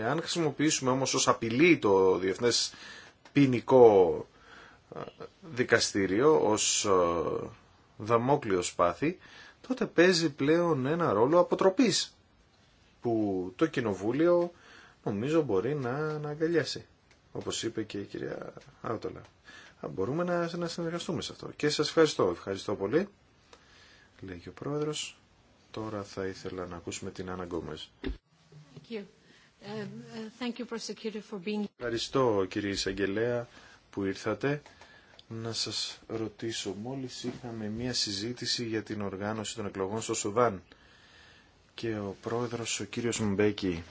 Εάν χρησιμοποιήσουμε όμως ως απειλή το Διεθνές Ποινικό ε, Δικαστήριο, ως ε, δαμόκλειο σπάθη, τότε παίζει πλέον ένα ρόλο αποτροπής που το Κοινοβούλιο νομίζω μπορεί να αγκαλιάσει, Όπως είπε και η κυρία Άρτολα. Μπορούμε να, να συνεργαστούμε σε αυτό. Και σας ευχαριστώ. Ευχαριστώ πολύ. Λέει και ο Πρόεδρος. Τώρα θα ήθελα να ακούσουμε την Άννα Γκόμες. Ευχαριστώ κύριε Εισαγγελέα που ήρθατε. Να σας ρωτήσω, μόλις είχαμε μία συζήτηση για την οργάνωση των εκλογών στο Σουδάν και ο πρόεδρος ο κύριος Μπέκη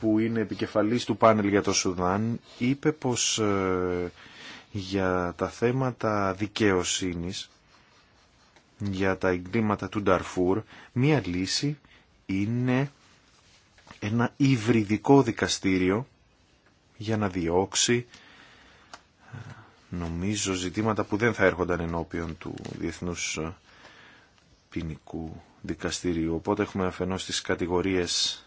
που είναι επικεφαλής του πάνελ για το Σουδάν είπε πως ε, για τα θέματα δικαιοσύνης για τα εγκλήματα του Νταρφούρ, μία λύση είναι ένα υβριδικό δικαστήριο για να διώξει ε, νομίζω ζητήματα που δεν θα έρχονταν ενώπιον του Διεθνούς ε, Ποινικού Δικαστηρίου. Οπότε έχουμε αφενός τις κατηγορίες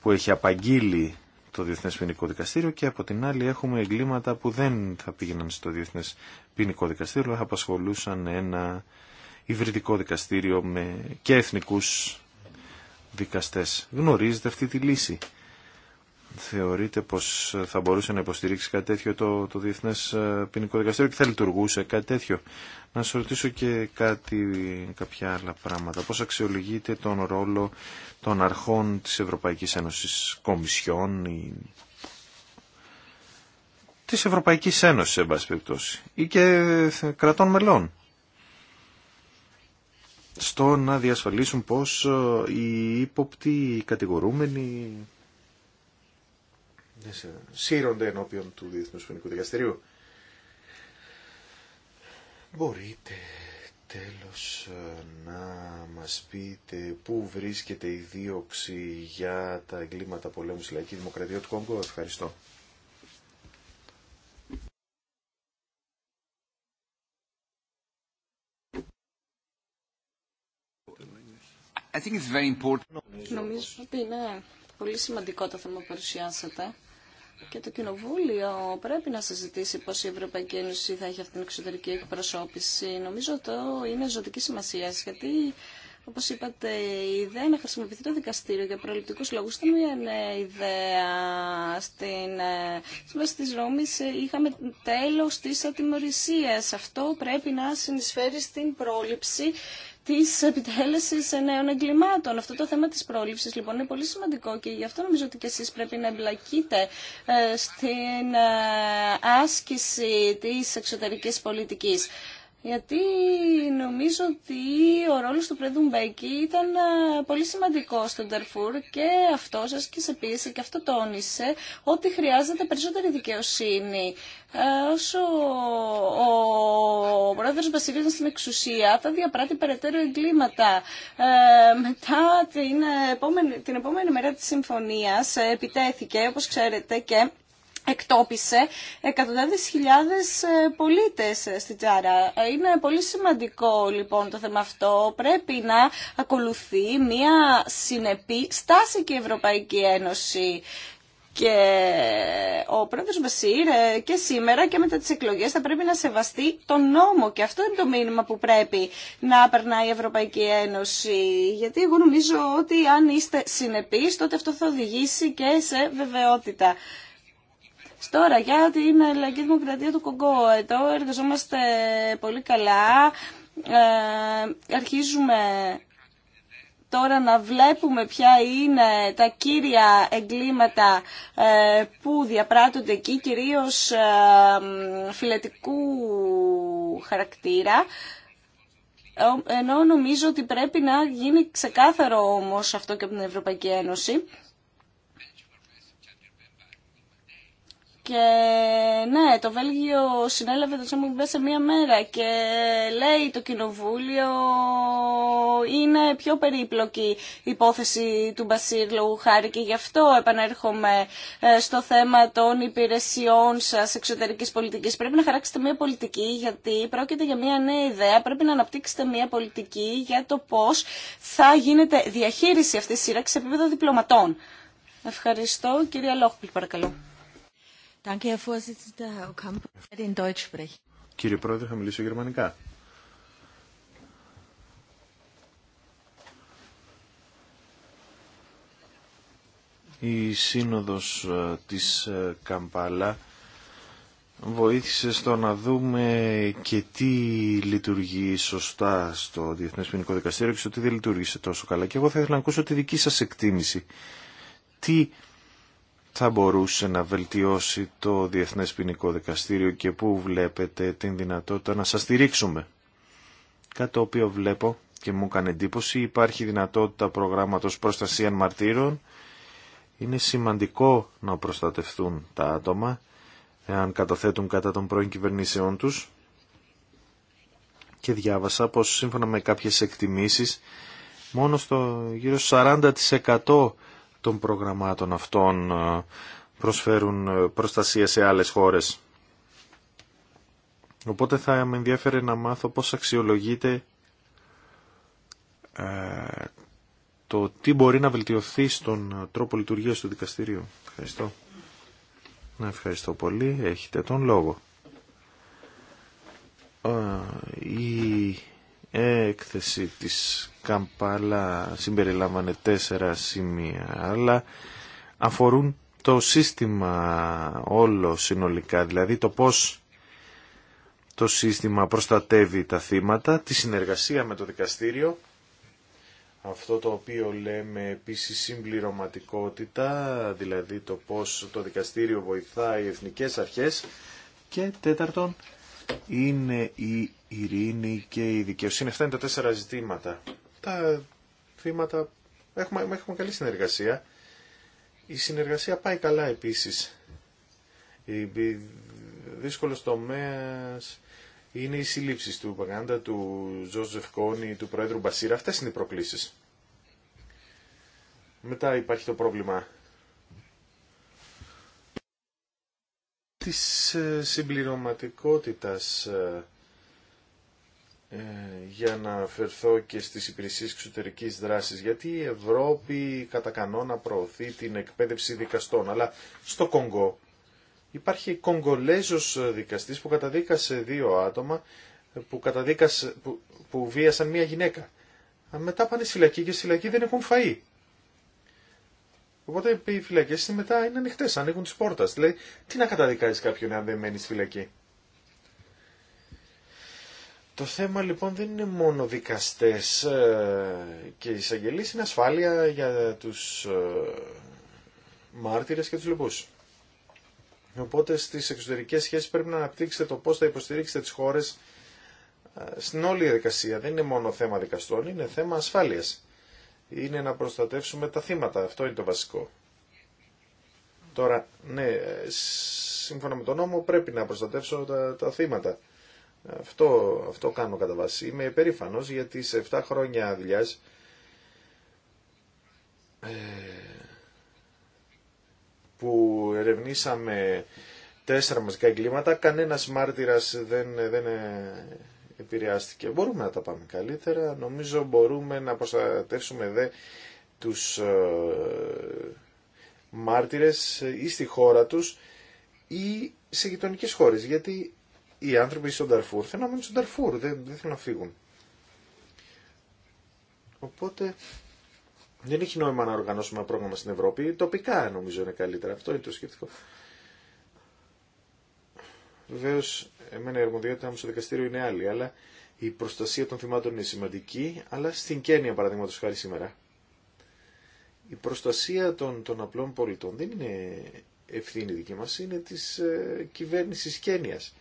που έχει απαγγείλει το Διεθνές Ποινικό Δικαστήριο και από την άλλη έχουμε εγκλήματα που δεν θα πήγαιναν στο Διεθνές Ποινικό Δικαστήριο, αλλά θα απασχολούσαν ένα υβριδικό δικαστήριο με και εθνικούς δικαστές. Γνωρίζετε αυτή τη λύση θεωρείτε πως θα μπορούσε να υποστηρίξει κάτι τέτοιο το, το Διεθνές ε, Ποινικό Δικαστήριο και θα λειτουργούσε κάτι τέτοιο. Να σας ρωτήσω και κάτι, κάποια άλλα πράγματα. Πώς αξιολογείτε τον ρόλο των αρχών της Ευρωπαϊκής Ένωσης Κομισιών ή της Ευρωπαϊκής Ένωσης, εν ή και κρατών μελών στο να διασφαλίσουν πως ε, οι ύποπτοι, οι κατηγορούμενοι ναι, σύρονται ενώπιον του Διεθνού Ποινικού Δικαστηρίου. Μπορείτε τέλος ε, να μας πείτε πού βρίσκεται η δίωξη για τα εγκλήματα πολέμου στη Λαϊκή Δημοκρατία του Κόγκο. Ευχαριστώ. I think it's very important. Νομίζω ότι είναι πολύ σημαντικό το θέμα που παρουσιάσατε και το Κοινοβούλιο πρέπει να συζητήσει πώς η Ευρωπαϊκή Ένωση θα έχει αυτήν την εξωτερική εκπροσώπηση. Νομίζω ότι είναι ζωτική σημασία, γιατί Όπω είπατε, η ιδέα να χρησιμοποιηθεί το δικαστήριο για προληπτικού λόγου ήταν μια ιδέα. Στην ε, Σύμβαση τη Ρώμη ε, είχαμε τέλο τη ατιμορρησία. Αυτό πρέπει να συνεισφέρει στην πρόληψη Τη επιτέλεση νέων εγκλημάτων. Αυτό το θέμα της πρόληψης λοιπόν είναι πολύ σημαντικό και γι' αυτό νομίζω ότι και εσείς πρέπει να εμπλακείτε ε, στην ε, άσκηση τη εξωτερική πολιτική γιατί νομίζω ότι ο ρόλος του Πρέδου Μπέκη ήταν πολύ σημαντικό στον Τερφούρ και αυτό σε πίεση και αυτό τόνισε ότι χρειάζεται περισσότερη δικαιοσύνη. Ε, όσο ο πρόεδρος Βασίλης στην εξουσία θα διαπράττει περαιτέρω εγκλήματα. Ε, μετά την επόμενη, την επόμενη μέρα της συμφωνίας επιτέθηκε, όπως ξέρετε, και εκτόπισε εκατοντάδες χιλιάδες ε, πολίτες ε, στη Τζαρά Είναι πολύ σημαντικό λοιπόν το θέμα αυτό. Πρέπει να ακολουθεί μια συνεπή στάση και η Ευρωπαϊκή Ένωση. Και ο πρόεδρος Μπασίρ ε, και σήμερα και μετά τις εκλογές θα πρέπει να σεβαστεί τον νόμο και αυτό είναι το μήνυμα που πρέπει να περνάει η Ευρωπαϊκή Ένωση. Γιατί εγώ νομίζω ότι αν είστε συνεπείς τότε αυτό θα οδηγήσει και σε βεβαιότητα. Τώρα για την λαϊκή δημοκρατία του Κογκό, εδώ εργαζόμαστε πολύ καλά, ε, αρχίζουμε τώρα να βλέπουμε ποια είναι τα κύρια εγκλήματα ε, που διαπράττονται εκεί, κυρίως ε, φιλετικού χαρακτήρα. Ενώ νομίζω ότι πρέπει να γίνει ξεκάθαρο όμως αυτό και από την Ευρωπαϊκή Ένωση Και ναι, το Βέλγιο συνέλαβε το Τσάμπουργκ σε μία μέρα και λέει το κοινοβούλιο είναι πιο περίπλοκη υπόθεση του Μπασίρ χάρη και γι' αυτό επανέρχομαι ε, στο θέμα των υπηρεσιών σας εξωτερικής πολιτικής. Πρέπει να χαράξετε μία πολιτική γιατί πρόκειται για μία νέα ιδέα, πρέπει να αναπτύξετε μία πολιτική για το πώς θα γίνεται διαχείριση αυτής της σύραξης σε επίπεδο διπλωματών. Ευχαριστώ. Κυρία Λόχπλη, παρακαλώ. Κύριε Πρόεδρε, θα μιλήσω γερμανικά. Η σύνοδος ε, της ε, Καμπάλα βοήθησε στο να δούμε και τι λειτουργεί σωστά στο Διεθνές Ποινικό Δικαστήριο και στο τι δεν λειτουργήσε τόσο καλά. Και εγώ θα ήθελα να ακούσω τη δική σας εκτίμηση. Τι θα μπορούσε να βελτιώσει το Διεθνές Ποινικό Δικαστήριο και πού βλέπετε την δυνατότητα να σας στηρίξουμε. Κάτι το οποίο βλέπω και μου έκανε εντύπωση, υπάρχει δυνατότητα προγράμματος Προστασία μαρτύρων. Είναι σημαντικό να προστατευτούν τα άτομα, εάν καταθέτουν κατά των πρώην κυβερνήσεών τους. Και διάβασα πως σύμφωνα με κάποιες εκτιμήσεις, μόνο στο γύρω 40% των προγραμμάτων αυτών ε, προσφέρουν ε, προστασία σε άλλες χώρες. Οπότε θα με ενδιαφέρε να μάθω πώς αξιολογείται ε, το τι μπορεί να βελτιωθεί στον τρόπο λειτουργίας του δικαστηρίου. Ευχαριστώ. Να ευχαριστώ πολύ. Έχετε τον λόγο. Η έκθεση της Καμπάλα συμπεριλάμβανε τέσσερα σημεία, αλλά αφορούν το σύστημα όλο συνολικά, δηλαδή το πώς το σύστημα προστατεύει τα θύματα, τη συνεργασία με το δικαστήριο, αυτό το οποίο λέμε επίσης συμπληρωματικότητα, δηλαδή το πώς το δικαστήριο βοηθάει οι εθνικές αρχές και τέταρτον είναι η ειρήνη και η δικαιοσύνη. Αυτά είναι τα τέσσερα ζητήματα. Τα θύματα έχουμε, έχουμε καλή συνεργασία. Η συνεργασία πάει καλά επίσης. Η δύσκολος τομέας είναι οι συλλήψεις του Παγάντα, του Τζόζεφ Κόνη, του Πρόεδρου Μπασίρα. Αυτές είναι οι προκλήσεις. Μετά υπάρχει το πρόβλημα της ε, συμπληρωματικότητας ε, ε, για να φερθώ και στις υπηρεσίες εξωτερικής δράσης, γιατί η Ευρώπη κατά κανόνα προωθεί την εκπαίδευση δικαστών, αλλά στο Κονγκό υπάρχει Κογκολέζος δικαστής που καταδίκασε δύο άτομα που, καταδίκασε, που, βίασαν μία γυναίκα. Μετά πάνε στη φυλακή και στη δεν έχουν φαΐ. Οπότε οι φυλακέ μετά είναι ανοιχτέ, ανοίγουν τι πόρτε. Δηλαδή, τι να καταδικάζει κάποιον αν δεν μένει φυλακή. Το θέμα λοιπόν δεν είναι μόνο δικαστές ε, και εισαγγελίες, είναι ασφάλεια για τους ε, μάρτυρες και τους λοιπούς. Οπότε στις εξωτερικές σχέσεις πρέπει να αναπτύξετε το πώς θα υποστηρίξετε τις χώρες ε, στην όλη διαδικασία. Δεν είναι μόνο θέμα δικαστών, είναι θέμα ασφάλειας είναι να προστατεύσουμε τα θύματα. Αυτό είναι το βασικό. Τώρα, ναι, σύμφωνα με τον νόμο πρέπει να προστατεύσω τα, θύματα. Αυτό, αυτό κάνω κατά βάση. Είμαι υπερήφανος γιατί σε 7 χρόνια δουλειά. Ε, που ερευνήσαμε τέσσερα μαζικά εγκλήματα, κανένας μάρτυρας δεν, δεν επηρεάστηκε. Μπορούμε να τα πάμε καλύτερα. Νομίζω μπορούμε να προστατεύσουμε δε τους ε, μάρτυρες ή στη χώρα τους ή σε γειτονικέ χώρες. Γιατί οι άνθρωποι στον Ταρφούρ θέλουν να μείνουν στον Ταρφούρ, δεν, δεν θέλουν να φύγουν. Οπότε δεν έχει νόημα να οργανώσουμε ένα πρόγραμμα στην Ευρώπη. Τοπικά νομίζω είναι καλύτερα. Αυτό είναι το σκεπτικό. Βεβαίω, εμένα η αρμοδιότητά μου στο δικαστήριο είναι άλλη, αλλά η προστασία των θυμάτων είναι σημαντική, αλλά στην Κένια, παραδείγματο χάρη σήμερα, η προστασία των, των απλών πολιτών δεν είναι ευθύνη δική μας, είναι της ε, κυβέρνησης Κένιας.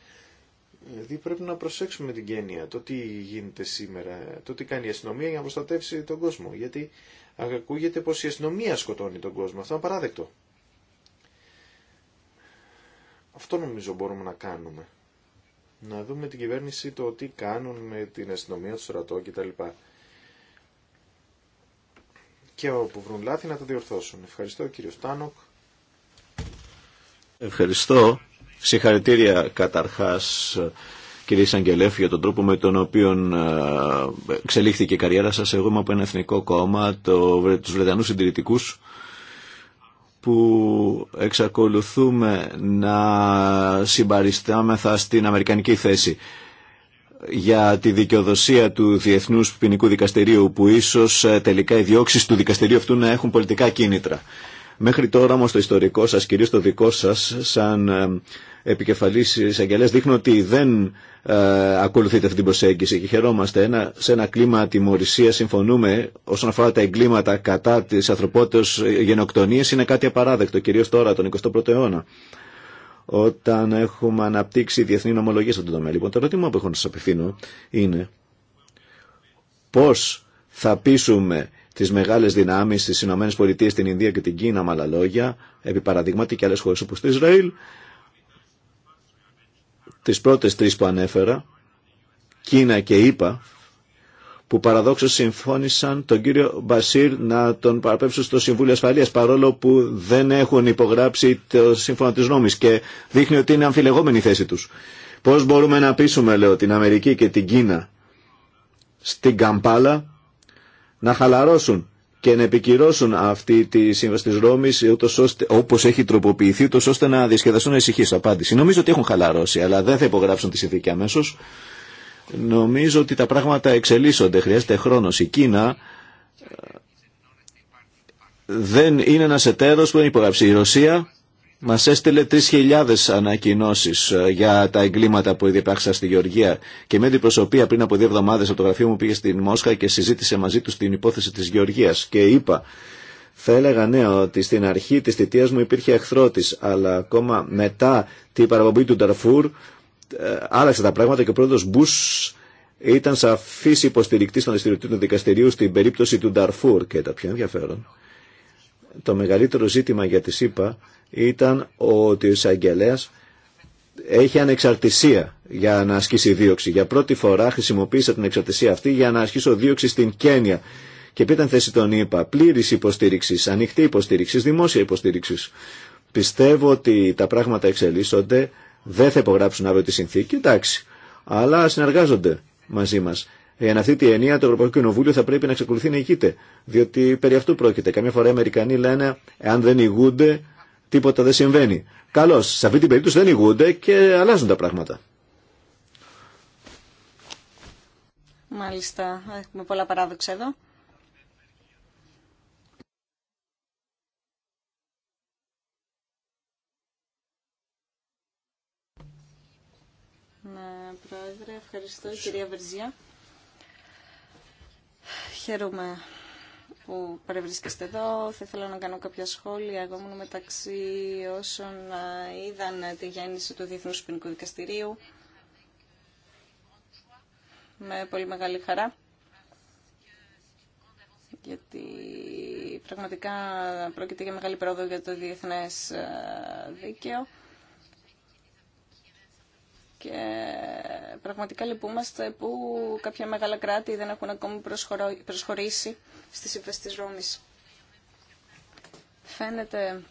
Δηλαδή πρέπει να προσέξουμε την Κένια, το τι γίνεται σήμερα, το τι κάνει η αστυνομία για να προστατεύσει τον κόσμο. Γιατί ακούγεται πως η αστυνομία σκοτώνει τον κόσμο. Αυτό είναι παράδεκτο. Αυτό νομίζω μπορούμε να κάνουμε. Να δούμε την κυβέρνηση το τι κάνουν με την αστυνομία, του στρατό κτλ. Και όπου βρουν λάθη να τα διορθώσουν. Ευχαριστώ κύριο Στάνοκ. Ευχαριστώ. Συγχαρητήρια καταρχάς κύριε Σαγγελέφ για τον τρόπο με τον οποίο εξελίχθηκε η καριέρα σας. Εγώ είμαι από ένα εθνικό κόμμα, το, τους Βρετανούς συντηρητικούς που εξακολουθούμε να συμπαριστάμεθα στην αμερικανική θέση για τη δικαιοδοσία του Διεθνούς Ποινικού Δικαστηρίου που ίσως ε, τελικά οι διώξεις του δικαστηρίου αυτού να έχουν πολιτικά κίνητρα. Μέχρι τώρα όμως το ιστορικό σας, κυρίως το δικό σας, σαν ε, επικεφαλής εισαγγελές, δείχνω ότι δεν ε, ακολουθείτε αυτή την προσέγγιση και χαιρόμαστε. Ένα, σε ένα κλίμα τιμωρησία συμφωνούμε όσον αφορά τα εγκλήματα κατά της ανθρωπότητας ε, γενοκτονίες είναι κάτι απαράδεκτο, κυρίως τώρα τον 21ο αιώνα όταν έχουμε αναπτύξει διεθνή νομολογία στον τομέα. Λοιπόν, το ερώτημα που έχω να σας απευθύνω είναι πώς θα πείσουμε τι μεγάλε δυνάμει τι Ηνωμένε Πολιτείε την Ινδία και την Κίνα με άλλα λόγια, επί παραδείγματι και άλλε χώρε όπω το Ισραήλ, τι πρώτε τρει που ανέφερα, Κίνα και ΗΠΑ, που παραδόξω συμφώνησαν τον κύριο Μπασίρ να τον παραπέμψουν στο Συμβούλιο ασφαλεία, παρόλο που δεν έχουν υπογράψει το σύμφωνο τη νόμη και δείχνει ότι είναι αμφιλεγόμενη η θέση του. Πώ μπορούμε να πείσουμε, λέω, την Αμερική και την Κίνα στην Καμπάλα να χαλαρώσουν και να επικυρώσουν αυτή τη σύμβαση τη Ρώμη όπω έχει τροποποιηθεί, ούτω ώστε να διασκεδαστούν ησυχίε. Απάντηση. Νομίζω ότι έχουν χαλαρώσει, αλλά δεν θα υπογράψουν τη συνθήκη αμέσω. Νομίζω ότι τα πράγματα εξελίσσονται, χρειάζεται χρόνο. Η Κίνα ε, δεν είναι ένα εταίρο που δεν υπογράψει. Η Ρωσία μας έστειλε 3.000 ανακοινώσεις ε, για τα εγκλήματα που διεπράξα στη Γεωργία και με την προσωπία πριν από δύο εβδομάδες από το γραφείο μου πήγε στην Μόσχα και συζήτησε μαζί του την υπόθεση της Γεωργίας και είπα θα έλεγα ναι ότι στην αρχή της θητείας μου υπήρχε εχθρό αλλά ακόμα μετά την παραπομπή του Νταρφούρ ε, άλλαξε τα πράγματα και ο πρόεδρος Μπούς ήταν σαφή υποστηρικτή των δυστηριοτήτων δικαστηρίου στην περίπτωση του Νταρφούρ και τα πιο ενδιαφέρον. Το μεγαλύτερο ζήτημα για τη ΣΥΠΑ ήταν ότι ο εισαγγελέα έχει ανεξαρτησία για να ασκήσει δίωξη. Για πρώτη φορά χρησιμοποίησα την εξαρτησία αυτή για να ασκήσω δίωξη στην Κένια. Και πήταν θέση τον είπα, Πλήρη υποστήριξη, ανοιχτή υποστήριξη, δημόσια υποστήριξη. Πιστεύω ότι τα πράγματα εξελίσσονται. Δεν θα υπογράψουν αύριο τη συνθήκη, εντάξει. Αλλά συνεργάζονται μαζί μα. Για αυτή τη ενία το Ευρωπαϊκό Κοινοβούλιο θα πρέπει να εξακολουθεί να ηγείται. Διότι περί αυτού πρόκειται. Καμιά φορά οι Αμερικανοί λένε, εάν δεν ηγούνται, τίποτα δεν συμβαίνει. Καλώ, σε αυτή την περίπτωση δεν ηγούνται και αλλάζουν τα πράγματα. Μάλιστα, έχουμε πολλά παράδοξα εδώ. Ναι, Πρόεδρε, ευχαριστώ, κυρία Βερζιά. Χαίρομαι που παρευρίσκεστε εδώ. Θα ήθελα να κάνω κάποια σχόλια. Εγώ ήμουν μεταξύ όσων ε, είδαν ε, τη γέννηση του Διεθνούς Ποινικού Δικαστηρίου με πολύ μεγάλη χαρά γιατί πραγματικά πρόκειται για μεγάλη πρόοδο για το διεθνές ε, δίκαιο. Και πραγματικά λυπούμαστε που κάποια μεγάλα κράτη δεν έχουν ακόμη προσχωρήσει στη Σύμβαση της Ρώμης. Φαίνεται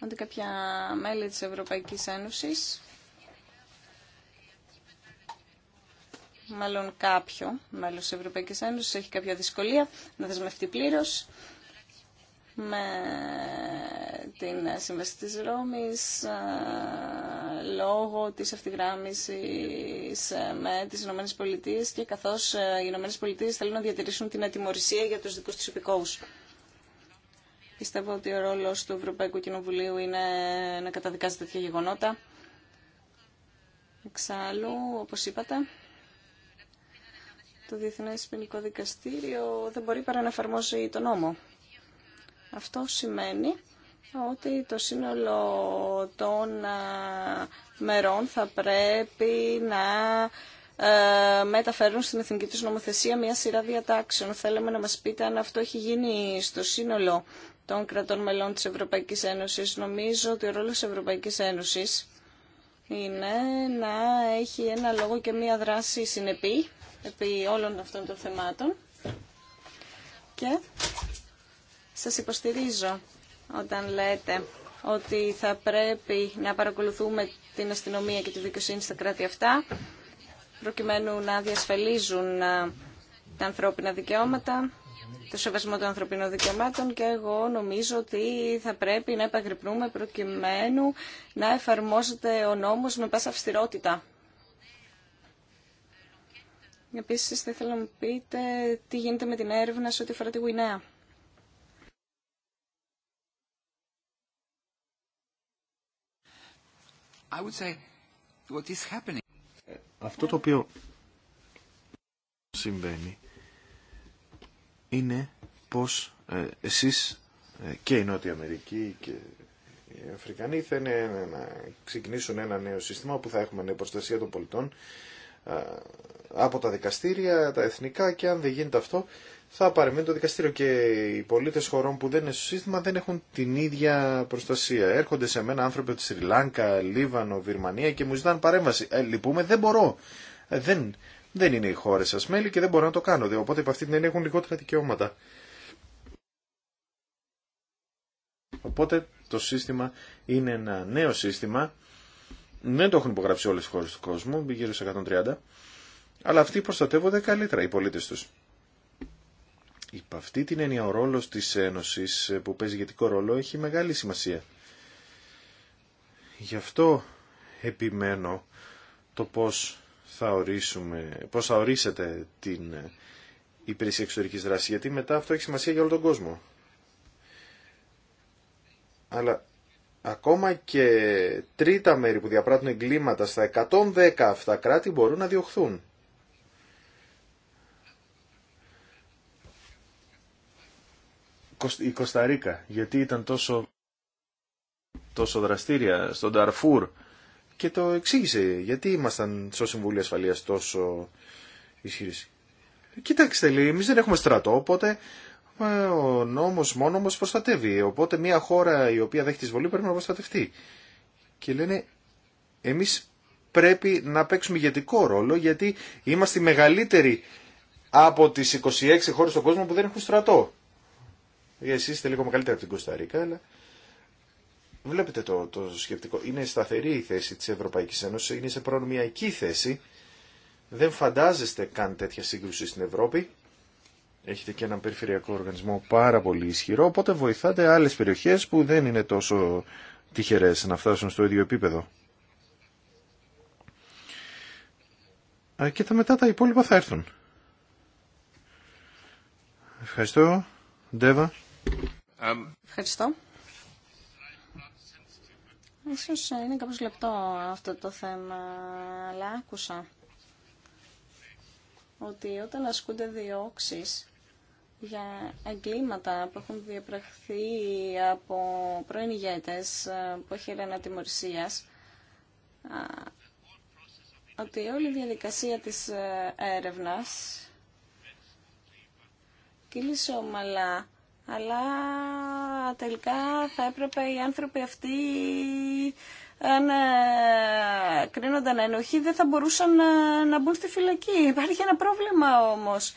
ότι κάποια μέλη της Ευρωπαϊκής Ένωσης, μάλλον κάποιο μέλος της Ευρωπαϊκής Ένωσης, έχει κάποια δυσκολία να δεσμευτεί πλήρως με την Σύμβαση της Ρώμης, λόγω της ευθυγράμμισης ε, με τις Ηνωμένες Πολιτείες και καθώς ε, οι Ηνωμένες Πολιτείες θέλουν να διατηρήσουν την αντιμορισία για τους δικούς τους υπηκόους. Πιστεύω ότι ο ρόλος του Ευρωπαϊκού Κοινοβουλίου είναι να καταδικάζει τέτοια γεγονότα. Εξάλλου, όπως είπατε, το Διεθνές Ποινικό Δικαστήριο δεν μπορεί παρά να εφαρμόσει τον νόμο. Αυτό σημαίνει ότι το σύνολο των μερών θα πρέπει να μεταφέρουν στην εθνική τους νομοθεσία μια σειρά διατάξεων. Θέλαμε να μας πείτε αν αυτό έχει γίνει στο σύνολο των κρατών μελών της Ευρωπαϊκής Ένωσης. Νομίζω ότι ο ρόλος της Ευρωπαϊκής Ένωσης είναι να έχει ένα λόγο και μία δράση συνεπή επί όλων αυτών των θεμάτων. Και σας υποστηρίζω όταν λέτε ότι θα πρέπει να παρακολουθούμε την αστυνομία και τη δικαιοσύνη στα κράτη αυτά, προκειμένου να διασφαλίζουν ε, τα ανθρώπινα δικαιώματα, το σεβασμό των ανθρωπίνων δικαιωμάτων και εγώ νομίζω ότι θα πρέπει να επαγρυπνούμε προκειμένου να εφαρμόζεται ο νόμος με πάσα αυστηρότητα. Επίσης, θα ήθελα να μου πείτε τι γίνεται με την έρευνα σε ό,τι αφορά τη Γουινέα. Ε, αυτό το οποίο συμβαίνει είναι πως ε, εσείς ε, και η Νότια Αμερική και οι Αφρικανοί θέλουν να ξεκινήσουν ένα νέο σύστημα που θα έχουμε νέα προστασία των πολιτών από τα δικαστήρια, τα εθνικά και αν δεν γίνεται αυτό θα παρεμβαίνει το δικαστήριο και οι πολίτε χωρών που δεν είναι στο σύστημα δεν έχουν την ίδια προστασία. Έρχονται σε μένα άνθρωποι από τη Σρι Λάνκα, Λίβανο, Βυρμανία και μου ζητάνε παρέμβαση. Ε, λυπούμε, δεν μπορώ. Ε, δεν, δεν είναι οι χώρε σα μέλη και δεν μπορώ να το κάνω. Οπότε από αυτή την έννοια έχουν λιγότερα δικαιώματα. Οπότε το σύστημα είναι ένα νέο σύστημα. Δεν το έχουν υπογράψει όλε οι χώρε του κόσμου, γύρω σε 130. Αλλά αυτοί προστατεύονται καλύτερα οι πολίτε του. Υπ' αυτή την έννοια ο ρόλος της Ένωσης ε, που παίζει ηγετικό ρόλο έχει μεγάλη σημασία. Γι' αυτό επιμένω το πώς θα, ορίσουμε, πώς θα ορίσετε την ε, υπηρεσία εξωτερικής δράσης, γιατί μετά αυτό έχει σημασία για όλο τον κόσμο. Αλλά ακόμα και τρίτα μέρη που διαπράττουν εγκλήματα στα 110 αυτά κράτη μπορούν να διωχθούν. η Κωνσταντίνα, γιατί ήταν τόσο, τόσο δραστήρια στον Ταρφούρ και το εξήγησε γιατί ήμασταν στο Συμβούλιο Ασφαλείας τόσο ισχυρής. Κοιτάξτε, λέει, εμείς δεν έχουμε στρατό, οπότε ο νόμος μόνο μας προστατεύει. Οπότε μια χώρα η οποία δέχεται εισβολή πρέπει να προστατευτεί. Και λένε, εμείς πρέπει να παίξουμε ηγετικό ρόλο γιατί είμαστε μεγαλύτεροι από τις 26 χώρες στον κόσμο που δεν έχουν στρατό. Ε, εσείς είστε λίγο μεγαλύτερα από την Κωνσταντίνα, αλλά βλέπετε το, το σκεπτικό. Είναι σταθερή η θέση της Ευρωπαϊκής Ένωσης, είναι σε προνομιακή θέση. Δεν φαντάζεστε καν τέτοια σύγκρουση στην Ευρώπη. Έχετε και έναν περιφερειακό οργανισμό πάρα πολύ ισχυρό, οπότε βοηθάτε άλλες περιοχές που δεν είναι τόσο τυχερές να φτάσουν στο ίδιο επίπεδο. Και τα μετά τα υπόλοιπα θα έρθουν. Ευχαριστώ. Ντέβα. Um, Ευχαριστώ. Ίσως είναι κάπως λεπτό αυτό το θέμα, αλλά άκουσα ότι όταν ασκούνται διώξεις για εγκλήματα που έχουν διαπραχθεί από πρώην ηγέτες ε, που έχει τιμωρησίας, ότι όλη η διαδικασία της ε, έρευνας κύλησε ομαλά αλλά τελικά θα έπρεπε οι άνθρωποι αυτοί αν ε, κρίνονταν ενοχή δεν θα μπορούσαν να μπουν στη φυλακή. Υπάρχει ένα πρόβλημα όμως.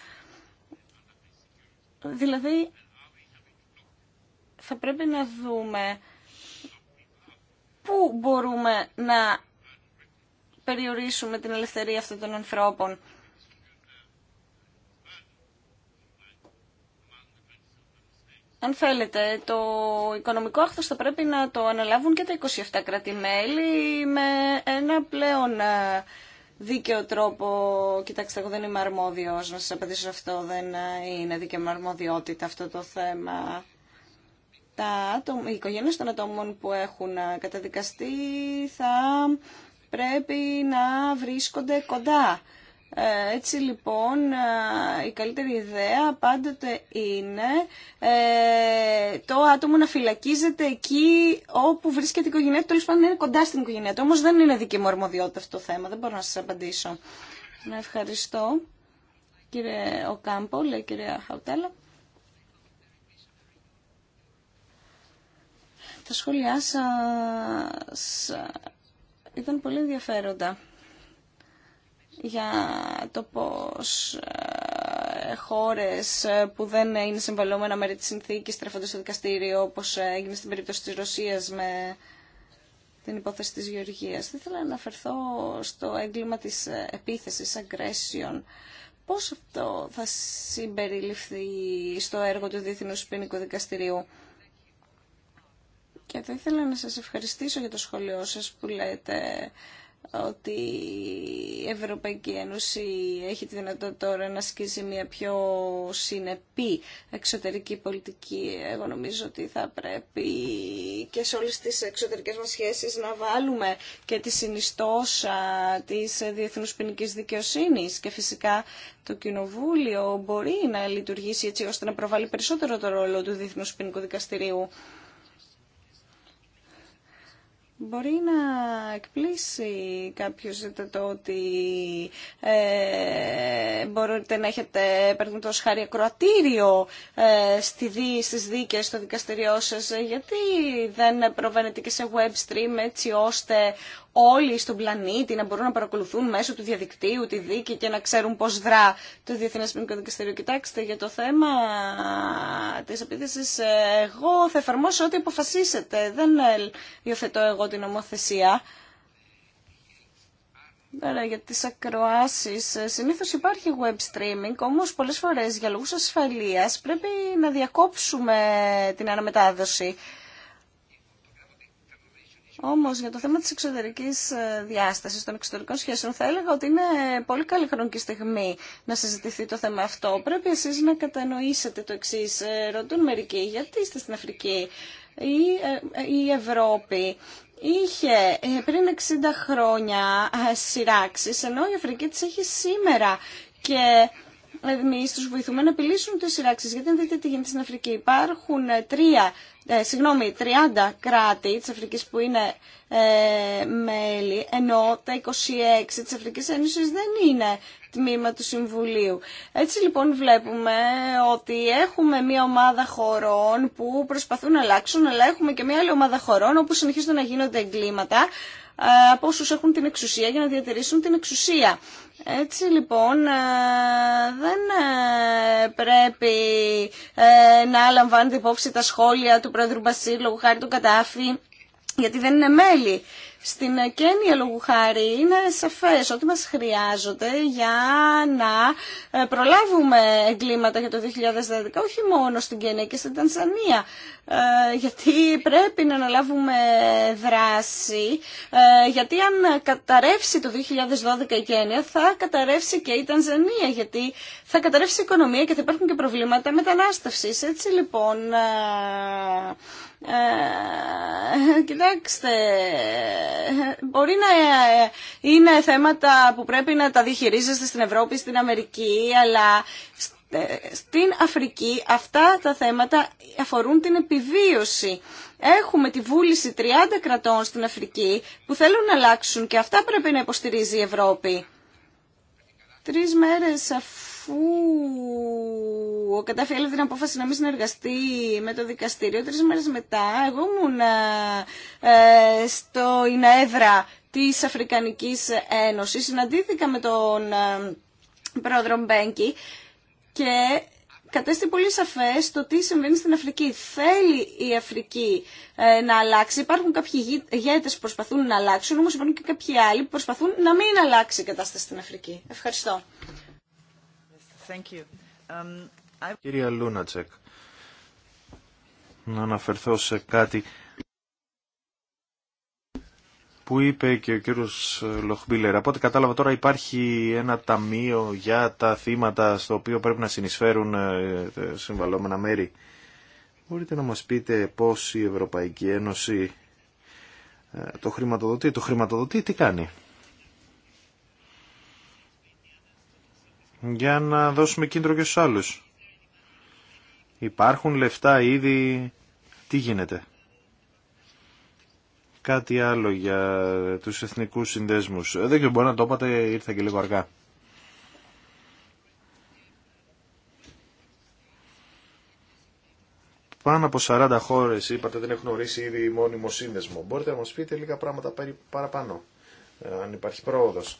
Δηλαδή θα πρέπει να δούμε πού μπορούμε να περιορίσουμε την ελευθερία αυτών των ανθρώπων. αν θέλετε, το οικονομικό άχθος θα πρέπει να το αναλάβουν και τα 27 κράτη-μέλη με ένα πλέον ε, δίκαιο τρόπο. Κοιτάξτε, εγώ δεν είμαι αρμόδιος να σας απαντήσω αυτό. Δεν ε, είναι δίκαιο αρμοδιότητα αυτό το θέμα. Τα άτομα, οι οικογένειες των ατόμων που έχουν ε, καταδικαστεί θα πρέπει να βρίσκονται κοντά ε, έτσι λοιπόν ε, η καλύτερη ιδέα πάντοτε είναι ε, το άτομο να φυλακίζεται εκεί όπου βρίσκεται η οικογένεια του, τέλος πάντων είναι κοντά στην οικογένεια του. Όμως δεν είναι δική μου αρμοδιότητα αυτό το θέμα, δεν μπορώ να σας απαντήσω. Να ευχαριστώ κύριε Οκάμπο, λέει κυρία Χαουτέλα. Τα σχόλιά σας ήταν πολύ ενδιαφέροντα για το πώς ε, χώρες ε, που δεν είναι συμβαλόμενα μέρη της συνθήκης τρέφονται στο δικαστήριο, όπως έγινε στην περίπτωση της Ρωσίας με την υπόθεση της Γεωργίας. Θα ήθελα να αναφερθώ στο έγκλημα της ε, επίθεσης, αγκρέσιων. Πώς αυτό θα συμπεριληφθεί στο έργο του Διεθνούς Ποινικού Δικαστηρίου. Και θα ήθελα να σας ευχαριστήσω για το σχολείο σας που λέτε ότι η Ευρωπαϊκή Ένωση έχει τη δυνατότητα τώρα να ασκήσει μια πιο συνεπή εξωτερική πολιτική. Εγώ νομίζω ότι θα πρέπει και σε όλες τις εξωτερικές μας σχέσεις να βάλουμε και τη συνιστόσα της διεθνούς ποινικής δικαιοσύνης και φυσικά το Κοινοβούλιο μπορεί να λειτουργήσει έτσι ώστε να προβάλλει περισσότερο το ρόλο του Διεθνούς Ποινικού Δικαστηρίου. Μπορεί να εκπλήσει κάποιος το ότι ε, μπορείτε να έχετε, παραδείγματο χάρη, ακροατήριο ε, στη δί, στις δίκες στο δικαστηριό σας, ε, γιατί δεν προβαίνετε και σε web stream έτσι ώστε όλοι στον πλανήτη να μπορούν να παρακολουθούν μέσω του διαδικτύου τη δίκη και να ξέρουν πώς δρά το Διεθνές Ποινικό Δικαστήριο. Κοιτάξτε, για το θέμα της επίθεσης, ε, εγώ θα εφαρμόσω ό,τι αποφασίσετε. Δεν ε, υιοθετώ εγώ την ομοθεσία. Τώρα για τις ακροάσεις, ε, συνήθως υπάρχει web streaming, όμως πολλές φορές για λόγους ασφαλείας πρέπει να διακόψουμε την αναμετάδοση. Όμως για το θέμα της εξωτερικής ε, διάσταση των εξωτερικών σχέσεων θα έλεγα ότι είναι πολύ καλή χρονική στιγμή να συζητηθεί το θέμα αυτό. Πρέπει εσείς να κατανοήσετε το εξή. Ε, ρωτούν μερικοί γιατί είστε στην Αφρική ή ε, η Ευρώπη είχε πριν 60 χρόνια σειράξει, ενώ η Αφρική τι έχει σήμερα. Και εμεί του βοηθούμε να απειλήσουν τι σειράξει. Γιατί αν δείτε τι γίνεται στην Αφρική, υπάρχουν ε, τρία, ε, συγγνώμη, 30 κράτη τη Αφρική που είναι ε, μέλη, ενώ τα 26 τη Αφρική Ένωση δεν είναι τμήμα του Συμβουλίου. Έτσι λοιπόν βλέπουμε ότι έχουμε μια ομάδα χωρών που προσπαθούν να αλλάξουν, αλλά έχουμε και μια άλλη ομάδα χωρών όπου συνεχίζουν να γίνονται εγκλήματα ε, από όσους έχουν την εξουσία για να διατηρήσουν την εξουσία. Έτσι λοιπόν ε, δεν ε, πρέπει ε, να λαμβάνετε υπόψη τα σχόλια του πρόεδρου Μπασίλου χάρη του Κατάφη γιατί δεν είναι μέλη στην Κένια, λόγου χάρη, είναι σαφές ότι μας χρειάζονται για να ε, προλάβουμε εγκλήματα για το 2012, όχι μόνο στην Κένια και στην Τανζανία, ε, γιατί πρέπει να αναλάβουμε δράση, ε, γιατί αν καταρρεύσει το 2012 η Κένια, θα καταρρεύσει και η Τανζανία, γιατί θα καταρρεύσει η οικονομία και θα υπάρχουν και προβλήματα μετανάστευσης. Έτσι λοιπόν ε, κοιτάξτε, μπορεί να είναι θέματα που πρέπει να τα διχειρίζεστε στην Ευρώπη, στην Αμερική, αλλά στην Αφρική αυτά τα θέματα αφορούν την επιβίωση. Έχουμε τη βούληση 30 κρατών στην Αφρική που θέλουν να αλλάξουν και αυτά πρέπει να υποστηρίζει η Ευρώπη. Τρεις μέρες αφού ο Κατάφη έλεγε την απόφαση να μην συνεργαστεί με το δικαστήριο, Τρει μέρε μετά εγώ ήμουν ε, ε στο Ιναέδρα τη Αφρικανικής Ένωση, συναντήθηκα με τον ε, πρόεδρο Μπέγκη και κατέστη πολύ σαφές το τι συμβαίνει στην Αφρική. Θέλει η Αφρική ε, να αλλάξει. Υπάρχουν κάποιοι ηγέτε που προσπαθούν να αλλάξουν, όμως υπάρχουν και κάποιοι άλλοι που προσπαθούν να μην αλλάξει η κατάσταση στην Αφρική. Ευχαριστώ. Um, Κυρία Λούνατσεκ, να αναφερθώ σε κάτι που είπε και ο κύριος Λοχμπίλερ. Από ό,τι κατάλαβα τώρα υπάρχει ένα ταμείο για τα θύματα στο οποίο πρέπει να συνεισφέρουν ε, ε, συμβαλόμενα μέρη. Μπορείτε να μας πείτε πώς η Ευρωπαϊκή Ένωση ε, το χρηματοδοτεί. Το χρηματοδοτεί τι κάνει. Για να δώσουμε κίνδυνο και στους άλλους. Υπάρχουν λεφτά ήδη. Τι γίνεται. Κάτι άλλο για τους εθνικούς συνδέσμους. Ε, δεν και μπορεί να το είπατε, ήρθα και λίγο αργά. Πάνω από 40 χώρες, είπατε, δεν έχουν ορίσει ήδη μόνιμο σύνδεσμο. Μπορείτε να μας πείτε λίγα πράγματα παραπάνω, ε, αν υπάρχει πρόοδος.